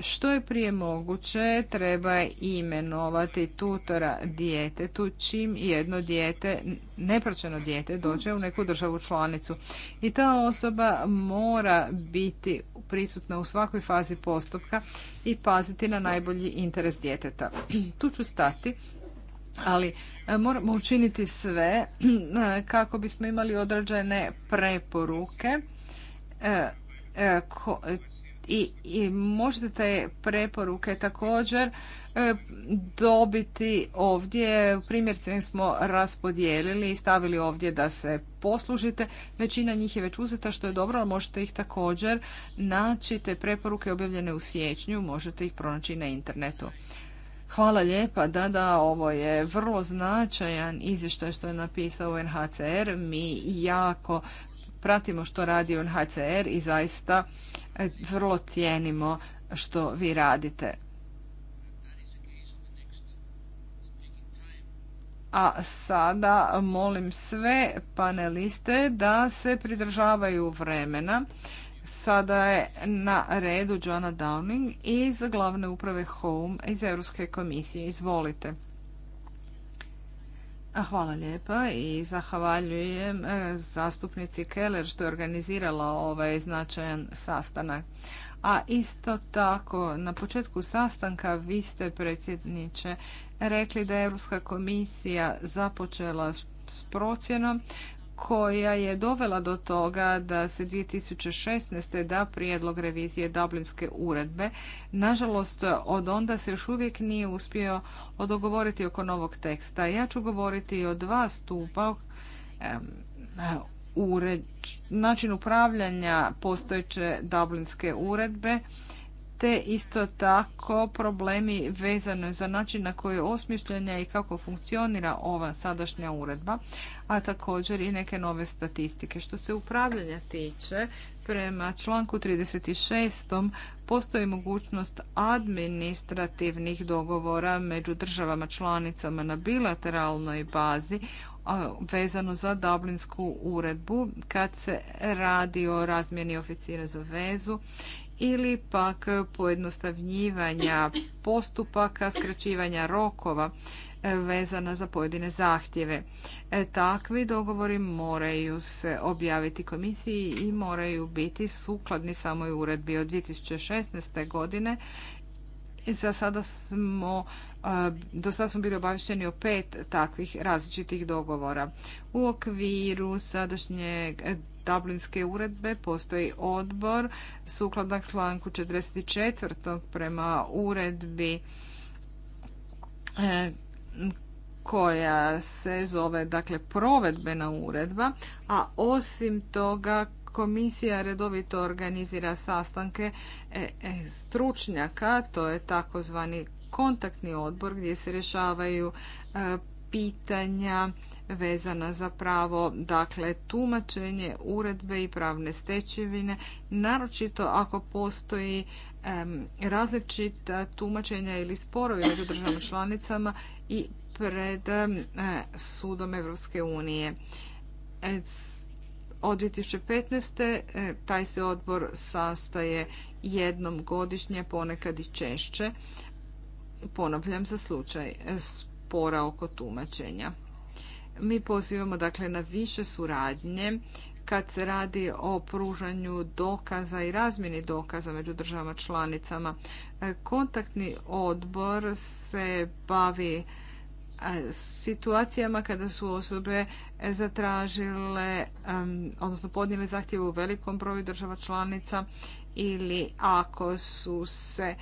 A: što je prije moguće treba imenovati tutora djetetu čim jedno dijete, nepraćeno dijete dođe u neku državu članicu. I ta osoba mora biti prisutna u svakoj fazi postupka i paziti na najbolji interes djeteta. Tu ću stati. Ali e, moramo učiniti sve e, kako bismo imali određene preporuke e, i, i možete te preporuke također e, dobiti ovdje. Primjerice smo raspodijelili i stavili ovdje da se poslužite. Većina njih je već uzeta što je dobro, ali možete ih također naći. Te preporuke objavljene u siječnju možete ih pronaći na internetu. Hvala lijepa, da, da, ovo je vrlo značajan izvještaj što je napisao NHCR. Mi jako pratimo što radi UNHCR i zaista vrlo cijenimo što vi radite. A sada molim sve paneliste da se pridržavaju vremena. Sada je na redu Joanna Downing iz glavne uprave Home iz Europske komisije. Izvolite. Hvala lijepa i zahvaljujem e, zastupnici Keller što je organizirala ovaj značajan sastanak. A isto tako, na početku sastanka vi ste predsjedniče rekli da je Europska komisija započela s procjenom koja je dovela do toga da se 2016. da prijedlog revizije Dublinske uredbe. Nažalost, od onda se još uvijek nije uspio odogovoriti oko novog teksta. Ja ću govoriti o dva stupa način upravljanja postojeće Dublinske uredbe te isto tako problemi vezano za način na koji je osmišljena i kako funkcionira ova sadašnja uredba, a također i neke nove statistike. Što se upravljanja tiče, prema članku 36. postoji mogućnost administrativnih dogovora među državama članicama na bilateralnoj bazi vezano za Dublinsku uredbu kad se radi o razmjeni oficira za vezu ili pak pojednostavnjivanja postupaka, skraćivanja rokova e, vezana za pojedine zahtjeve. E, takvi dogovori moraju se objaviti komisiji i moraju biti sukladni samoj uredbi od 2016. godine. Za sada smo e, do sada smo bili obavješteni o pet takvih različitih dogovora. U okviru sadašnjeg Dublinske uredbe postoji odbor sukladno članku 44. prema uredbi eh, koja se zove dakle provedbena uredba, a osim toga komisija redovito organizira sastanke eh, eh, stručnjaka, to je takozvani kontaktni odbor gdje se rješavaju pitanja vezana za pravo, dakle tumačenje uredbe i pravne stečevine, naročito ako postoji različita tumačenja ili sporovi među državama članicama i pred sudom Europske unije. E, od 2015. E, taj se odbor sastaje jednom godišnje, ponekad i češće. Ponavljam za slučaj e, spora oko tumačenja. Mi pozivamo dakle na više suradnje kad se radi o pružanju dokaza i razmjeni dokaza među državama članicama. E, kontaktni odbor se bavi e, situacijama kada su osobe e, zatražile, odnosno podnijele zahtjeve u velikom broju država članica ili ako su se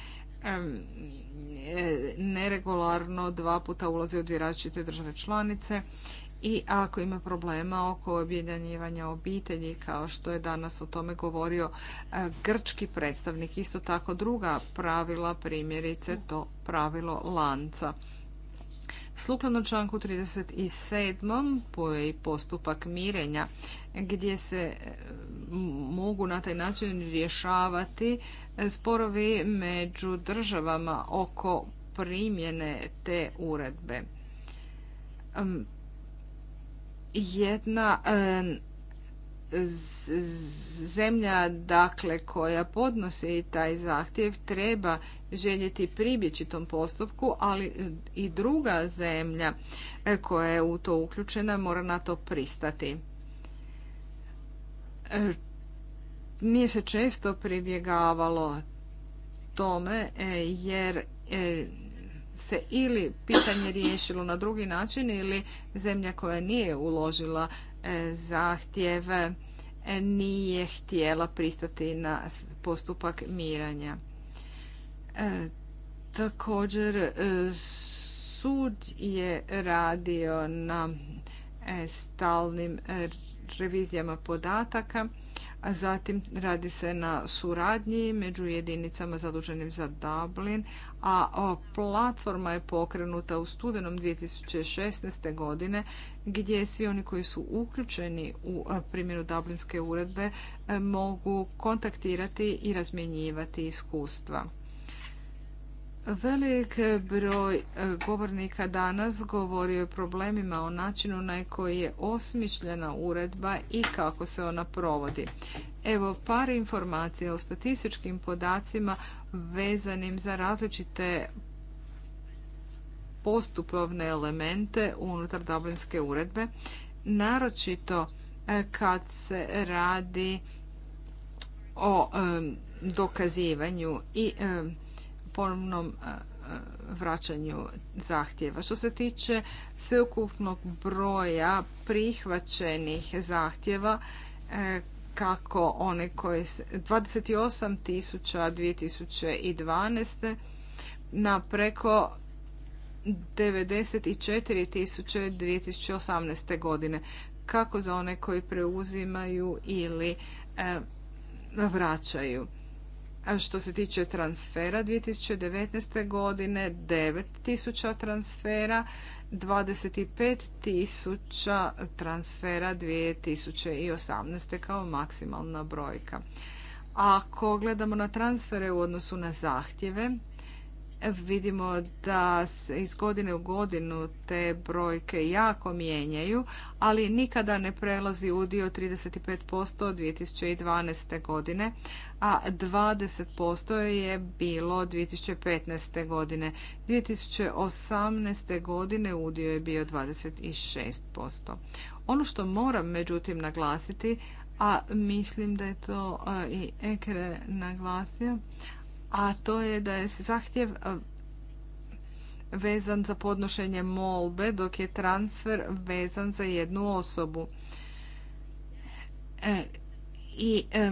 A: neregularno dva puta ulaze u dvije različite države članice i ako ima problema oko objedanjivanja obitelji kao što je danas o tome govorio e, grčki predstavnik. Isto tako druga pravila primjerice to pravilo lanca. Sukladno članku 37. poje postupak mirenja gdje se e, mogu na taj način rješavati e, sporovi među državama oko primjene te uredbe jedna zemlja dakle koja podnosi taj zahtjev treba željeti pribjeći tom postupku, ali i druga zemlja e, koja je u to uključena mora na to pristati. E, nije se često pribjegavalo tome e, jer se ili pitanje riješilo na drugi način ili zemlja koja nije uložila e, zahtjeve nije htjela pristati na postupak miranja. E, također e, sud je radio na stalnim revizijama podataka, a zatim radi se na suradnji među jedinicama zaduženim za Dublin, a platforma je pokrenuta u studenom 2016. godine gdje svi oni koji su uključeni u primjenu Dublinske uredbe e, mogu kontaktirati i razmjenjivati iskustva. Velik broj e, govornika danas govori o problemima, o načinu na koji je osmišljena uredba i kako se ona provodi. Evo par informacija o statističkim podacima vezanim za različite postupovne elemente unutar Dublinske uredbe, naročito e, kad se radi o e, dokazivanju i e, ponovnom vraćanju zahtjeva. Što se tiče sveukupnog broja prihvaćenih zahtjeva kako one koje 28 2012. na preko 94.000 2018. godine. Kako za one koji preuzimaju ili eh, vraćaju. A što se tiče transfera 2019. godine 9.000 transfera 25 tisuća transfera 2018. kao maksimalna brojka. Ako gledamo na transfere u odnosu na zahtjeve, vidimo da se iz godine u godinu te brojke jako mijenjaju, ali nikada ne prelazi udio 35% od 2012. godine, a 20% je bilo 2015. godine. 2018. godine udio je bio 26%. Ono što moram međutim naglasiti, a mislim da je to e, i Ekre naglasio, a to je da je zahtjev vezan za podnošenje molbe, dok je transfer vezan za jednu osobu. E, I e,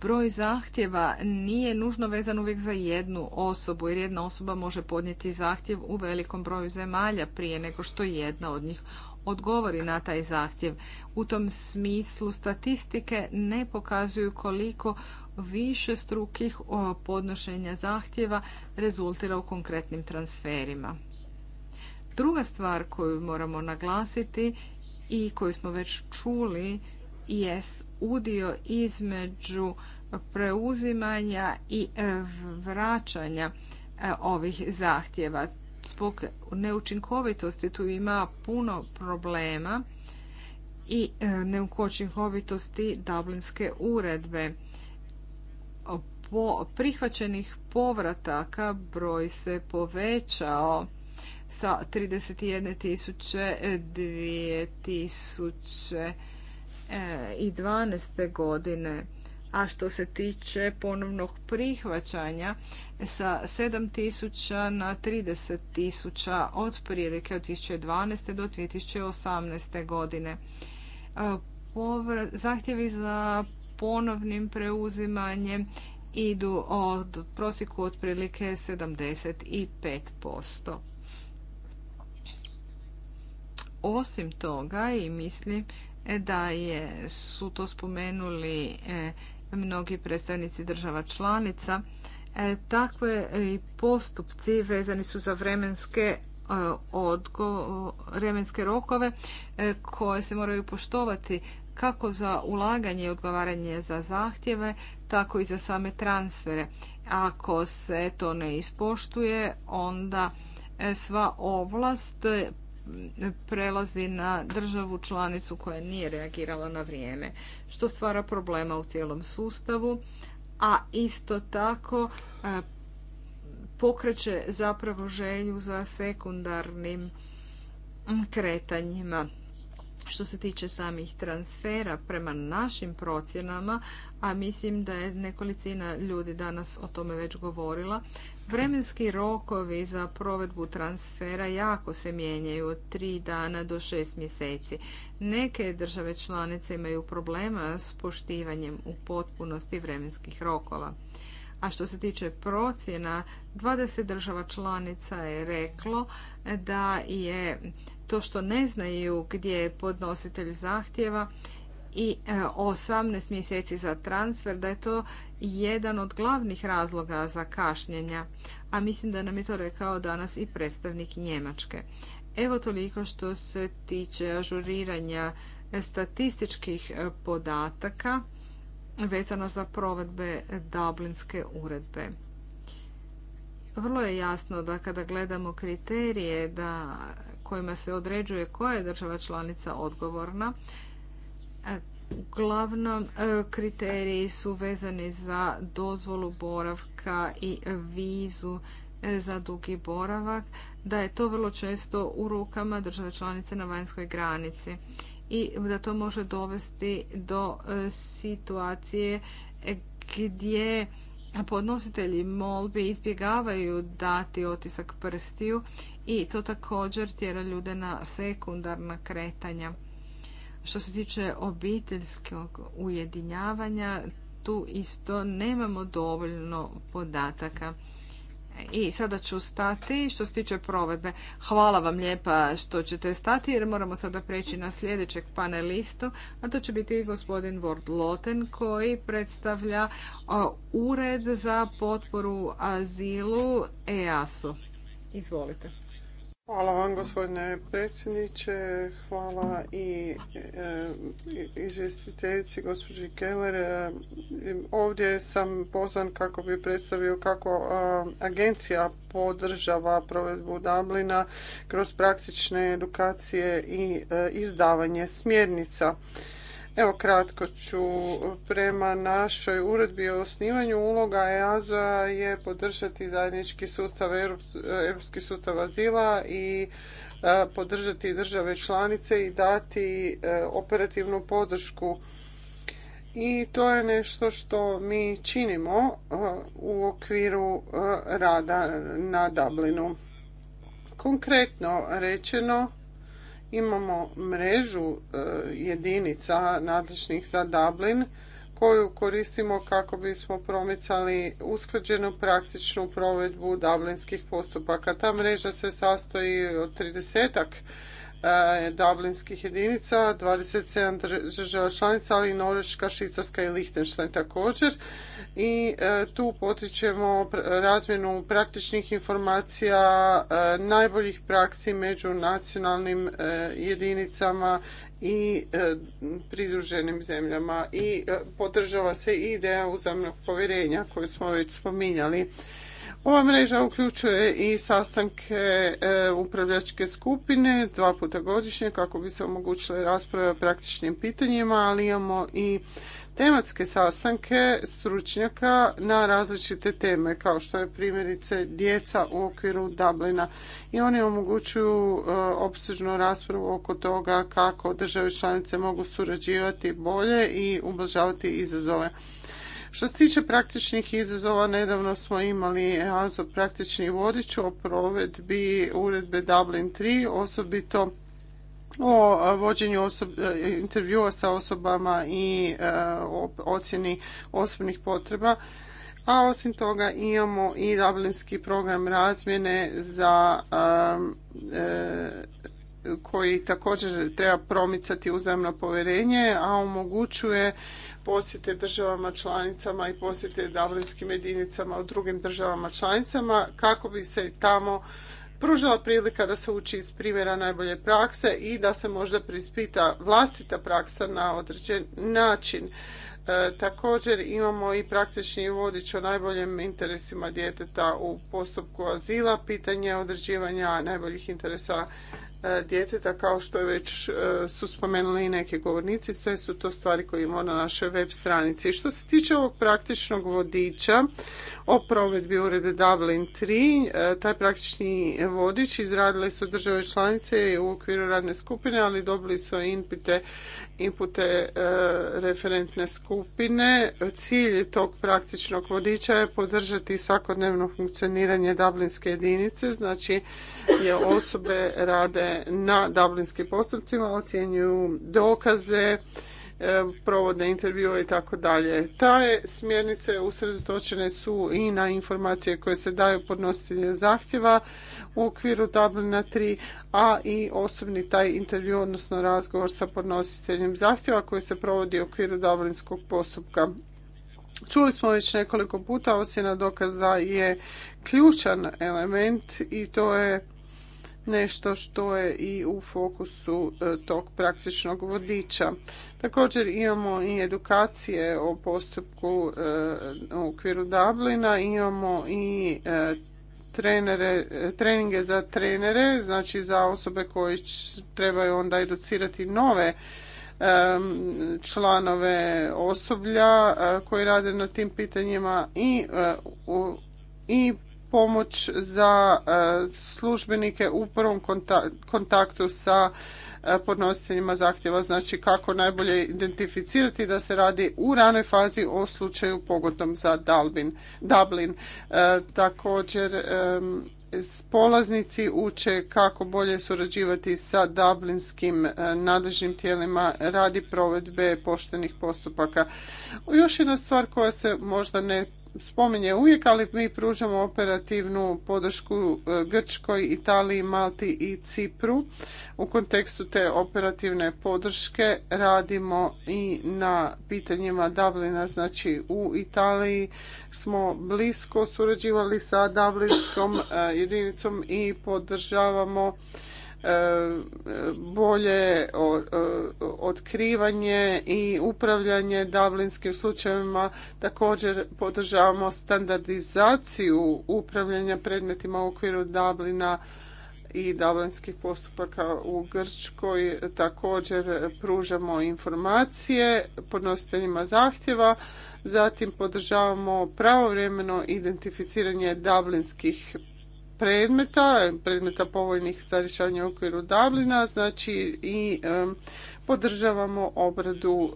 A: broj zahtjeva nije nužno vezan uvijek za jednu osobu, jer jedna osoba može podnijeti zahtjev u velikom broju zemalja prije nego što jedna od njih odgovori na taj zahtjev. U tom smislu statistike ne pokazuju koliko više strukih podnošenja zahtjeva rezultira u konkretnim transferima. Druga stvar koju moramo naglasiti i koju smo već čuli jest udio između preuzimanja i e, vraćanja e, ovih zahtjeva. Zbog neučinkovitosti tu ima puno problema i e, neučinkovitosti Dublinske uredbe prihvaćenih povrataka broj se povećao sa 31.000 2012. E, godine. A što se tiče ponovnog prihvaćanja sa 7.000 na 30.000 od prilike od 2012. do 2018. godine. E, Povrat, zahtjevi za ponovnim preuzimanjem idu od prosjeku otprilike 75%. Osim toga i mislim e, da je, su to spomenuli e, mnogi predstavnici država članica, e, takve postupci vezani su za vremenske odgo, vremenske rokove koje se moraju poštovati kako za ulaganje i odgovaranje za zahtjeve, tako i za same transfere. Ako se to ne ispoštuje, onda e, sva ovlast e, prelazi na državu članicu koja nije reagirala na vrijeme, što stvara problema u cijelom sustavu, a isto tako e, pokreće zapravo želju za sekundarnim kretanjima. Što se tiče samih transfera prema našim procjenama, a mislim da je nekolicina ljudi danas o tome već govorila, vremenski rokovi za provedbu transfera jako se mijenjaju od 3 dana do 6 mjeseci. Neke države članice imaju problema s poštivanjem u potpunosti vremenskih rokova. A što se tiče procjena, 20 država članica je reklo da je to što ne znaju gdje je podnositelj zahtjeva i 18 e, mjeseci za transfer, da je to jedan od glavnih razloga za kašnjenja. A mislim da nam je to rekao danas i predstavnik Njemačke. Evo toliko što se tiče ažuriranja statističkih e, podataka vezano za provedbe Dublinske uredbe. Vrlo je jasno da kada gledamo kriterije da kojima se određuje koja je država članica odgovorna. E, uglavnom, e, kriteriji su vezani za dozvolu boravka i vizu e, za dugi boravak, da je to vrlo često u rukama države članice na vanjskoj granici i da to može dovesti do situacije gdje podnositelji molbi izbjegavaju dati otisak prstiju i to također tjera ljude na sekundarna kretanja. Što se tiče obiteljskog ujedinjavanja, tu isto nemamo dovoljno podataka. I sada ću stati što se tiče provedbe. Hvala vam lijepa što ćete stati jer moramo sada preći na sljedećeg panelistu, a to će biti gospodin Ward Loten koji predstavlja Ured za potporu azilu EASO. Izvolite.
B: Hvala vam gospodine predsjedniče, hvala i e, izvjestiteljici gospođi Keller. E, ovdje sam pozvan kako bi predstavio kako e, agencija podržava provedbu Dublina kroz praktične edukacije i izdavanje smjernica. Evo kratko ću, prema našoj uredbi o osnivanju uloga EAZA je podržati zajednički sustav, europski sustav azila i e, podržati države članice i dati e, operativnu podršku. I to je nešto što mi činimo e, u okviru rada na Dublinu. Konkretno rečeno, Imamo mrežu e, jedinica nadležnih za Dublin koju koristimo kako bismo promicali usklađenu praktičnu provedbu dublinskih postupaka. Ta mreža se sastoji od tridesetak E, dublinskih jedinica, 27 država članica, ali i Norveška, Švicarska i Lichtenstein također. I e, tu potičemo razmjenu praktičnih informacija, e, najboljih praksi među nacionalnim jedinicama i pridruženim zemljama. I podržava se i ideja uzamnog povjerenja koju smo već spominjali. Ova mreža uključuje i sastanke e, upravljačke skupine dva puta godišnje kako bi se omogućile rasprave o praktičnim pitanjima, ali imamo i tematske sastanke stručnjaka na različite teme kao što je primjerice djeca u okviru Dublina i oni omogućuju e, opsežnu raspravu oko toga kako države članice mogu surađivati bolje i ublažavati izazove. Što se tiče praktičnih izazova, nedavno smo imali EASO praktični vodič o provedbi uredbe Dublin 3, osobito o vođenju intervjua sa osobama i e, ocjeni osobnih potreba. A osim toga imamo i Dublinski program razmjene za e, koji također treba promicati uzajamno povjerenje, a omogućuje posjete državama članicama i posjete davlinskim jedinicama u drugim državama članicama kako bi se tamo pružila prilika da se uči iz primjera najbolje prakse i da se možda prispita vlastita praksa na određen način. E, također imamo i praktični vodič o najboljim interesima djeteta u postupku azila, pitanje određivanja najboljih interesa E, djeteta kao što je već e, su spomenuli i neke govornici, sve su to stvari koje imamo na našoj web stranici. što se tiče ovog praktičnog vodiča o provedbi urede Dublin 3, e, taj praktični vodič izradile su države članice u okviru radne skupine, ali dobili su inpite inpute e, referentne skupine. Cilj tog praktičnog vodiča je podržati svakodnevno funkcioniranje Dublinske jedinice, znači je osobe rade na Dublinskim postupcima, ocjenjuju dokaze, E, provode intervjue i tako dalje. je smjernice usredotočene su i na informacije koje se daju podnositelju zahtjeva u okviru tablina 3, a i osobni taj intervju, odnosno razgovor sa podnositeljem zahtjeva koji se provodi u okviru dablinskog postupka. Čuli smo već nekoliko puta, ocjena dokaza je ključan element i to je nešto što je i u fokusu e, tog praktičnog vodiča. Također imamo i edukacije o postupku e, u okviru Dublina, imamo i e, trenere, treninge za trenere, znači za osobe koje trebaju onda educirati nove članove osoblja koji rade na tim pitanjima i i pomoć za e, službenike u prvom kontaktu sa e, podnositeljima zahtjeva, znači kako najbolje identificirati da se radi u ranoj fazi o slučaju pogodnom za Dublin. E, također polaznici uče kako bolje surađivati sa dublinskim nadležnim tijelima radi provedbe poštenih postupaka. Još jedna stvar koja se možda ne spominje uvijek, ali mi pružamo operativnu podršku e, Grčkoj, Italiji, Malti i Cipru. U kontekstu te operativne podrške radimo i na pitanjima Dublina, znači u Italiji smo blisko surađivali sa Dublinskom e, jedinicom i podržavamo E, bolje e, otkrivanje i upravljanje davlinskim slučajevima. Također podržavamo standardizaciju upravljanja predmetima u okviru Dublina i dablinskih postupaka u Grčkoj. Također pružamo informacije podnositeljima zahtjeva. Zatim podržavamo pravovremeno identificiranje dablinskih predmeta, predmeta povoljnih za rješavanje u okviru Dublina, znači i podržavamo obradu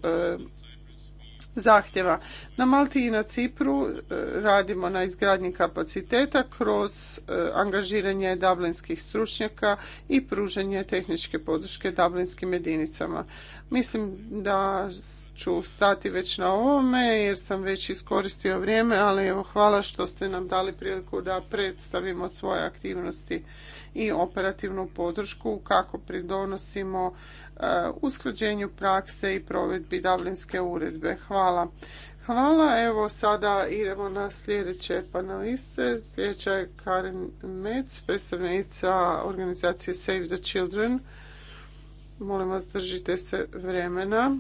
B: zahtjeva. Na Malti i na Cipru e, radimo na izgradnji kapaciteta kroz e, angažiranje dublinskih stručnjaka i pružanje tehničke podrške dublinskim jedinicama. Mislim da ću stati već na ovome jer sam već iskoristio vrijeme, ali evo hvala što ste nam dali priliku da predstavimo svoje aktivnosti i operativnu podršku kako pridonosimo e, usklađenju prakse i provedbi Dublinske uredbe. Hvala. Hvala. Evo sada idemo na sljedeće paneliste. Sljedeća je Karen Mec, predstavnica organizacije Save the Children. Molim vas držite se vremena.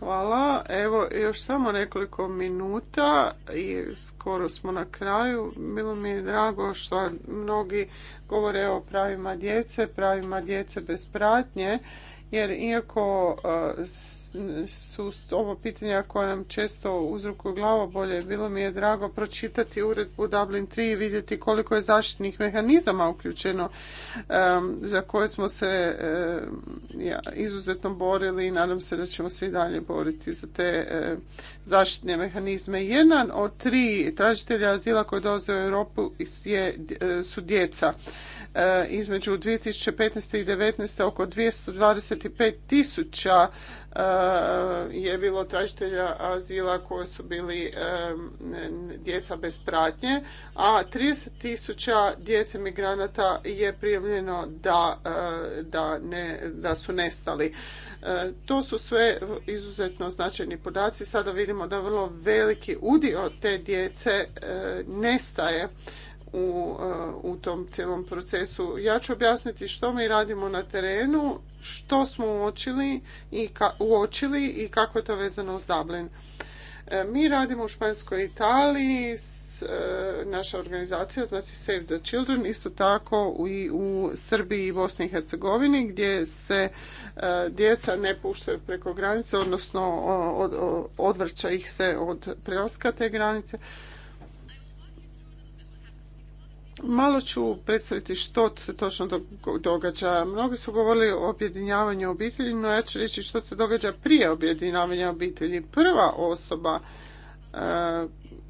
B: Hvala. Evo još samo nekoliko minuta i skoro smo na kraju. Bilo mi je drago što mnogi govore o pravima djece, pravima djece bez pratnje jer iako su ovo pitanja koja nam često uzrokuju glavo bolje, bilo mi je drago pročitati uredbu Dublin 3 i vidjeti koliko je zaštitnih mehanizama uključeno za koje smo se izuzetno borili i nadam se da ćemo se i dalje boriti za te zaštitne mehanizme. Jedan od tri tražitelja azila koji dolaze u Europu su djeca E, između 2015. i 2019. oko 225 tisuća e, je bilo tražitelja azila koji su bili e, djeca bez pratnje, a 30 tisuća djece migranata je prijavljeno da, da, ne, da su nestali. To su sve izuzetno značajni podaci. Sada vidimo da vrlo veliki udio te djece nestaje u, e, u tom cijelom procesu. Ja ću objasniti što mi radimo na terenu, što smo uočili i, ka, uočili i kako je to vezano uz Dublin. E, mi radimo u Španjskoj Italiji, e, naša organizacija, znači Save the Children, isto tako i u Srbiji i Bosni i Hercegovini gdje se djeca ne puštaju preko granice, odnosno odvrća ih se od prelaska te granice. Malo ću predstaviti što se točno događa. Mnogi su govorili o objedinjavanju obitelji, no ja ću reći što se događa prije objedinjavanja obitelji. Prva osoba e,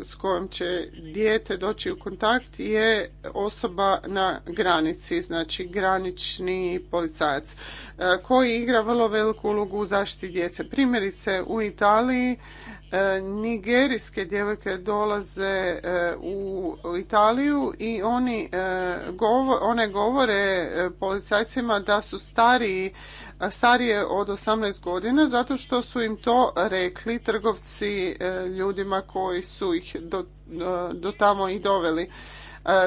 B: s kojom će dijete doći u kontakt je osoba na granici, znači granični policajac e, koji igra vrlo veliku ulogu u zaštiti djece. Primjerice u Italiji E, nigerijske djevojke dolaze e, u Italiju i oni e, one govore policajcima da su stari starije od 18 godina zato što su im to rekli trgovci ljudima koji su ih do, do tamo i doveli.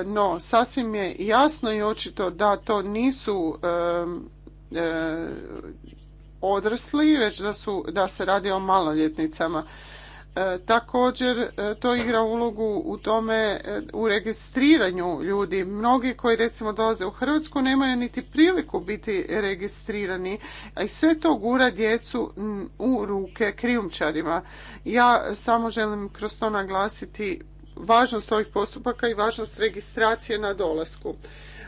B: No, sasvim je jasno i očito da to nisu odrasli, već da, su, da se radi o maloljetnicama. E, također e, to igra ulogu u tome e, u registriranju ljudi. Mnogi koji recimo dolaze u Hrvatsku nemaju niti priliku biti registrirani, a i sve to gura djecu u ruke krijumčarima. Ja samo želim kroz to naglasiti važnost ovih postupaka i važnost registracije na dolasku.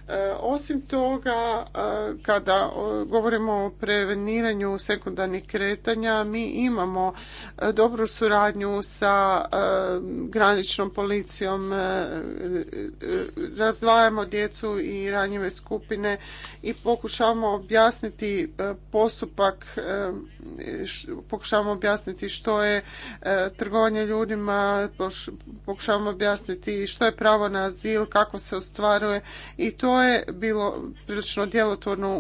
B: E, osim toga, e, kada govorimo o preveniranju sekundarnih kretanja, mi imamo e, dobru suradnju sa graničnom policijom, razdvajamo djecu i ranjive skupine i pokušavamo objasniti postupak, pokušavamo objasniti što je trgovanje ljudima, pokušavamo objasniti što je pravo na azil, kako se ostvaruje i to je bilo prilično djelotvorno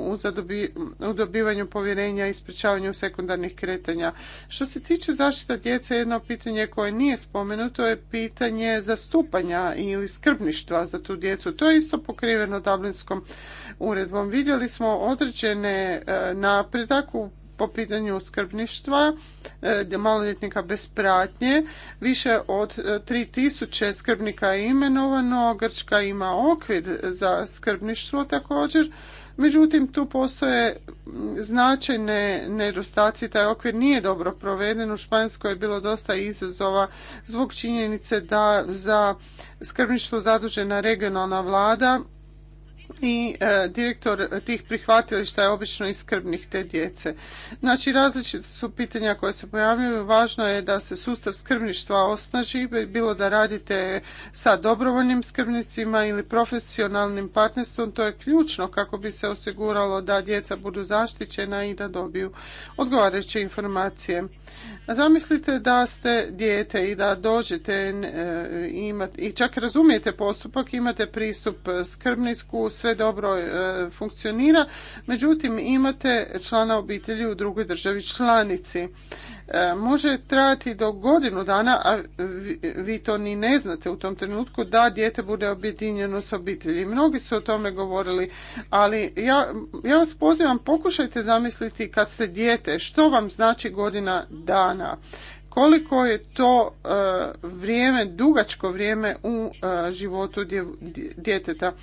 B: u dobivanju povjerenja i sprečavanju sekundarnih kretanja. Što se tiče zaštita djece, jedno pitanje koje nije spomenuto je pitanje zastupanja ili skrbništva za tu djecu. To je isto pokriveno Dublinskom uredbom. Vidjeli smo određene e, napredak u po pitanju skrbništva e, maloljetnika bez pratnje. Više od 3000 e, skrbnika je imenovano, Grčka ima okvir za skrbništvo također. Međutim, tu postoje značajne nedostaci, taj okvir nije dobro proveden, u Španjskoj je bilo dosta izazova zbog činjenice da za skrbništvo zadužena regionalna vlada i e, direktor tih prihvatilišta je obično i skrbnih te djece. Znači različite su pitanja koje se pojavljuju. Važno je da se sustav skrbništva osnaži, bilo da radite sa dobrovoljnim skrbnicima ili profesionalnim partnerstvom. To je ključno kako bi se osiguralo da djeca budu zaštićena i da dobiju odgovarajuće informacije. Zamislite da ste dijete i da dođete e, i čak razumijete postupak, imate pristup skrbniku, sve dobro e, funkcionira, međutim imate člana obitelji u drugoj državi članici. E, može trajati do godinu dana, a vi to ni ne znate u tom trenutku, da dijete bude objedinjeno s obitelji. Mnogi su o tome govorili, ali ja, ja vas pozivam, pokušajte zamisliti kad ste dijete, što vam znači godina dana koliko je to e, vrijeme, dugačko vrijeme u e, životu djeteta.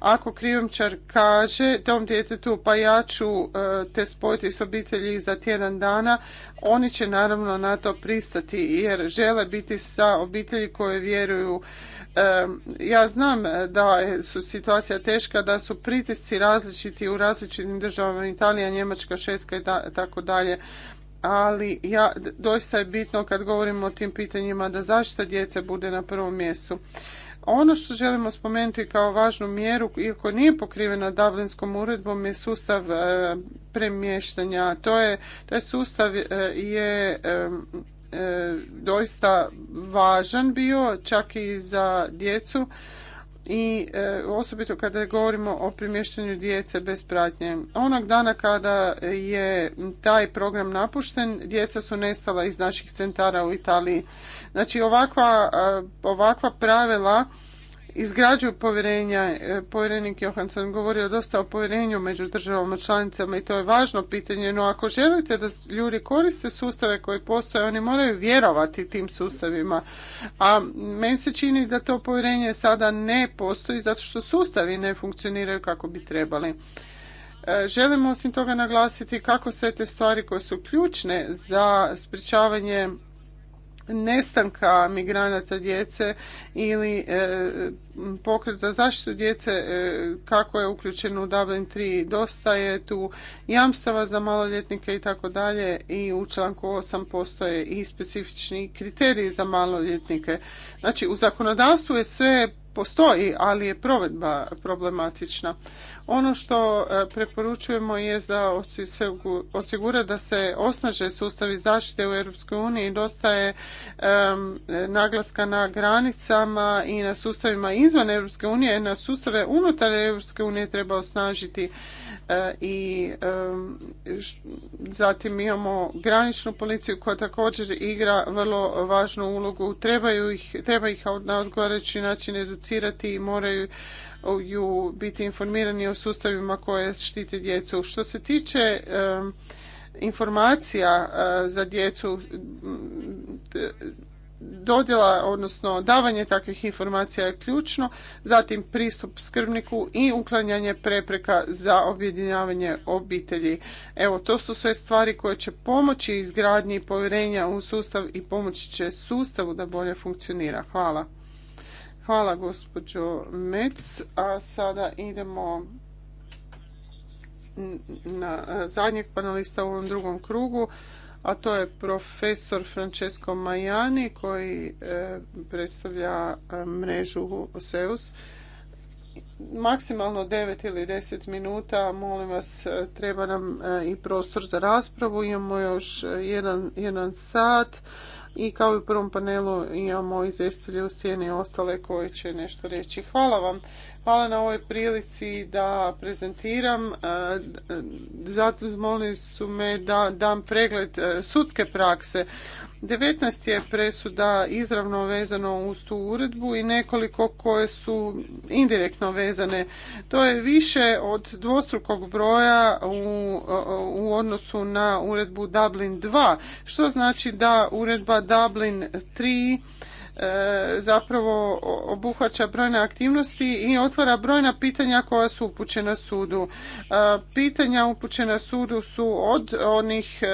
B: Ako krijumčar kaže tom djetetu pa ja ću e, te spojiti s obitelji za tjedan dana, oni će naravno na to pristati jer žele biti sa obitelji koje vjeruju ja znam da su situacija teška, da su pritisci različiti u različitim državama, Italija, Njemačka, Švedska i tako dalje, ali ja, doista je bitno kad govorimo o tim pitanjima da zaštita djece bude na prvom mjestu. Ono što želimo spomenuti kao važnu mjeru, iako nije pokrivena Dublinskom uredbom, je sustav e, premještanja. To je, taj sustav e, je e, doista važan bio, čak i za djecu i e, osobito kada govorimo o primještenju djece bez pratnje. Onog dana kada je taj program napušten, djeca su nestala iz naših centara u Italiji. Znači ovakva, e, ovakva pravila izgrađuju povjerenja. E, povjerenik Johansson govorio dosta o povjerenju među državama članicama i to je važno pitanje, no ako želite da ljudi koriste sustave koji postoje, oni moraju vjerovati tim sustavima. A meni se čini da to povjerenje sada ne postoji zato što sustavi ne funkcioniraju kako bi trebali. E, želimo osim toga naglasiti kako sve te stvari koje su ključne za sprječavanje nestanka migranata djece ili e, pokret za zaštitu djece e, kako je uključeno u Dublin 3 dosta je tu jamstava za maloljetnike i tako dalje i u članku 8 postoje i specifični kriteriji za maloljetnike. Znači u zakonodavstvu je sve postoji, ali je provedba problematična. Ono što e, preporučujemo je da osigura da se osnaže sustavi zaštite u Europskoj uniji. Dosta je naglaska na granicama i na sustavima izvan Europske unije, na sustave unutar Europske unije treba osnažiti. E, i e, zatim imamo graničnu policiju koja također igra vrlo važnu ulogu. Trebaju ih, treba ih na odgovarajući način educirati i moraju biti informirani o sustavima koje štite djecu. Što se tiče e, informacija za djecu dodjela, odnosno davanje takvih informacija je ključno, zatim pristup skrbniku i uklanjanje prepreka za objedinjavanje obitelji. Evo, to su sve stvari koje će pomoći izgradnji povjerenja u sustav i pomoći će sustavu da bolje funkcionira. Hvala. Hvala gospođo Mec. A sada idemo na zadnjeg panelista u ovom drugom krugu a to je profesor Francesco Majani koji e, predstavlja e, mrežu Seus. Maksimalno 9 ili 10 minuta, molim vas, e, treba nam i prostor za raspravu. Imamo još jedan, jedan sat i kao i u prvom panelu imamo izvjestitelje u sjeni i ostale koje će nešto reći. Hvala vam. Hvala na ovoj prilici da prezentiram. E, Zato molili su me da dam pregled e, sudske prakse. 19 je presuda izravno vezano uz tu uredbu i nekoliko koje su indirektno vezane. To je više od dvostrukog broja u, u odnosu na uredbu Dublin 2, što znači da uredba Dublin 3 E, zapravo obuhvaća brojne aktivnosti i otvara brojna pitanja koja su upućena sudu. E, pitanja upućena sudu su od onih e,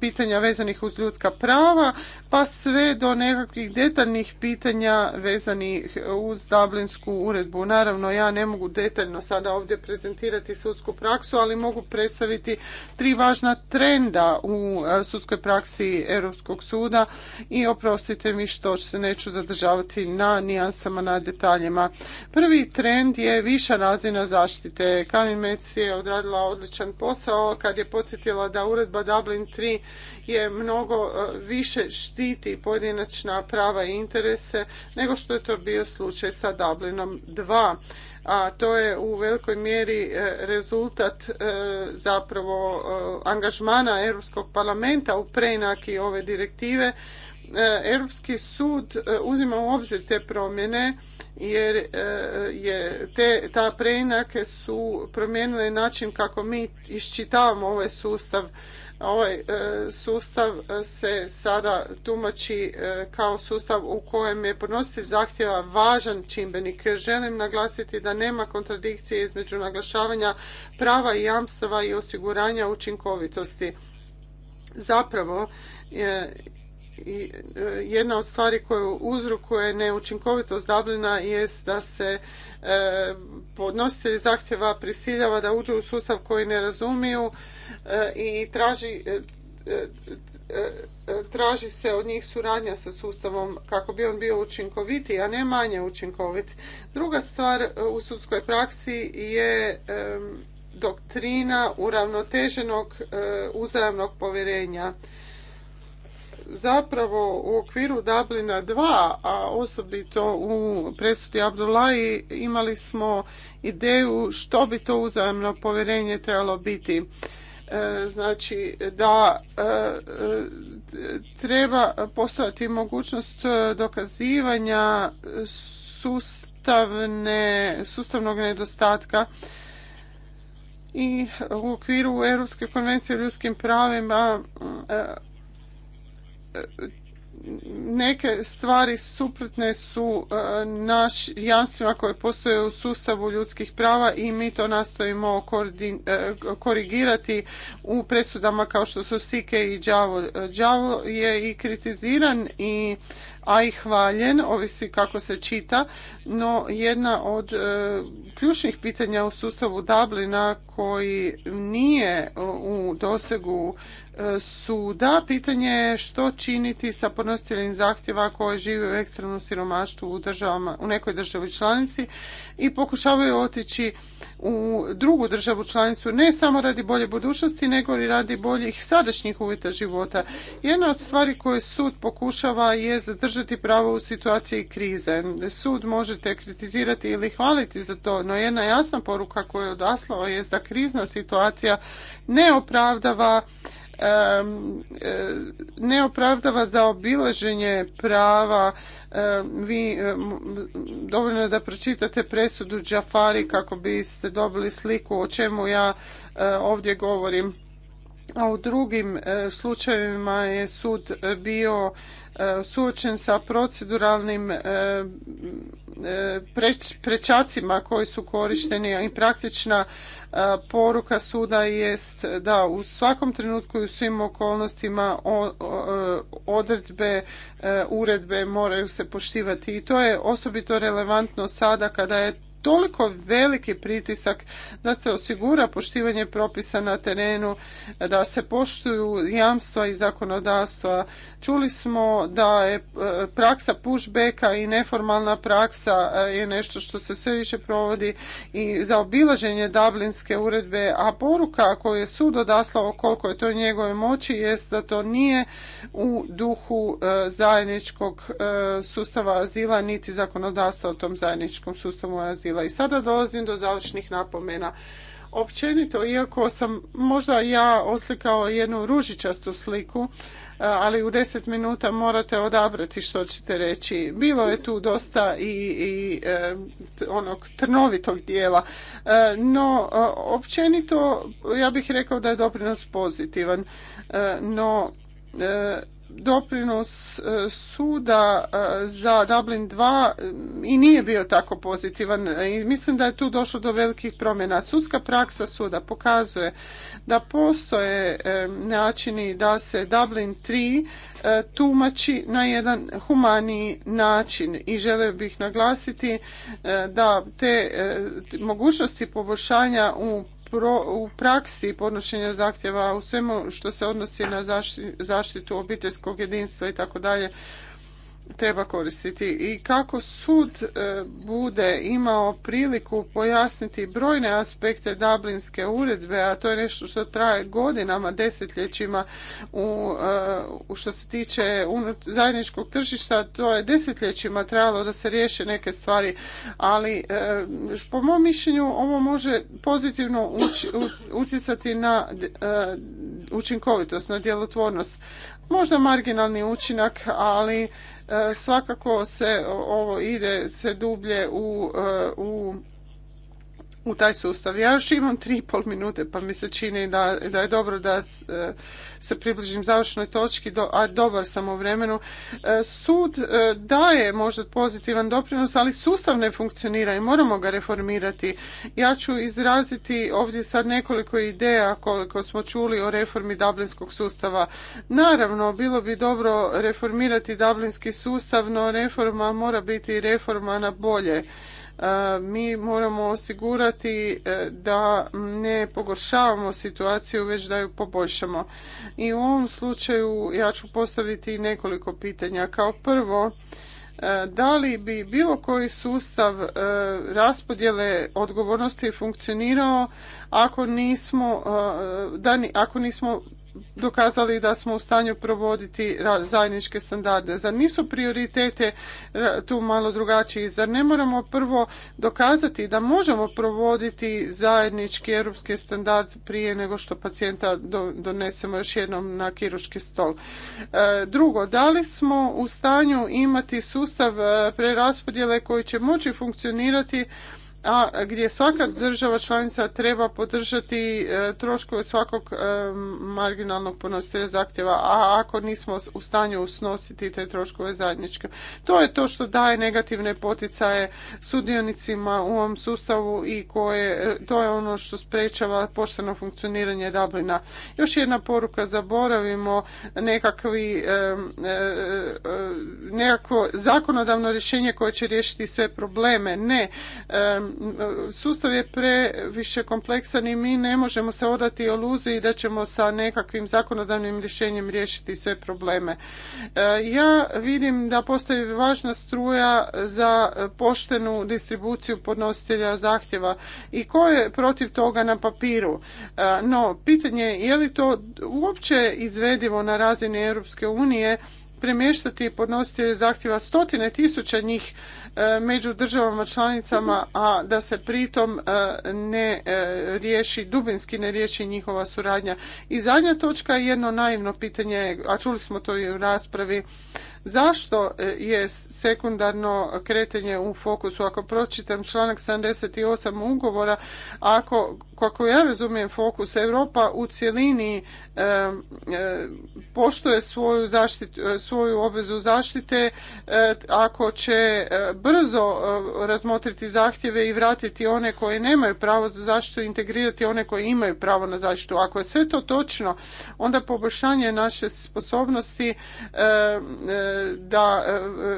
B: pitanja vezanih uz ljudska prava pa sve do nekakvih detaljnih pitanja vezanih uz Dublinsku uredbu. Naravno, ja ne mogu detaljno sada ovdje prezentirati sudsku praksu, ali mogu predstaviti tri važna trenda u sudskoj praksi Europskog suda i oprostite mi što se neću zadržavati na nijansama, na detaljima. Prvi trend je viša razina zaštite. Karin Metz je odradila odličan posao kad je podsjetila da uredba Dublin 3 je mnogo e, više štiti pojedinačna prava i interese nego što je to bio slučaj sa Dublinom 2 a to je u velikoj mjeri e, rezultat e, zapravo angažmana Europskog parlamenta u preinaki ove direktive E, Europski sud e, uzima u obzir te promjene jer e, je te, ta preinake su promijenile način kako mi iščitavamo ovaj sustav. Ovaj sustav se sada tumači kao sustav u kojem je podnositelj zahtjeva važan čimbenik. Želim naglasiti da nema kontradikcije između naglašavanja prava i jamstava i osiguranja učinkovitosti. Zapravo E, jedna od stvari koju uzrokuje neučinkovitost Dublina jest da se e, podnositelji zahtjeva prisiljava da uđu u sustav koji ne razumiju e, i traži traži se od njih suradnja sa sustavom kako bi on bio učinkovitiji, a ne manje učinkovit. Druga stvar u sudskoj praksi je doktrina uravnoteženog uzajamnog povjerenja zapravo u okviru Dublina 2, a osobito u presudi Abdullahi imali smo ideju što bi to uzajemno povjerenje trebalo biti. E, znači da e, treba postojati mogućnost dokazivanja sustavne, sustavnog nedostatka i u okviru Europske konvencije o ljudskim pravima e, neke stvari suprotne su e, naš jamstvima koje postoje u sustavu ljudskih prava i mi to nastojimo e, korigirati u presudama kao što su Sike i Đavo. Đavo je i kritiziran i a i hvaljen, ovisi kako se čita, no jedna od e, ključnih pitanja u sustavu Dublina koji nije u dosegu e, suda, pitanje je što činiti sa podnositeljem zahtjeva koji žive u ekstremnom siromaštvu u, državama, u nekoj državi članici i pokušavaju otići u drugu državu članicu ne samo radi bolje budućnosti nego i radi boljih sadašnjih uvjeta života. Jedna od stvari koje sud pokušava je zadržati zadržati pravo u situaciji krize. Sud možete kritizirati ili hvaliti za to, no jedna jasna poruka koju je odaslao je da krizna situacija ne opravdava e, ne opravdava za obilaženje prava. Vi dovoljno je da pročitate presudu Džafari kako biste dobili sliku o čemu ja e, ovdje govorim a u drugim e, slučajevima je sud bio e, suočen sa proceduralnim e, prečacima koji su korišteni i praktična poruka suda jest da u svakom trenutku i u svim okolnostima odredbe uredbe moraju se poštivati i to je osobito relevantno sada kada je toliko veliki pritisak da se osigura poštivanje propisa na terenu, da se poštuju jamstva i zakonodavstva. Čuli smo da je e, praksa pushbacka i neformalna praksa e, je nešto što se sve više provodi i za obilaženje Dublinske uredbe, a poruka koju je sud odaslao koliko je to njegove moći jest da to nije u duhu e, zajedničkog sustava azila niti zakonodavstva o tom zajedničkom sustavu azila. I sada dolazim do završnih napomena. Općenito, iako sam možda ja oslikao jednu ružičastu sliku, e, ali u deset minuta morate odabrati što ćete reći. Bilo je tu dosta i, i e, onog trnovitog dijela, e, no općenito ja bih rekao da je doprinos pozitivan, no doprinos e, suda e, za Dublin 2 e, i nije bio tako pozitivan i mislim da je tu došlo do velikih promjena. Sudska praksa suda pokazuje da postoje načini da se Dublin 3 tumači na jedan humaniji način i želio bih naglasiti da te mogućnosti poboljšanja u u praksi podnošenja zahtjeva u svemu što se odnosi na zaštitu obiteljskog jedinstva i tako dalje treba koristiti i kako sud e, bude imao priliku pojasniti brojne aspekte Dublinske uredbe, a to je nešto što traje godinama, desetljećima u, e, što se tiče zajedničkog tržišta, to je desetljećima trebalo da se riješe neke stvari, ali e, po mom mišljenju ovo može pozitivno utjecati na učinkovitost, na djelotvornost. Možda marginalni učinak, ali E, svakako se ovo ide sve dublje u, e, u u taj sustav. Ja još imam tri minute, pa mi se čini da, da je dobro da e, se približim završnoj točki, a dobar sam u vremenu. E, sud e, daje možda pozitivan doprinos, ali sustav ne funkcionira i moramo ga reformirati. Ja ću izraziti ovdje sad nekoliko ideja koliko smo čuli o reformi Dublinskog sustava. Naravno, bilo bi dobro reformirati Dublinski sustav, no reforma mora biti reforma na bolje E, mi moramo osigurati e, da ne pogoršavamo situaciju, već da ju poboljšamo. I u ovom slučaju ja ću postaviti nekoliko pitanja. Kao prvo, e, da li bi bilo koji sustav raspodjele odgovornosti funkcionirao ako nismo, da, ako nismo dokazali da smo u stanju provoditi zajedničke standarde. Zar nisu prioritete tu malo drugačiji? Zar ne moramo prvo dokazati da možemo provoditi zajednički europski standard prije nego što pacijenta donesemo još jednom na kiruški stol? E, drugo, da li smo u stanju imati sustav e, preraspodjele koji će moći funkcionirati a gdje svaka država članica treba podržati e, troškove svakog e, marginalnog podnositelja zahtjeva, a ako nismo u stanju snositi te troškove zajedničke. To je to što daje negativne poticaje sudionicima u ovom sustavu i koje, e, to je ono što sprečava pošteno funkcioniranje Dublina. Još jedna poruka, zaboravimo nekakvi, nekako zakonodavno rješenje koje će riješiti sve probleme. Ne, sustav je previše kompleksan i mi ne možemo se odati iluziji da ćemo sa nekakvim zakonodavnim rješenjem riješiti sve probleme. E, ja vidim da postoji važna struja za poštenu distribuciju podnositelja zahtjeva i ko je protiv toga na papiru. E, no, pitanje je je li to uopće izvedivo na razini Europske unije premještati podnositelje zahtjeva stotine tisuća njih E, među državama članicama, a da se pritom e, ne e, riješi, dubinski ne riješi njihova suradnja. I zadnja točka je jedno naivno pitanje, a čuli smo to i u raspravi, zašto je sekundarno kretanje u fokusu? Ako pročitam članak 78 ugovora, ako kako ja razumijem fokus, Europa u cjelini e, e, poštuje svoju, zaštitu, e, svoju obvezu zaštite ako će brzo razmotriti zahtjeve i vratiti one koji nemaju pravo za zaštitu, integrirati one koji imaju pravo na zaštitu. Ako je sve to točno, onda poboljšanje naše sposobnosti da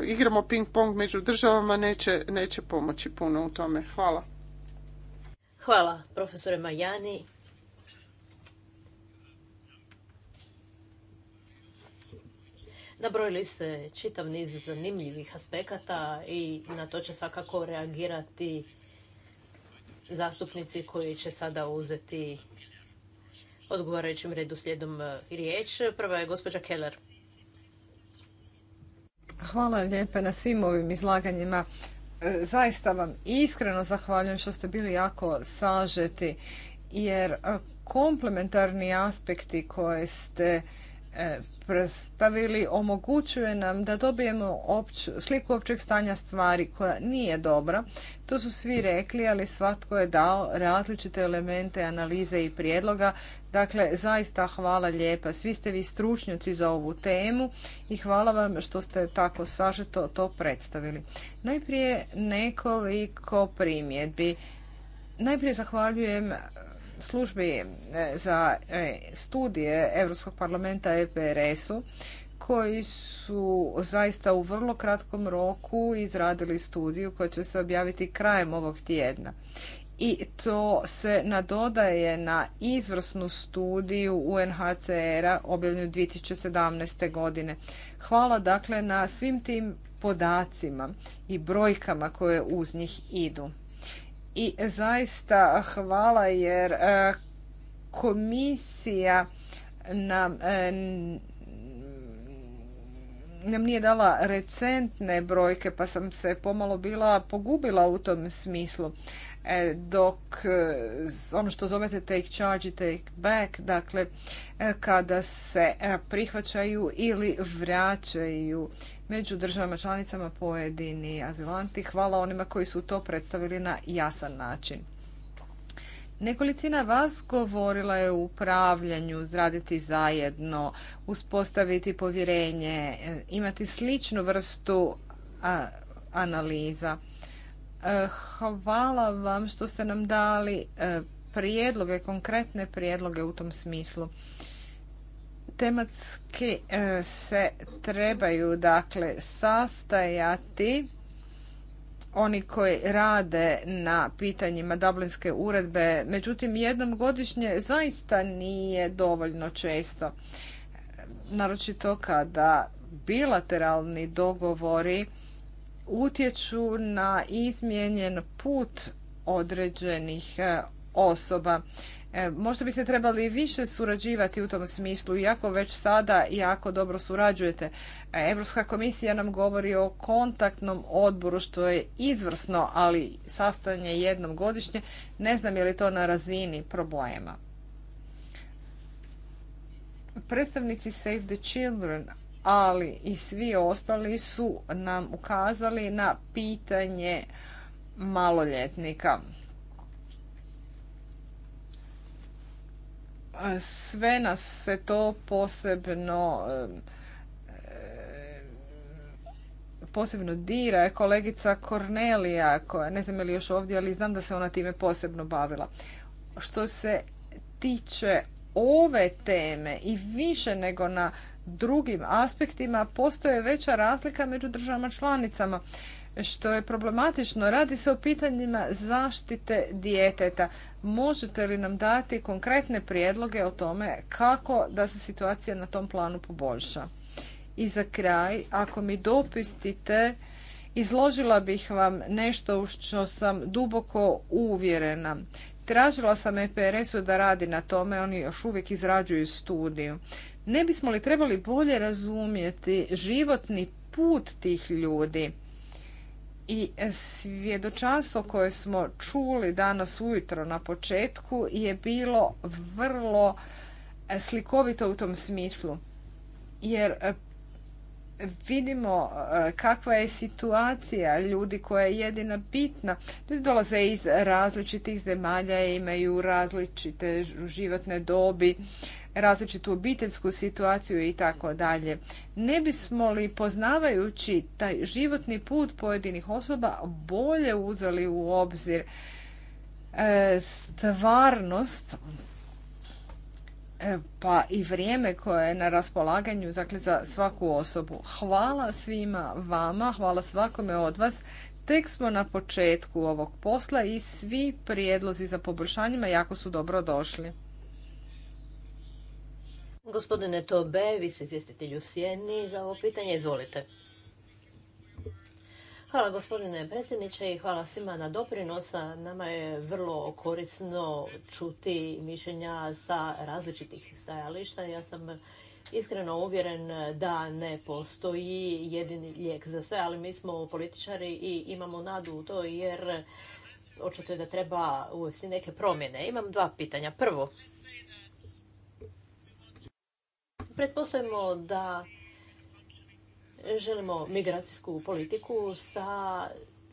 B: igramo ping pong među državama neće, neće pomoći puno u tome.
C: Hvala. Hvala, profesore Majani. Nabrojili se čitav niz zanimljivih aspekata i na to će svakako reagirati zastupnici koji će sada uzeti odgovarajućim redu slijedom e, riječ. Prva je gospođa Keller.
A: Hvala lijepa na svim ovim izlaganjima. E, zaista vam iskreno zahvaljujem što ste bili jako sažeti jer e, komplementarni aspekti koje ste E, predstavili omogućuje nam da dobijemo sliku općeg stanja stvari koja nije dobra. To su svi rekli, ali svatko je dao različite elemente analize i prijedloga. Dakle, zaista hvala lijepa. Svi ste vi stručnjaci za ovu temu i hvala vam što ste tako sažeto to predstavili. Najprije nekoliko primjedbi. Najprije zahvaljujem službi e, za e, studije Europskog parlamenta EPRS-u koji su zaista u vrlo kratkom roku izradili studiju koja će se objaviti krajem ovog tjedna. I to se nadodaje na izvrsnu studiju UNHCR-a objavljenu 2017. godine. Hvala dakle na svim tim podacima i brojkama koje uz njih idu i zaista hvala jer e, komisija nam e, nam nije dala recentne brojke pa sam se pomalo bila pogubila u tom smislu. E, dok e, ono što zovete take charge i take back, dakle e, kada se prihvaćaju ili vraćaju među državama članicama pojedini azilanti. Hvala onima koji su to predstavili na jasan način. Nekolicina vas govorila je o upravljanju, zraditi zajedno, uspostaviti povjerenje, imati sličnu vrstu analiza. E, hvala vam što ste nam dali e, prijedloge, konkretne prijedloge u tom smislu. Tematski e, se trebaju dakle sastajati oni koji rade na pitanjima Dublinske uredbe, međutim jednom godišnje zaista nije dovoljno često. Naročito kada bilateralni dogovori utječu na izmijenjen put određenih e, osoba. E, možda biste trebali više surađivati u tom smislu, iako već sada jako dobro surađujete. E, Europska komisija nam govori o kontaktnom odboru, što je izvrsno, ali sastanje jednom godišnje, ne znam je li to na razini problema. Predstavnici Save the Children ali i svi ostali su nam ukazali na pitanje maloljetnika. Sve nas se to posebno posebno dira je kolegica Kornelija, koja ne znam je li još ovdje, ali znam da se ona time posebno bavila. Što se tiče ove teme i više nego na drugim aspektima postoje veća razlika među državama članicama što je problematično. Radi se o pitanjima zaštite djeteta. Možete li nam dati konkretne prijedloge o tome kako da se situacija na tom planu poboljša? I za kraj, ako mi dopustite, izložila bih vam nešto u što sam duboko uvjerena. Tražila sam EPRS-u da radi na tome, oni još uvijek izrađuju studiju. Ne bismo li trebali bolje razumjeti životni put tih ljudi? I svjedočanstvo koje smo čuli danas ujutro na početku je bilo vrlo slikovito u tom smislu. Jer e, vidimo e, kakva je situacija ljudi koja je jedina bitna. Ljudi dolaze iz različitih zemalja, imaju različite životne dobi, različitu obiteljsku situaciju i tako dalje. Ne bismo li poznavajući taj životni put pojedinih osoba bolje uzeli u obzir e, stvarnost e, pa i vrijeme koje je na raspolaganju dakle, za svaku osobu. Hvala svima vama, hvala svakome od vas. Tek smo na početku ovog posla i svi prijedlozi za poboljšanjima jako su dobro došli.
C: Gospodine Tobe, vi ste izvjestitelj u Sjeni za ovo pitanje. Izvolite. Hvala gospodine predsjedniče i hvala svima na doprinosa. Nama je vrlo korisno čuti mišljenja sa različitih stajališta. Ja sam iskreno uvjeren da ne postoji jedini lijek za sve, ali mi smo političari i imamo nadu u to jer očito je da treba uvesti neke promjene. Imam dva pitanja. Prvo, Pretpostavimo da želimo migracijsku politiku sa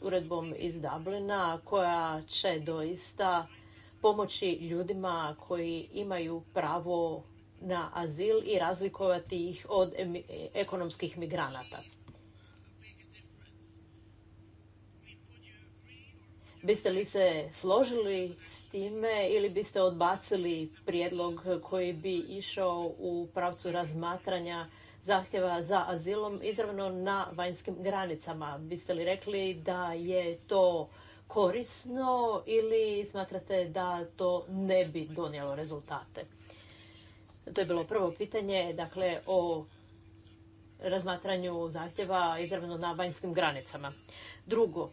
C: uredbom iz Dublina koja će doista pomoći ljudima koji imaju pravo na azil i razlikovati ih od ekonomskih migranata. Biste li se složili s time ili biste odbacili prijedlog koji bi išao u pravcu razmatranja zahtjeva za azilom izravno na vanjskim granicama? Biste li rekli da je to korisno ili smatrate da to ne bi donijelo rezultate? To je bilo prvo pitanje, dakle, o razmatranju zahtjeva izravno na vanjskim granicama. Drugo,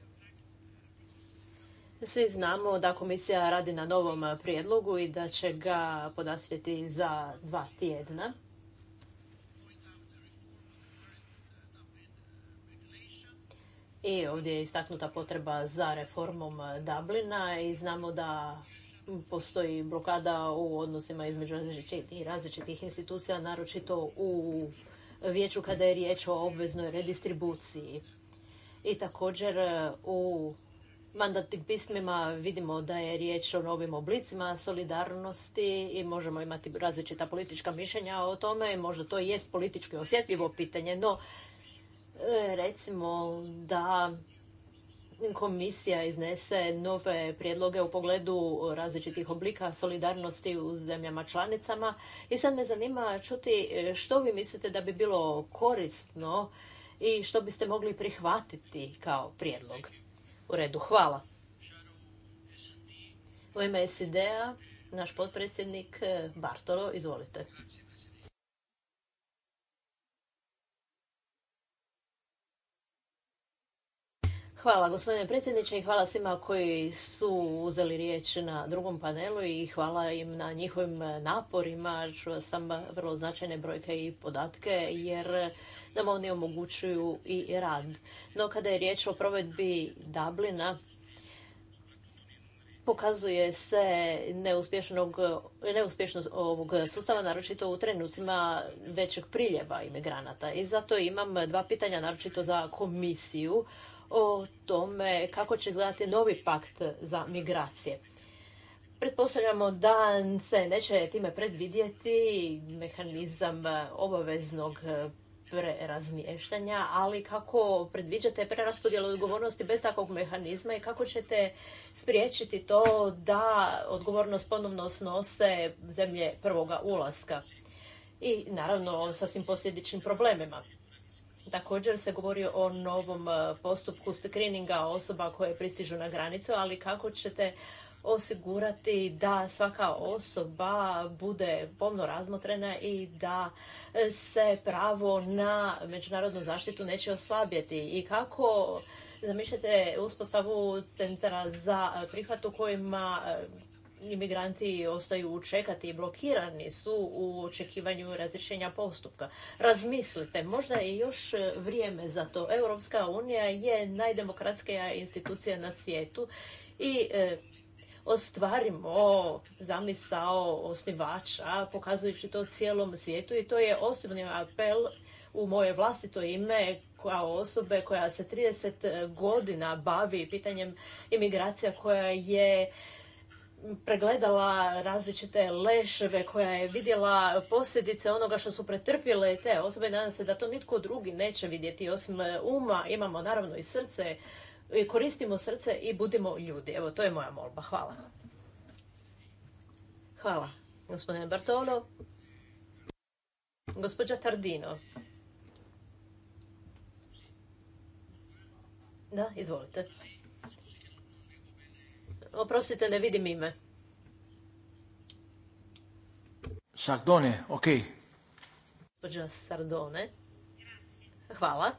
C: svi znamo da komisija radi na novom prijedlogu i da će ga podastrijeti za dva tjedna. I ovdje je istaknuta potreba za reformom Dublina i znamo da postoji blokada u odnosima između različitih institucija, naročito u vijeću kada je riječ o obveznoj redistribuciji. I također u mandatnim pismima vidimo da je riječ o novim oblicima solidarnosti i možemo imati različita politička mišljenja o tome. Možda to i jest politički osjetljivo pitanje, no e, recimo da komisija iznese nove prijedloge u pogledu različitih oblika solidarnosti u zemljama članicama. I sad me zanima čuti e, što vi mislite da bi bilo korisno i što biste mogli prihvatiti kao prijedlog. U redu, hvala. U ime sid naš potpredsjednik eh, Bartolo, izvolite. Hvala gospodine predsjedniče i hvala svima koji su uzeli riječ na drugom panelu i hvala im na njihovim eh, naporima. čuo sam vrlo značajne brojke i podatke jer da oni omogućuju i rad. No kada je riječ o provedbi Dublina, pokazuje se neuspješnost ovog sustava, naročito u trenucima većeg priljeva imigranata. I zato imam dva pitanja, naročito za komisiju, o tome kako će izgledati novi pakt za migracije. Pretpostavljamo da se neće time predvidjeti mehanizam obaveznog prerazmještanja, ali kako predviđate preraspodjelu odgovornosti bez takvog mehanizma i kako ćete spriječiti to da odgovornost ponovno snose zemlje prvoga ulaska i naravno sa svim posljedičnim problemima. Također se govori o novom postupku screeninga osoba koje pristižu na granicu, ali kako ćete osigurati da svaka osoba bude pomno razmotrena i da se pravo na međunarodnu zaštitu neće oslabjeti i kako zamišljate uspostavu centra za prihvat u kojima e, imigranti ostaju čekati i blokirani su u očekivanju razrješenja postupka. Razmislite, možda je još vrijeme za to. Europska unija je najdemokratskija institucija na svijetu i e, ostvarimo zamisao osnivača, pokazujući to cijelom svijetu i to je osobni apel u moje vlastito ime kao osobe koja se 30 godina bavi pitanjem imigracija koja je pregledala različite leševe, koja je vidjela posljedice onoga što su pretrpjele te osobe. Nadam se da to nitko drugi neće vidjeti osim uma. Imamo naravno i srce koristimo srce i budimo ljudi. Evo, to je moja molba. Hvala. Hvala, gospodine Bartolo. Gospođa Tardino. Da, izvolite. Oprostite, ne vidim ime.
A: Sardone, ok.
C: Gospođa Sardone. Hvala.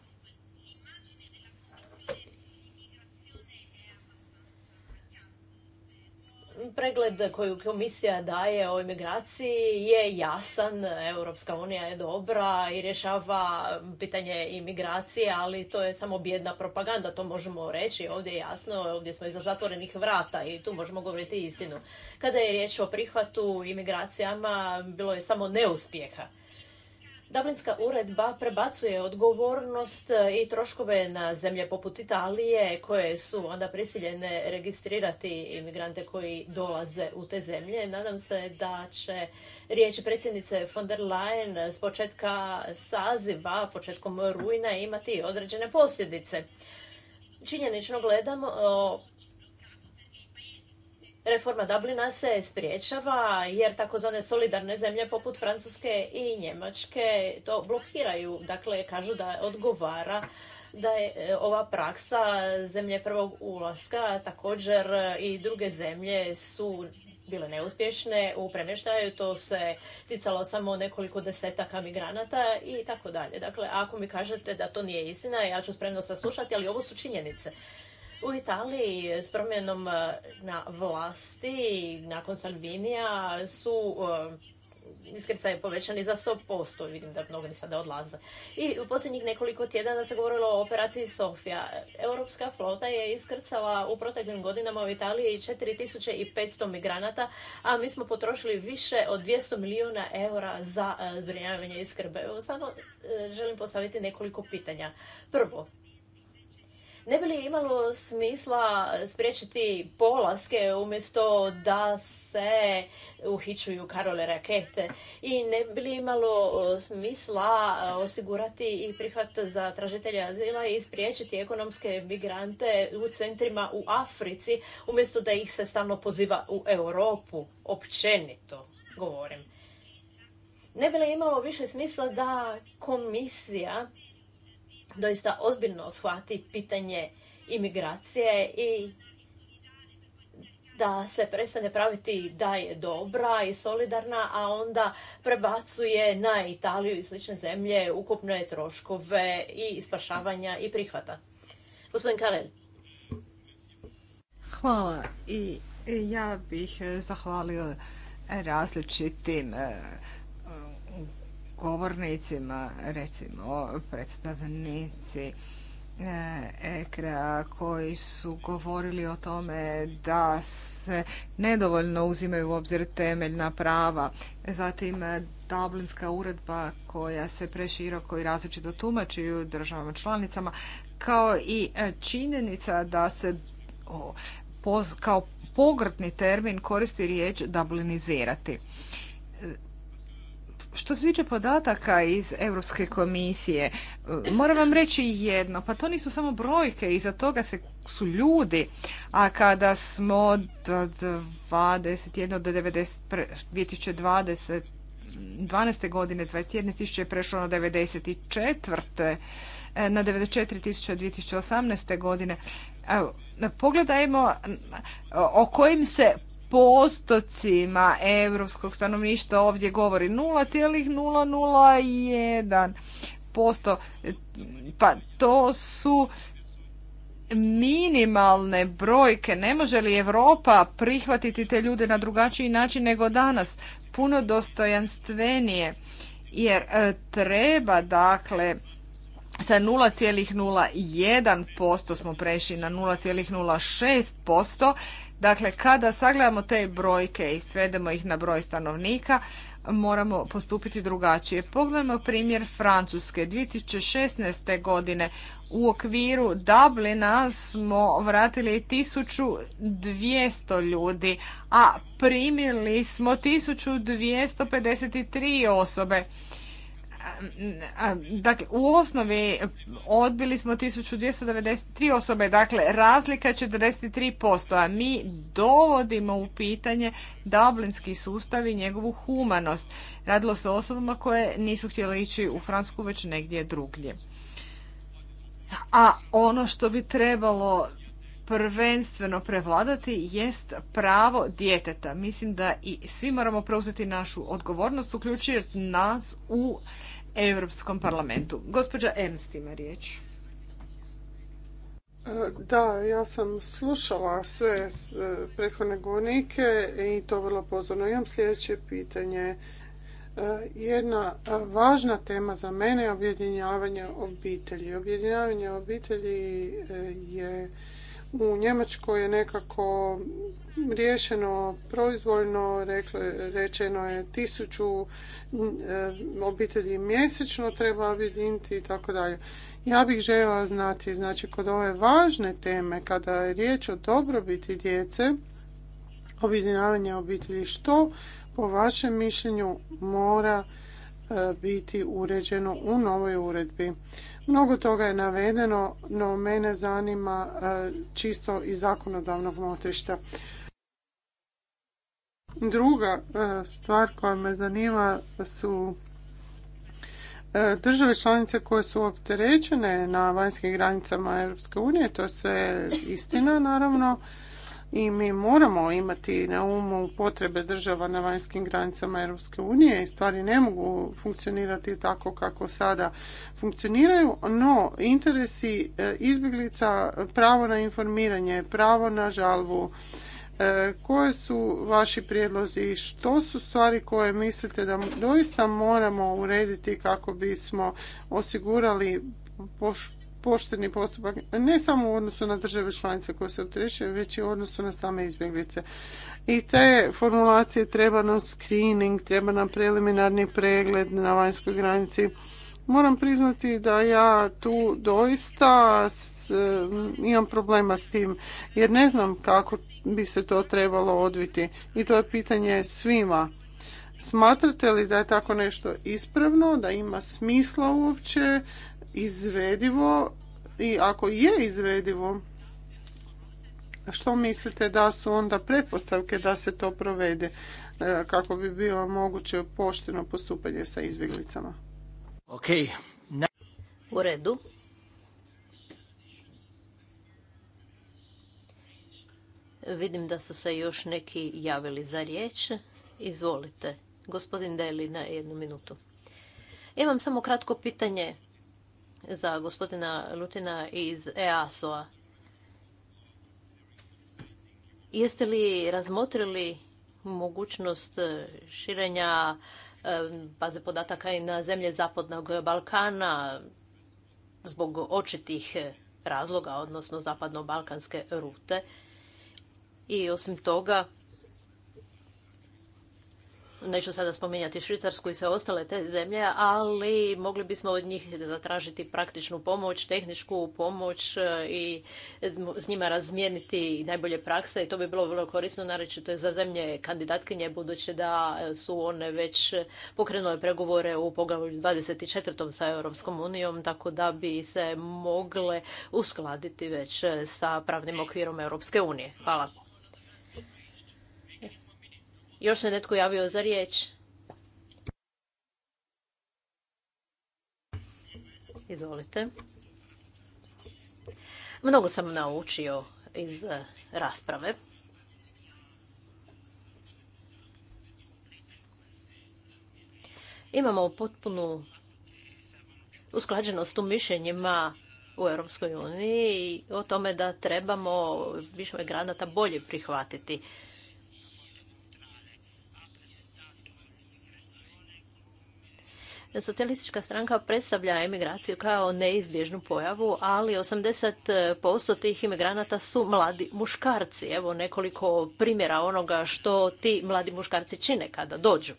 C: pregled koju komisija daje o imigraciji je jasan. Europska unija je dobra i rješava pitanje imigracije, ali to je samo bijedna propaganda, to možemo reći. Ovdje je jasno, ovdje smo iza zatvorenih vrata i tu možemo govoriti istinu. Kada je riječ o prihvatu imigracijama, bilo je samo neuspjeha. Dublinska uredba prebacuje odgovornost e, i troškove na zemlje poput Italije koje su onda prisiljene registrirati imigrante koji dolaze u te zemlje. Nadam se da će riječi predsjednice von der Leyen s početka saziva, početkom rujna imati određene posljedice. Činjenično gledamo, reforma Dublina se spriječava jer takozvane solidarne zemlje poput Francuske i Njemačke to blokiraju. Dakle, kažu da odgovara da je e, ova praksa zemlje prvog ulaska također e, i druge zemlje su bile neuspješne u premještaju, to se ticalo samo nekoliko desetaka migranata i tako dalje. Dakle, ako mi kažete da to nije istina, ja ću spremno saslušati, ali ovo su činjenice. U Italiji s promjenom e, na vlasti nakon Salvinija su e, iskrcaje povećani za 100%, vidim da mnogi sada odlaze. I u posljednjih nekoliko tjedana se govorilo o operaciji Sofija. Europska flota je iskrcala u proteklim godinama u Italiji 4500 migranata, a mi smo potrošili više od 200 milijuna eura za e, zbrinjavanje iskrbe. Samo želim postaviti nekoliko pitanja. Prvo, ne bi li imalo smisla spriječiti polaske umjesto da se uhičuju karole rakete i ne bi li imalo smisla e, osigurati i prihvat za tražitelja azila i spriječiti ekonomske migrante u centrima u Africi umjesto da ih se stalno poziva u Europu, općenito govorim. Ne bi li imalo više smisla da komisija doista ozbiljno shvati pitanje imigracije i da se prestane praviti da je dobra i solidarna, a onda prebacuje na Italiju i slične zemlje ukupne troškove i spašavanja i prihvata. Gospodin Karel.
A: Hvala i ja bih eh, zahvalio različitim eh, govornicima, recimo predstavnici eh, ekra koji su govorili o tome da se nedovoljno uzimaju u obzir temeljna prava. Zatim eh, Dublinska uredba koja se preširoko i različito tumači u državama članicama kao i eh, činjenica da se kao pogrtni termin koristi riječ dublinizirati. Što se tiče podataka iz Europske komisije, moram vam reći jedno, pa to nisu samo brojke, iza toga se, su ljudi, a kada smo od 21 do 90, 2020 12. godine 21 tisuće je prešlo na 94. na 94 tisuće 2018. godine. Pogledajmo o kojim se postocima europskog stanovništva ovdje govori 0,001 posto pa to su minimalne brojke ne može li Europa prihvatiti te ljude na drugačiji način nego danas puno dostojanstvenije jer e, treba dakle sa 0,01% smo prešli na 0,06% Dakle, kada sagledamo te brojke i svedemo ih na broj stanovnika, moramo postupiti drugačije. Pogledajmo primjer Francuske. 2016. godine u okviru Dublina smo vratili 1200 ljudi, a primili smo 1253 osobe dakle, u osnovi odbili smo 1293 osobe, dakle razlika je 43%, a mi dovodimo u pitanje Dublinski sustav i njegovu humanost. Radilo se o osobama koje nisu htjele ići u Fransku, već negdje drugdje. A ono što bi trebalo prvenstveno prevladati jest pravo djeteta. Mislim da i svi moramo preuzeti našu odgovornost, uključujući nas u Europskom parlamentu. Gospođa Ernst ima riječ.
B: E, da, ja sam slušala sve e, prethodne govornike i to vrlo pozorno. Imam sljedeće pitanje. E, jedna važna tema za mene je objedinjavanje obitelji. Objedinjavanje obitelji je u Njemačkoj je nekako riješeno proizvoljno, reklo, rečeno je tisuću eh, obitelji mjesečno treba objediniti i tako dalje. Ja bih željela znati, znači kod ove važne teme, kada je riječ o dobrobiti djece, objedinavanje obitelji, što po vašem mišljenju mora eh, biti uređeno u novoj uredbi? Mnogo toga je navedeno, no mene zanima e, čisto iz zakonodavnog motrišta. Druga e, stvar koja me zanima su e, države članice koje su opterećene na vanjskim granicama Europske unije, to je sve istina naravno, i mi moramo imati na umu potrebe država na vanjskim granicama Europske unije i stvari ne mogu funkcionirati tako kako sada funkcioniraju, no interesi e, izbjeglica, pravo na informiranje, pravo na žalbu, e, koje su vaši prijedlozi, što su stvari koje mislite da doista moramo urediti kako bismo osigurali pošteni postupak, ne samo u odnosu na države članice koje se opterećuju, već i u odnosu na same izbjeglice. I te formulacije treba nam screening, treba nam preliminarni pregled na vanjskoj granici. Moram priznati da ja tu doista mm, imam problema s tim, jer ne znam kako bi se to trebalo odviti. I to je pitanje svima. Smatrate li da je tako nešto ispravno, da ima smisla uopće, izvedivo i ako je izvedivo, što mislite da su onda pretpostavke da se to provede e, kako bi bilo moguće pošteno postupanje sa izbjeglicama?
C: Okay. U redu. Vidim da su se još neki javili za riječ. Izvolite, gospodin Deli na jednu minutu. Imam samo kratko pitanje za gospodina Lutina iz EASO-a. Jeste li razmotrili mogućnost širenja baze podataka i na zemlje Zapadnog Balkana zbog očitih razloga, odnosno zapadno-balkanske rute? I osim toga, Neću sada spominjati Švicarsku i sve ostale te zemlje, ali mogli bismo od njih zatražiti praktičnu pomoć, tehničku pomoć e, i s njima razmijeniti najbolje prakse i to bi bilo vrlo korisno, naročito za zemlje kandidatkinje, budući da su one već pokrenule pregovore u poglavlju 24. sa Europskom unijom, tako da bi se mogle uskladiti već sa pravnim okvirom Europske unije. Hvala. Još se netko javio za riječ? Izvolite. Mnogo sam naučio iz eh, rasprave. Imamo potpunu usklađenost u mišljenjima u Europskoj uniji i o tome da trebamo više granata bolje prihvatiti. Socijalistička stranka predstavlja emigraciju kao neizbježnu pojavu, ali 80% tih imigranata su mladi muškarci. Evo nekoliko primjera onoga što ti mladi muškarci čine kada dođu.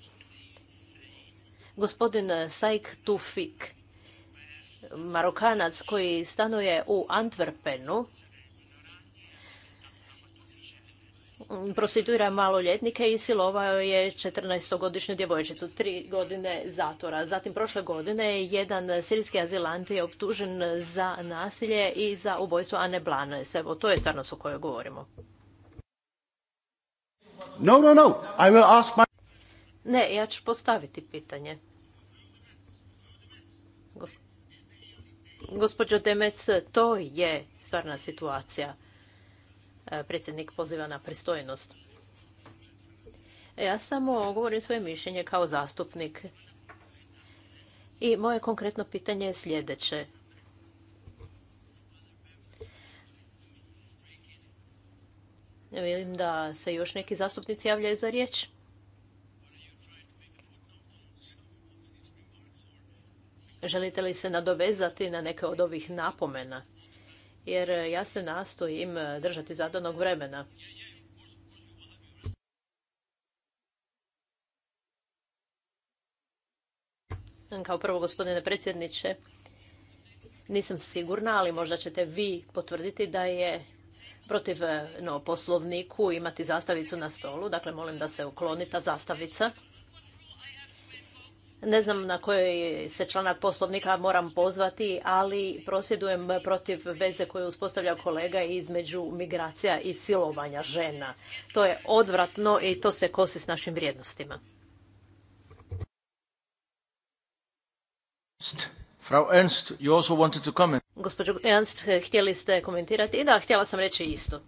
C: Gospodin Saik Tufik, marokanac koji stanuje u Antwerpenu, prostituira maloljetnike i silovao je 14-godišnju djevojčicu, tri godine zatvora. Zatim prošle godine jedan sirijski azilant je optužen za nasilje i za ubojstvo Ane Blanes. Evo, to je stvarnost o kojoj govorimo.
A: No, no, no. I will ask my...
C: Ne, ja ću postaviti pitanje. Gospodin. Gospođo Demec, to je stvarna situacija. E, predsjednik poziva na pristojnost. E, ja samo govorim svoje mišljenje kao zastupnik. I moje konkretno pitanje je sljedeće. vidim da se još neki zastupnici javljaju za riječ. Želite li se nadovezati na neke od ovih napomena? jer e, ja se nastojim e, držati zadanog vremena. Kao prvo, gospodine predsjedniče, nisam sigurna, ali možda ćete vi potvrditi da je protivno e, poslovniku imati zastavicu na stolu. Dakle, molim da se ukloni ta zastavica. Ne znam na koji se članak poslovnika moram pozvati, ali prosjedujem protiv veze koju uspostavlja kolega između migracija i silovanja žena. To je odvratno i to se kosi s našim vrijednostima.
A: Frau Ernst,
C: Ernst, htjeli ste komentirati? da, htjela sam reći isto.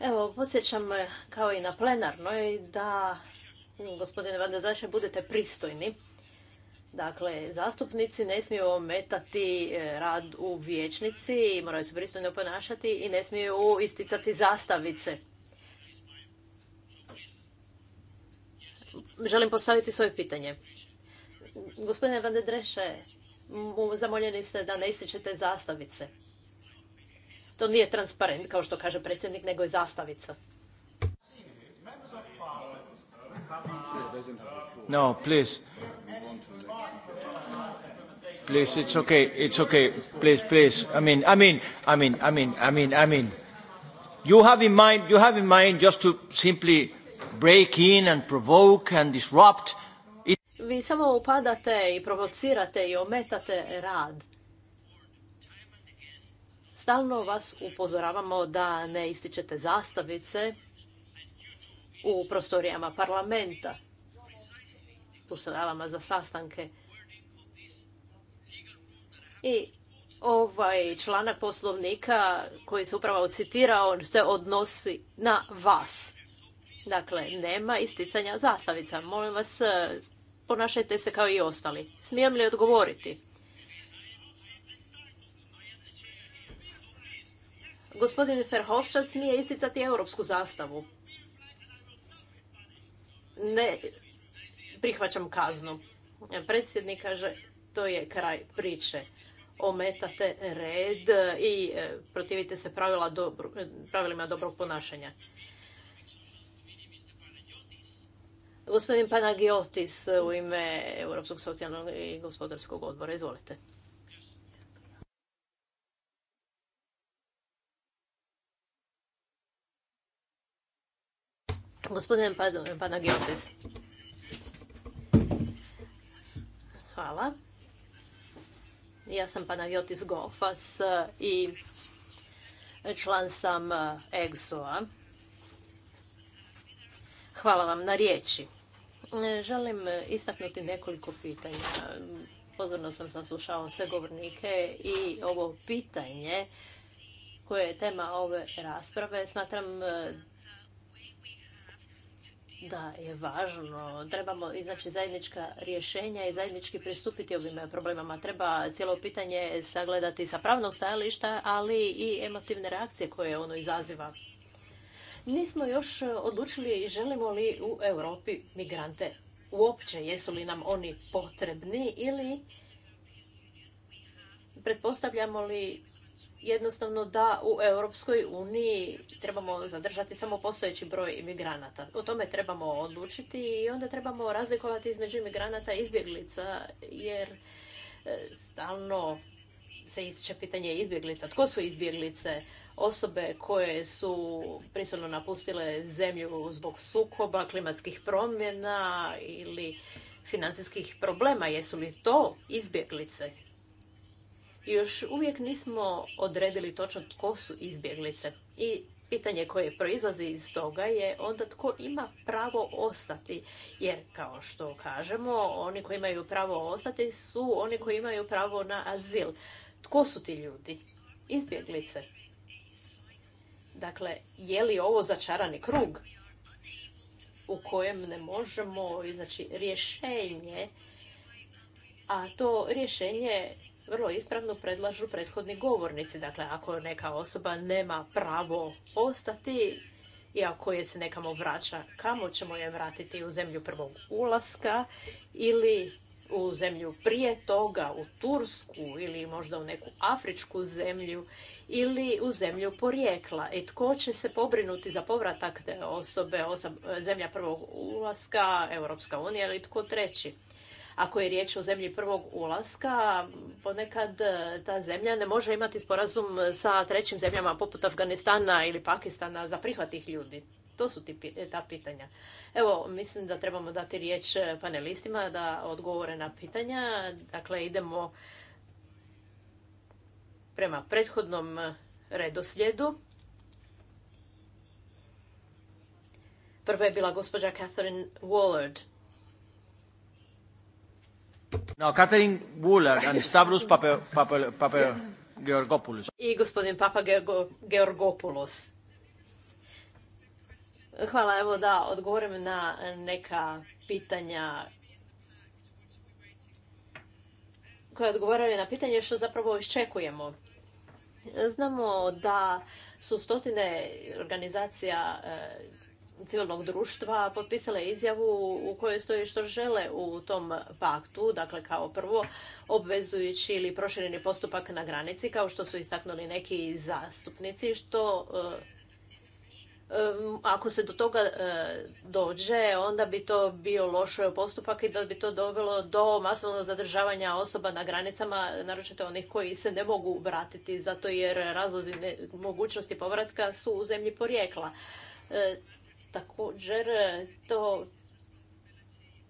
C: Evo, podsjećam e, kao i na plenarnoj da, gospodine Van budete pristojni. Dakle, zastupnici ne smiju ometati e, rad u vijećnici, moraju se pristojno ponašati i ne smiju isticati zastavice. Želim postaviti svoje pitanje. Gospodine Van de zamoljeni ste da ne ističete zastavice. To nije transparent, kao što kaže predsjednik, nego je zastavica.
A: No, please.
C: Please, it's okay, it's okay. Please, please. I mean, I mean, I mean, I mean, I mean, I mean. You have in mind, you have in mind just to simply break in and provoke and disrupt. It... Vi samo upadate i provocirate i ometate rad. Stalno vas upozoravamo da ne ističete zastavice u prostorijama parlamenta, u salama za sastanke. I ovaj članak poslovnika koji se upravo citirao on se odnosi na vas. Dakle, nema isticanja zastavica. Molim vas, eh, ponašajte se kao i ostali. Smijem li odgovoriti? gospodin Verhofstadt smije isticati europsku zastavu. Ne prihvaćam kaznu. Predsjednik kaže, to je kraj priče. Ometate red i e, protivite se pravila e, pravilima dobrog ponašanja. Gospodin Panagiotis e, u ime Europskog socijalnog i gospodarskog odbora. Izvolite. Gospodin Panagiotis. Hvala. Ja sam Panagiotis Gofas eh, i član sam EGSO-a. Eh, Hvala vam na riječi. Eh, želim istaknuti nekoliko pitanja. Pozorno sam saslušao sve govornike i ovo pitanje koje je tema ove rasprave smatram da je važno. Trebamo iznaći zajednička rješenja i zajednički pristupiti ovim problemama. Treba cijelo pitanje sagledati sa pravnog stajališta, ali i emotivne reakcije koje ono izaziva. Nismo još odlučili i želimo li u Europi migrante uopće, jesu li nam oni potrebni ili pretpostavljamo li jednostavno da u Europskoj uniji trebamo zadržati samo postojeći broj imigranata. O tome trebamo odlučiti i onda trebamo razlikovati između imigranata i izbjeglica, jer e, stalno se ističe pitanje izbjeglica. Tko su izbjeglice? Osobe koje su prisilno napustile zemlju zbog sukoba, klimatskih promjena ili financijskih problema. Jesu li to izbjeglice? još uvijek nismo odredili točno tko su izbjeglice. I pitanje koje proizlazi iz toga je onda tko ima pravo ostati. Jer, kao što kažemo, oni koji imaju pravo ostati su oni koji imaju pravo na azil. Tko su ti ljudi? Izbjeglice. Dakle, je li ovo začarani krug u kojem ne možemo iznaći rješenje, a to rješenje vrlo ispravno predlažu prethodni govornici. Dakle, ako neka osoba nema pravo ostati, i ako je se nekamo vraća, kamo ćemo je vratiti u zemlju prvog ulaska ili u zemlju prije toga, u Tursku ili možda u neku afričku zemlju ili u zemlju porijekla. I tko će se pobrinuti za povratak te osobe, zemlja prvog ulaska, Europska unija ili tko treći? Ako je riječ o zemlji prvog ulaska, ponekad e, ta zemlja ne može imati sporazum sa trećim zemljama poput Afganistana ili Pakistana za prihvat tih ljudi. To su ta pitanja. Evo, mislim da trebamo dati riječ e, panelistima da odgovore na pitanja. Dakle, idemo prema prethodnom e, redoslijedu. Prva je bila gospođa Catherine Wallard.
A: No, and Stavros Georgopoulos.
C: I gospodin Papa Georgopoulos. Hvala, evo da odgovorim na neka pitanja koja odgovaraju na pitanje što zapravo iščekujemo. Znamo da su stotine organizacija e, civilnog društva potpisale izjavu u kojoj stoji što žele u tom paktu, dakle kao prvo obvezujući ili prošireni postupak na granici, kao što su istaknuli neki zastupnici, što eh, eh, ako se do toga eh, dođe, onda bi to bio loš postupak i da bi to dovelo do masovnog zadržavanja osoba na granicama, naročito onih koji se ne mogu vratiti, zato jer razlozi mogućnosti povratka su u zemlji porijekla. Također e, to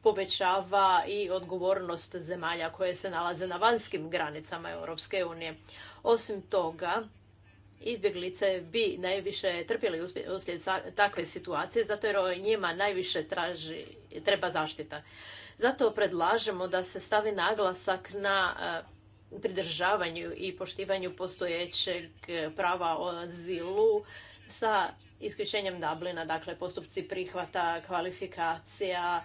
C: povećava i odgovornost zemalja koje se nalaze na vanjskim granicama Europske unije. Osim toga, izbjeglice bi najviše trpjeli uslijed takve situacije, zato jer njima najviše traži, treba zaštita. Zato predlažemo da se stavi naglasak na e, pridržavanju i poštivanju postojećeg prava o azilu sa isključenjem Dublina, dakle postupci prihvata, kvalifikacija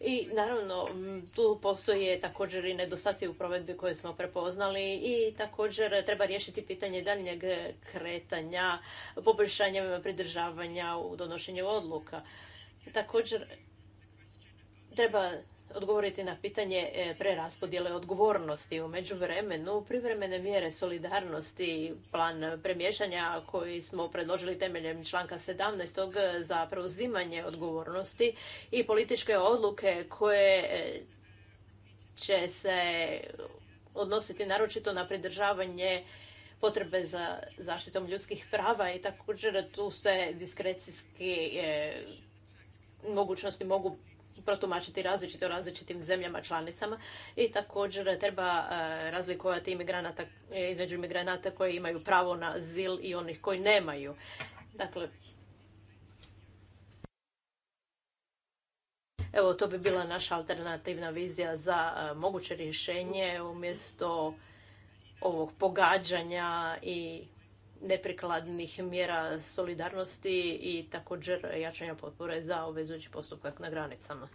C: i naravno tu postoje također i nedostaci u provedbi koje smo prepoznali i također treba riješiti pitanje daljnjeg kretanja, poboljšanjem pridržavanja u donošenju odluka. Također treba odgovoriti na pitanje e, preraspodjele odgovornosti. U međuvremenu privremene mjere solidarnosti, plan premješanja koji smo predložili temeljem članka 17. za preuzimanje odgovornosti i političke odluke koje e, će se odnositi naročito na pridržavanje potrebe za zaštitom ljudskih prava i također tu se diskrecijski e, mogućnosti mogu protumačiti različito u različitim zemljama članicama i također treba eh, razlikovati imigranata, eh, između imigranata koji imaju pravo na azil i onih koji nemaju. Dakle, Evo, to bi bila naša alternativna vizija za eh, moguće rješenje umjesto ovog pogađanja i neprikladnih mjera solidarnosti i također jačanja potpore za obvezujući postupak na granicama.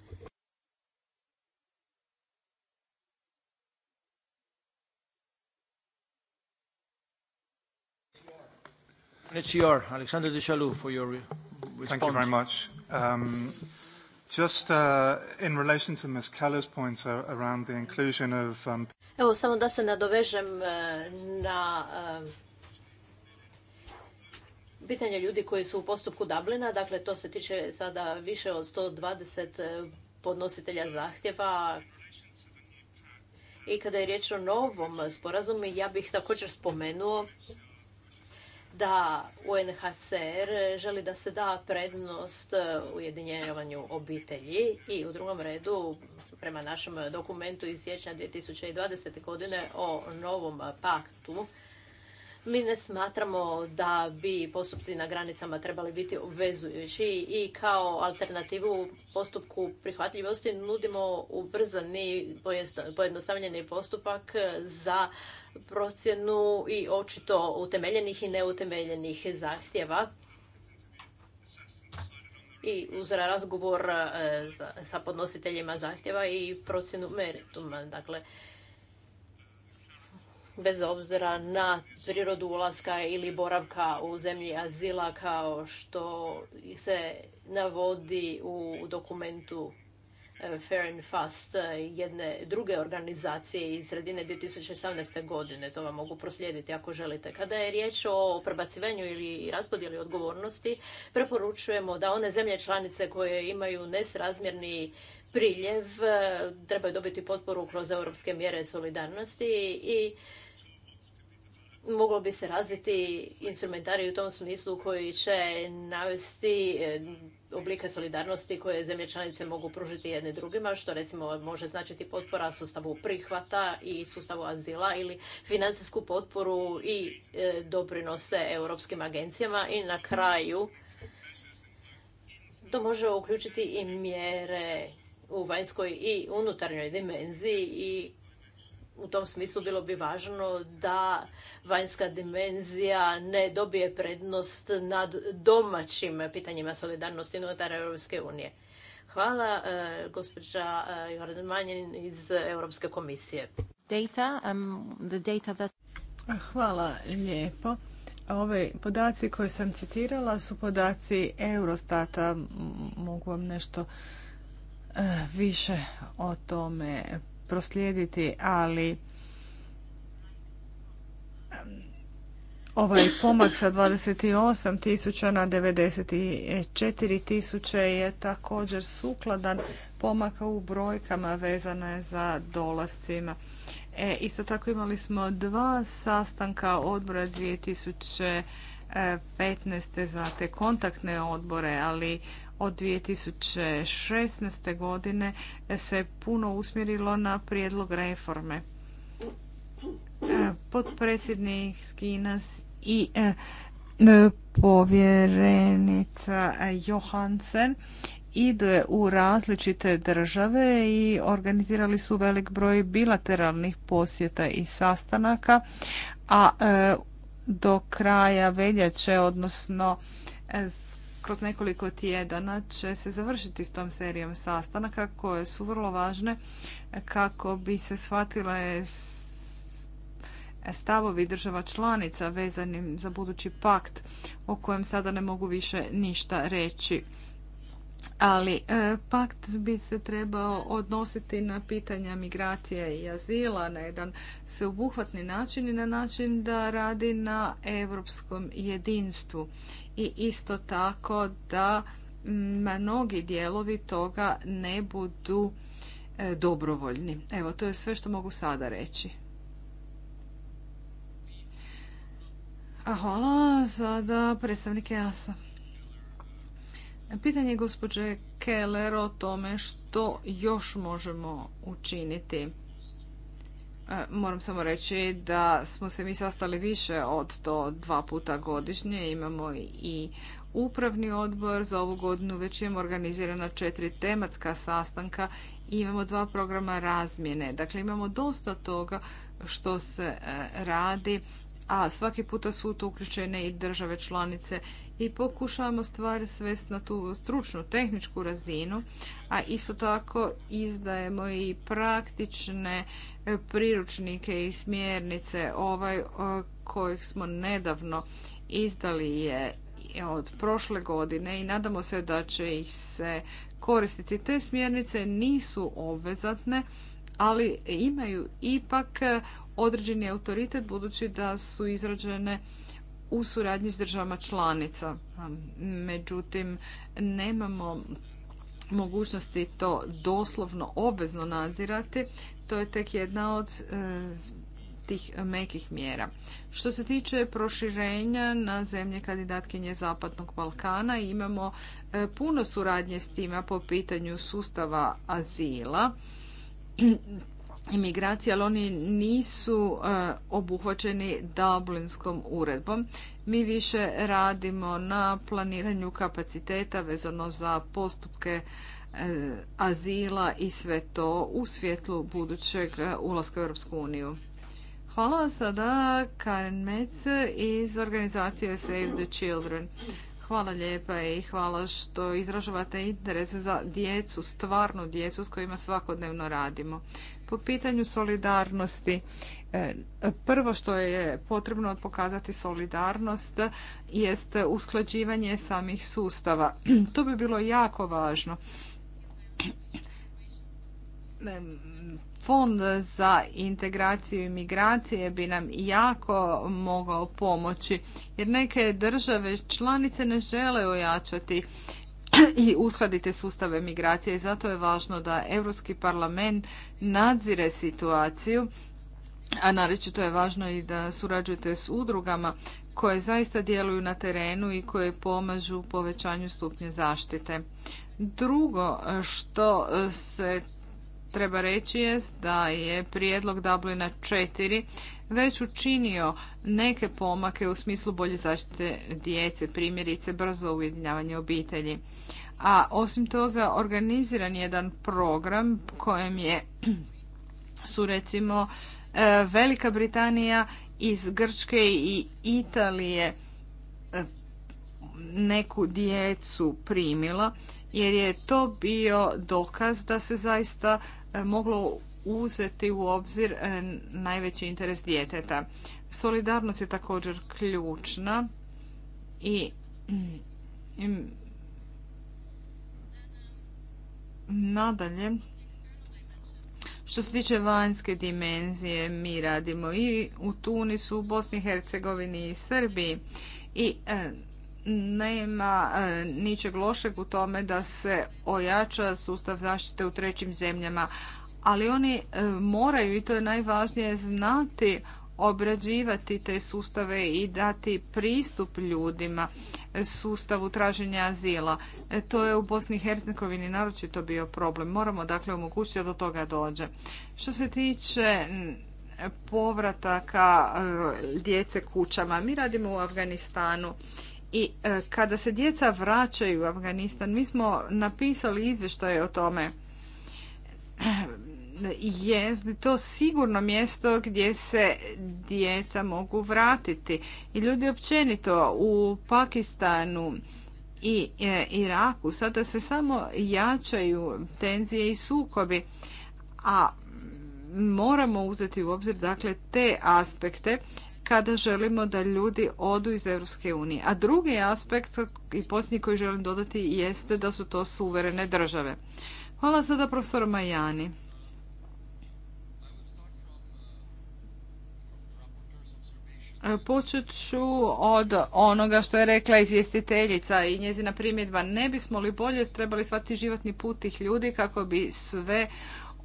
C: It's your Alexander de Chaloux for your response. Thank you very much.
B: Um, just uh, in relation to Ms. Keller's points around the inclusion of... Um...
C: Evo, samo da se nadovežem uh, na uh, pitanje ljudi koji su u postupku Dublina, dakle to se tiče sada više od 120 e, podnositelja zahtjeva. I kada je riječ o novom sporazumu, ja bih također spomenuo da UNHCR želi da se da prednost e, ujedinjavanju obitelji i u drugom redu prema našem dokumentu iz siječnja 2020. godine o novom paktu mi ne smatramo da bi postupci na granicama trebali biti obvezujući i kao alternativu postupku prihvatljivosti nudimo ubrzani, pojednostavljeni postupak za procjenu i očito utemeljenih i neutemeljenih zahtjeva i uz razgovor e, sa podnositeljima zahtjeva i procjenu merituma. Dakle, bez obzira na prirodu ulaska ili boravka u zemlji azila kao što se navodi u dokumentu eh, Fair and Fast jedne druge organizacije iz sredine 2018. godine. To vam mogu proslijediti ako želite. Kada je riječ o prebacivanju ili raspodjeli odgovornosti, preporučujemo da one zemlje članice koje imaju nesrazmjerni priljev eh, trebaju dobiti potporu kroz europske mjere solidarnosti i moglo bi se razviti instrumentarij u tom smislu koji će navesti e, oblike solidarnosti koje zemlje članice mogu pružiti jedne drugima, što recimo može značiti potpora sustavu prihvata i sustavu azila ili financijsku potporu i e, doprinose europskim agencijama i na kraju to može uključiti i mjere u vanjskoj i unutarnjoj dimenziji i u tom smislu bilo bi važno da vanjska dimenzija ne dobije prednost nad domaćim pitanjima solidarnosti unutar Europske unije. Hvala, e, gospođa e, Jordan Manjin iz Europske komisije. Data, um, Hvala lijepo. Ove podaci
A: koje sam citirala su podaci Eurostata. Mogu vam nešto e, više o tome proslijediti, ali ovaj pomak sa 28 tisuća na 94 tisuće je također sukladan pomaka u brojkama vezana je za dolascima. E, isto tako imali smo dva sastanka odbora 2015. za te kontaktne odbore, ali od 2016. godine se puno usmjerilo na prijedlog reforme. E, Podpredsjednik Skinas i e, e, povjerenica Johansen ide u različite države i organizirali su velik broj bilateralnih posjeta i sastanaka, a do kraja veljače, odnosno kroz nekoliko tjedana će se završiti s tom serijom sastanaka koje su vrlo važne kako bi se shvatile stavovi država članica vezanim za budući pakt o kojem sada ne mogu više ništa reći. Ali e, pakt bi se trebao odnositi na pitanja migracije i azila na jedan sveobuhvatni način i na način da radi na europskom jedinstvu i isto tako da mnogi dijelovi toga ne budu e, dobrovoljni. Evo, to je sve što mogu sada reći. A hvala sada predstavnike ASA. Pitanje gospođe Keller o tome što još možemo učiniti. E, moram samo reći da smo se mi sastali više od to dva puta godišnje. Imamo i upravni odbor. Za ovu godinu već imamo organizirana četiri tematska sastanka i imamo dva programa razmjene. Dakle, imamo dosta toga što se e, radi a svaki puta su tu uključene i države članice i pokušavamo stvari svesti na tu stručnu, tehničku razinu, a isto tako izdajemo i praktične e, priručnike i smjernice, ovaj e, kojih smo nedavno izdali je od prošle godine i nadamo se da će ih se koristiti. Te smjernice nisu obvezatne, ali imaju ipak određeni autoritet budući da su izrađene u suradnji s državama članica. Međutim, nemamo mogućnosti to doslovno obvezno nadzirati. To je tek jedna od e, tih mekih mjera. Što se tiče proširenja na zemlje kandidatkinje Zapadnog Balkana, imamo e, puno suradnje s tima po pitanju sustava azila imigracije, ali oni nisu eh, obuhvaćeni Dublinskom uredbom. Mi više radimo na planiranju kapaciteta vezano za postupke eh, azila i sve to u svjetlu budućeg eh, ulaska u Europsku uniju. Hvala sada Karen Metz iz organizacije Save the Children. Hvala lijepa i hvala što izražavate interes za djecu, stvarnu djecu s kojima svakodnevno radimo. Po pitanju solidarnosti, e, prvo što je potrebno pokazati solidarnost jest usklađivanje samih sustava. To bi bilo jako važno. Fond za integraciju i migracije bi nam jako mogao pomoći jer neke države članice ne žele ojačati i uskladite sustave migracije i zato je važno da Europski parlament nadzire situaciju a naročito je važno i da surađujete s udrugama koje zaista djeluju na terenu i koje pomažu povećanju stupnje zaštite. Drugo što se treba reći jest da je prijedlog Dublina 4 već učinio neke pomake u smislu bolje zaštite djece, primjerice brzo ujedinjavanje obitelji. A osim toga organiziran jedan program kojem je su recimo e, Velika Britanija iz Grčke i Italije e, neku djecu primila jer je to bio dokaz da se zaista e, moglo uzeti u obzir e, najveći interes djeteta. Solidarnost je također ključna i mm, nadalje što se tiče vanjske dimenzije, mi radimo i u Tunisu, u Bosni i Hercegovini i Srbiji. I e, nema e, ničeg lošeg u tome da se ojača sustav zaštite u trećim zemljama, ali oni e, moraju i to je najvažnije znati obrađivati te sustave i dati pristup ljudima e, sustavu traženja azila. To je u Bosni i Hercegovini naročito bio problem. Moramo dakle omogućiti da do toga dođe. Što se tiče povrataka djece kućama, mi radimo u Afganistanu i e, kada se djeca vraćaju u Afganistan, mi smo napisali izvještaje o tome. Je to sigurno mjesto gdje se djeca mogu vratiti. I ljudi općenito u Pakistanu i e, Iraku sada se samo jačaju tenzije i sukobi. A moramo uzeti u obzir dakle te aspekte kada želimo da ljudi odu iz Europske unije. A drugi aspekt i posljednji koji želim dodati jeste da su to suverene države. Hvala sada profesor Majani. Počet ću od onoga što je rekla izvjestiteljica i njezina primjedba. Ne bismo li bolje trebali shvatiti životni put tih ljudi kako bi sve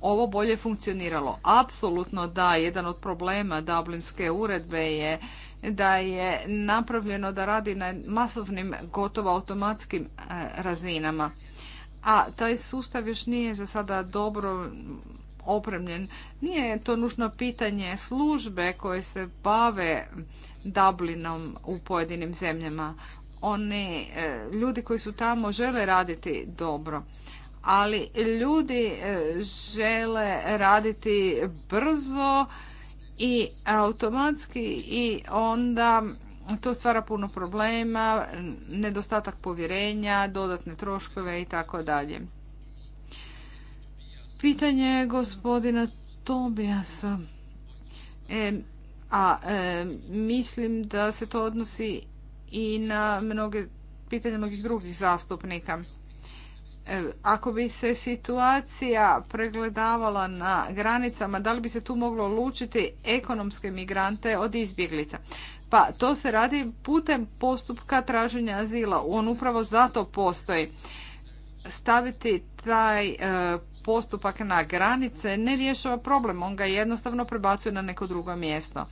A: ovo bolje funkcioniralo. Apsolutno da, jedan od problema Dublinske uredbe je da je napravljeno da radi na masovnim, gotovo automatskim e, razinama. A taj sustav još nije za sada dobro opremljen. Nije to nužno pitanje službe koje se bave Dublinom u pojedinim zemljama. Oni e, ljudi koji su tamo žele raditi dobro ali ljudi e, žele raditi brzo i automatski i onda to stvara puno problema, nedostatak povjerenja, dodatne troškove i tako dalje. Pitanje gospodina Tobiasa. E, a e, mislim da se to odnosi i na mnoge pitanje mnogih drugih zastupnika. Ako bi se situacija pregledavala na granicama, da li bi se tu moglo lučiti ekonomske migrante od izbjeglica? Pa to se radi putem postupka traženja azila. On upravo zato postoji. Staviti taj e, postupak na granice ne rješava problem, on ga jednostavno prebacuje na neko drugo mjesto.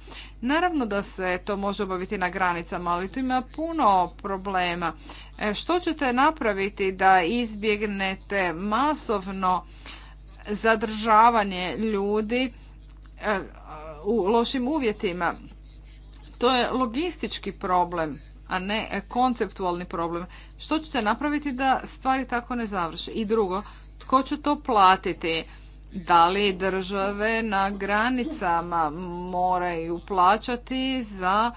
A: Naravno da se to može obaviti na granicama, ali tu ima puno problema. E, što ćete napraviti da izbjegnete masovno zadržavanje ljudi e, u lošim uvjetima? To je logistički problem a ne konceptualni problem. Što ćete napraviti da stvari tako ne završe? I drugo, tko će to platiti? Da li države na granicama moraju plaćati za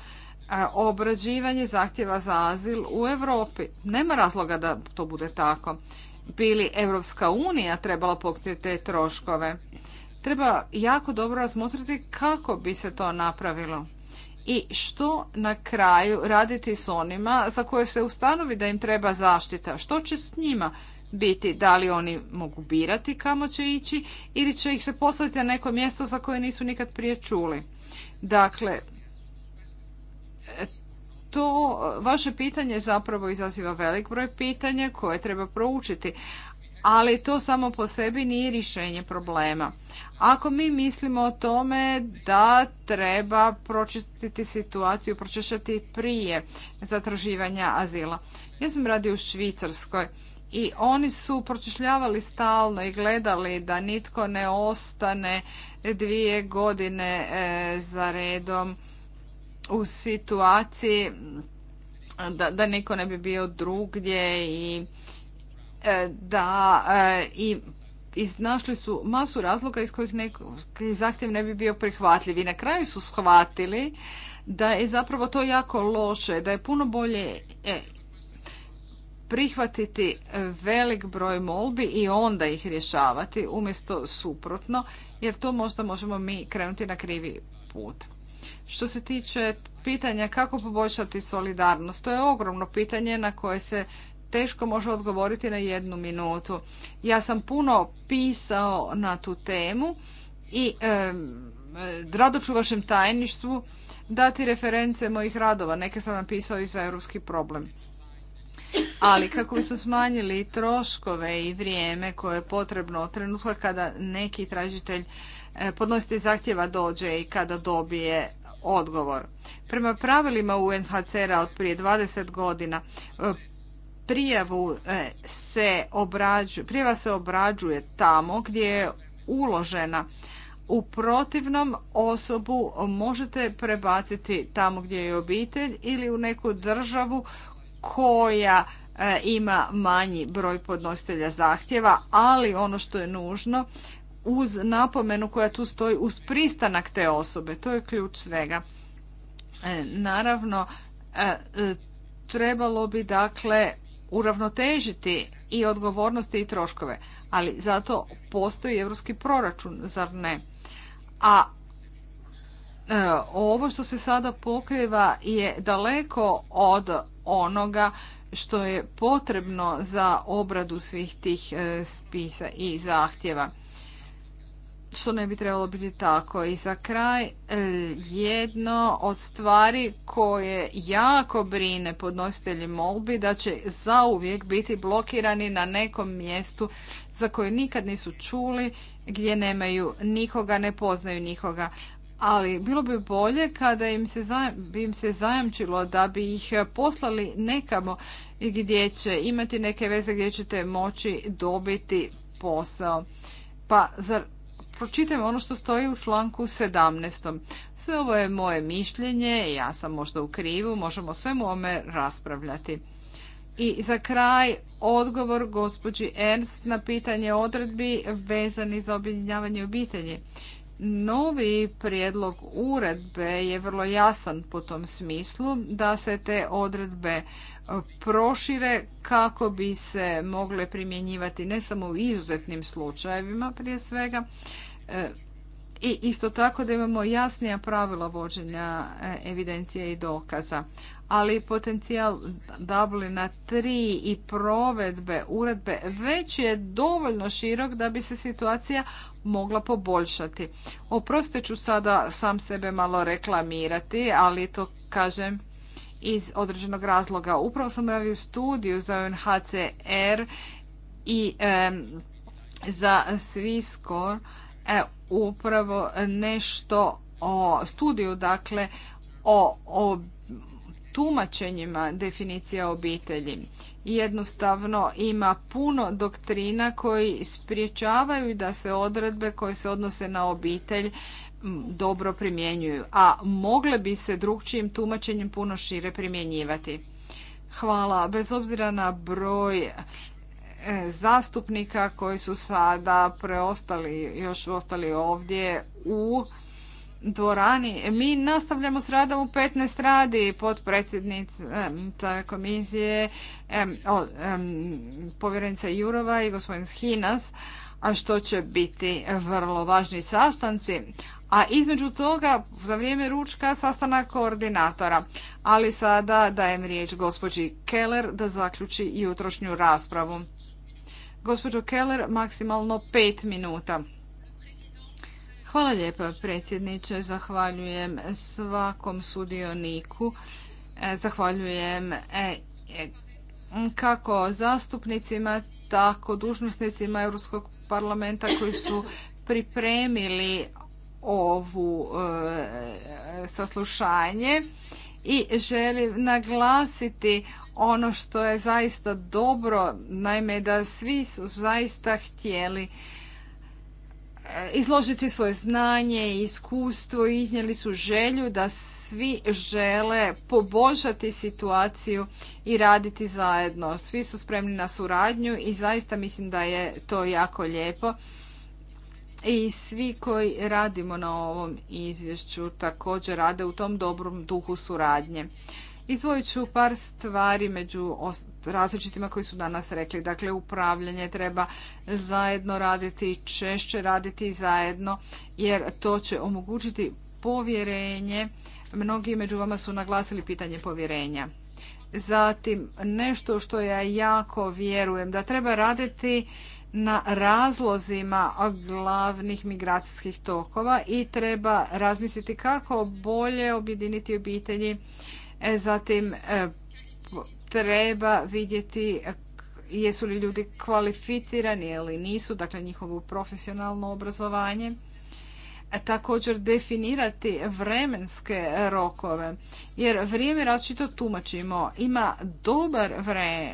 A: e, obrađivanje zahtjeva za azil u Europi? Nema razloga da to bude tako. Bili Evropska unija trebala pokriti te troškove? Treba jako dobro razmotriti kako bi se to napravilo i što na kraju raditi s onima za koje se ustanovi da im treba zaštita. Što će s njima? biti? Da li oni mogu birati kamo će ići ili će ih se poslati na neko mjesto za koje nisu nikad prije čuli? Dakle, to vaše pitanje zapravo izaziva velik broj pitanja koje treba proučiti, ali to samo po sebi nije rješenje problema. Ako mi mislimo o tome da treba pročistiti situaciju, pročešati prije zatraživanja azila. Ja sam radio u Švicarskoj i oni su pročišljavali stalno i gledali da nitko ne ostane dvije godine e, za redom u situaciji da, da niko ne bi bio drugdje i e, da e, i iznašli su masu razloga iz kojih neki zahtjev ne bi bio prihvatljiv i na kraju su shvatili da je zapravo to jako loše, da je puno bolje prihvatiti velik broj molbi i onda ih rješavati umjesto suprotno jer to možda možemo mi krenuti na krivi put. Što se tiče pitanja kako poboljšati solidarnost, to je ogromno pitanje na koje se teško može odgovoriti na jednu minutu. Ja sam puno pisao na tu temu i rado ću vašem tajništvu dati reference mojih radova. Neke sam napisao i za europski problem
C: ali kako su
A: smanjili troškove i vrijeme koje je potrebno od trenutka kada neki tražitelj e, podnositelj zahtjeva dođe i kada dobije odgovor. Prema pravilima UNHCR-a od prije 20 godina e, prijavu e, se prijava se obrađuje tamo gdje je uložena. U protivnom osobu možete prebaciti tamo gdje je obitelj ili u neku državu koja e, ima manji broj podnositelja zahtjeva, ali ono što je nužno uz napomenu koja tu stoji uz pristanak te osobe, to je ključ svega. E, naravno, e, trebalo bi dakle uravnotežiti i odgovornosti i troškove, ali zato postoji europski proračun, zar ne? A ovo što se sada pokriva je daleko od onoga što je potrebno za obradu svih tih e, spisa i zahtjeva. Što ne bi trebalo biti tako. I za kraj, e, jedno od stvari koje jako brine podnositelji molbi da će zauvijek biti blokirani na nekom mjestu za koje nikad nisu čuli, gdje nemaju nikoga, ne poznaju nikoga ali bilo bi bolje kada im se bi im se zajamčilo da bi ih poslali nekamo gdje će imati neke veze gdje ćete moći dobiti posao. Pa zar pročitajmo ono što stoji u članku 17. Sve ovo je moje mišljenje, ja sam možda u krivu, možemo svemu ome raspravljati. I za kraj odgovor gospođi Ernst na pitanje odredbi vezani za objedinjavanje obitelji. Novi prijedlog uredbe je vrlo jasan po tom smislu da se te odredbe e, prošire kako bi se mogle primjenjivati ne samo u izuzetnim slučajevima prije svega e, i isto tako da imamo jasnija pravila vođenja e, evidencije i dokaza ali potencijal Dublina 3 i provedbe uredbe već je dovoljno širok da bi se situacija mogla poboljšati. Oprostit ću sada sam sebe malo reklamirati, ali to kažem iz određenog razloga. Upravo sam javio studiju za UNHCR i za Sviskor e, upravo nešto o studiju, dakle o, o tumačenjima definicija obitelji. Jednostavno ima puno doktrina koji spriječavaju da se odredbe koje se odnose na obitelj dobro primjenjuju, a mogle bi se drugčijim tumačenjem puno šire primjenjivati. Hvala. Bez obzira na broj e, zastupnika koji su sada preostali, još ostali ovdje u dvorani. Mi nastavljamo s radom u 15 radi. predsjednica eh, komisije povjerenica Jurova i gospodin Hinas a što će biti vrlo važni sastanci. A između toga, za vrijeme ručka, sastanak koordinatora. Ali sada dajem riječ gospođi Keller da zaključi jutrošnju raspravu. Gospođo Keller, maksimalno pet minuta. Hvala lijepa predsjedniče, zahvaljujem svakom sudioniku, e, zahvaljujem e, e, kako zastupnicima, tako dužnosnicima Europskog parlamenta koji su pripremili ovu saslušanje i želim naglasiti ono što je zaista dobro, naime da svi su zaista htjeli izložiti svoje znanje i iskustvo i iznijeli su želju da svi žele poboljšati situaciju i raditi zajedno. Svi su spremni na suradnju i zaista mislim da je to jako lijepo. I svi koji radimo na ovom izvješću također rade u tom dobrom duhu suradnje. Izvojit ću par stvari među različitima koji su danas rekli. Dakle, upravljanje treba zajedno raditi, češće raditi zajedno, jer to će omogućiti povjerenje. Mnogi među vama su naglasili pitanje povjerenja. Zatim, nešto što ja jako vjerujem, da treba raditi na razlozima glavnih migracijskih tokova i treba razmisliti kako bolje objediniti obitelji E, zatim e, treba vidjeti e, jesu li ljudi kvalificirani ili nisu, dakle njihovo profesionalno obrazovanje. Također definirati vremenske rokove, jer vrijeme različito tumačimo. Ima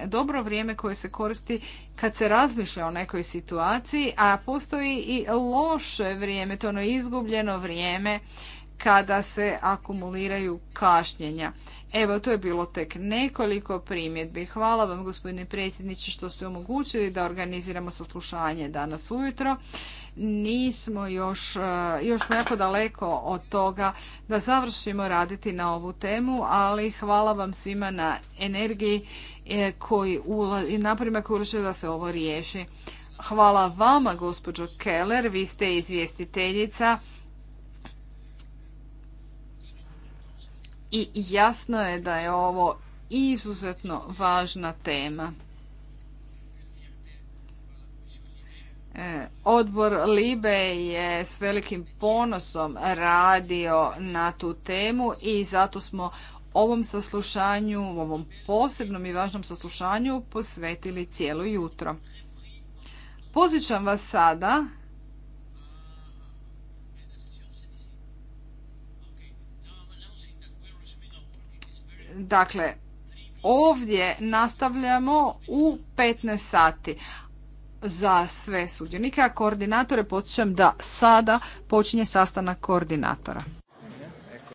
A: dobro vrijeme koje se koristi kad se razmišlja o nekoj situaciji, a postoji i loše vrijeme, to ono izgubljeno vrijeme kada se akumuliraju kašnjenja. Evo, to je bilo tek nekoliko primjedbi. Hvala vam, gospodine predsjedniče, što ste omogućili da organiziramo saslušanje danas ujutro. Nismo još, eh, još smo jako daleko od toga da završimo raditi na ovu temu, ali hvala vam svima na energiji eh, koji i napravima koji ulaže da se ovo riješi. Hvala vama, gospođo Keller, vi ste izvjestiteljica i jasno je da je ovo izuzetno važna tema. E, odbor Libe je s velikim ponosom radio na tu temu i zato smo ovom saslušanju, ovom posebnom i važnom saslušanju posvetili cijelo jutro. Pozvićam vas sada Dakle, ovdje nastavljamo u 15 sati za sve sudionike, a koordinatore podsjećam da sada počinje sastanak koordinatora.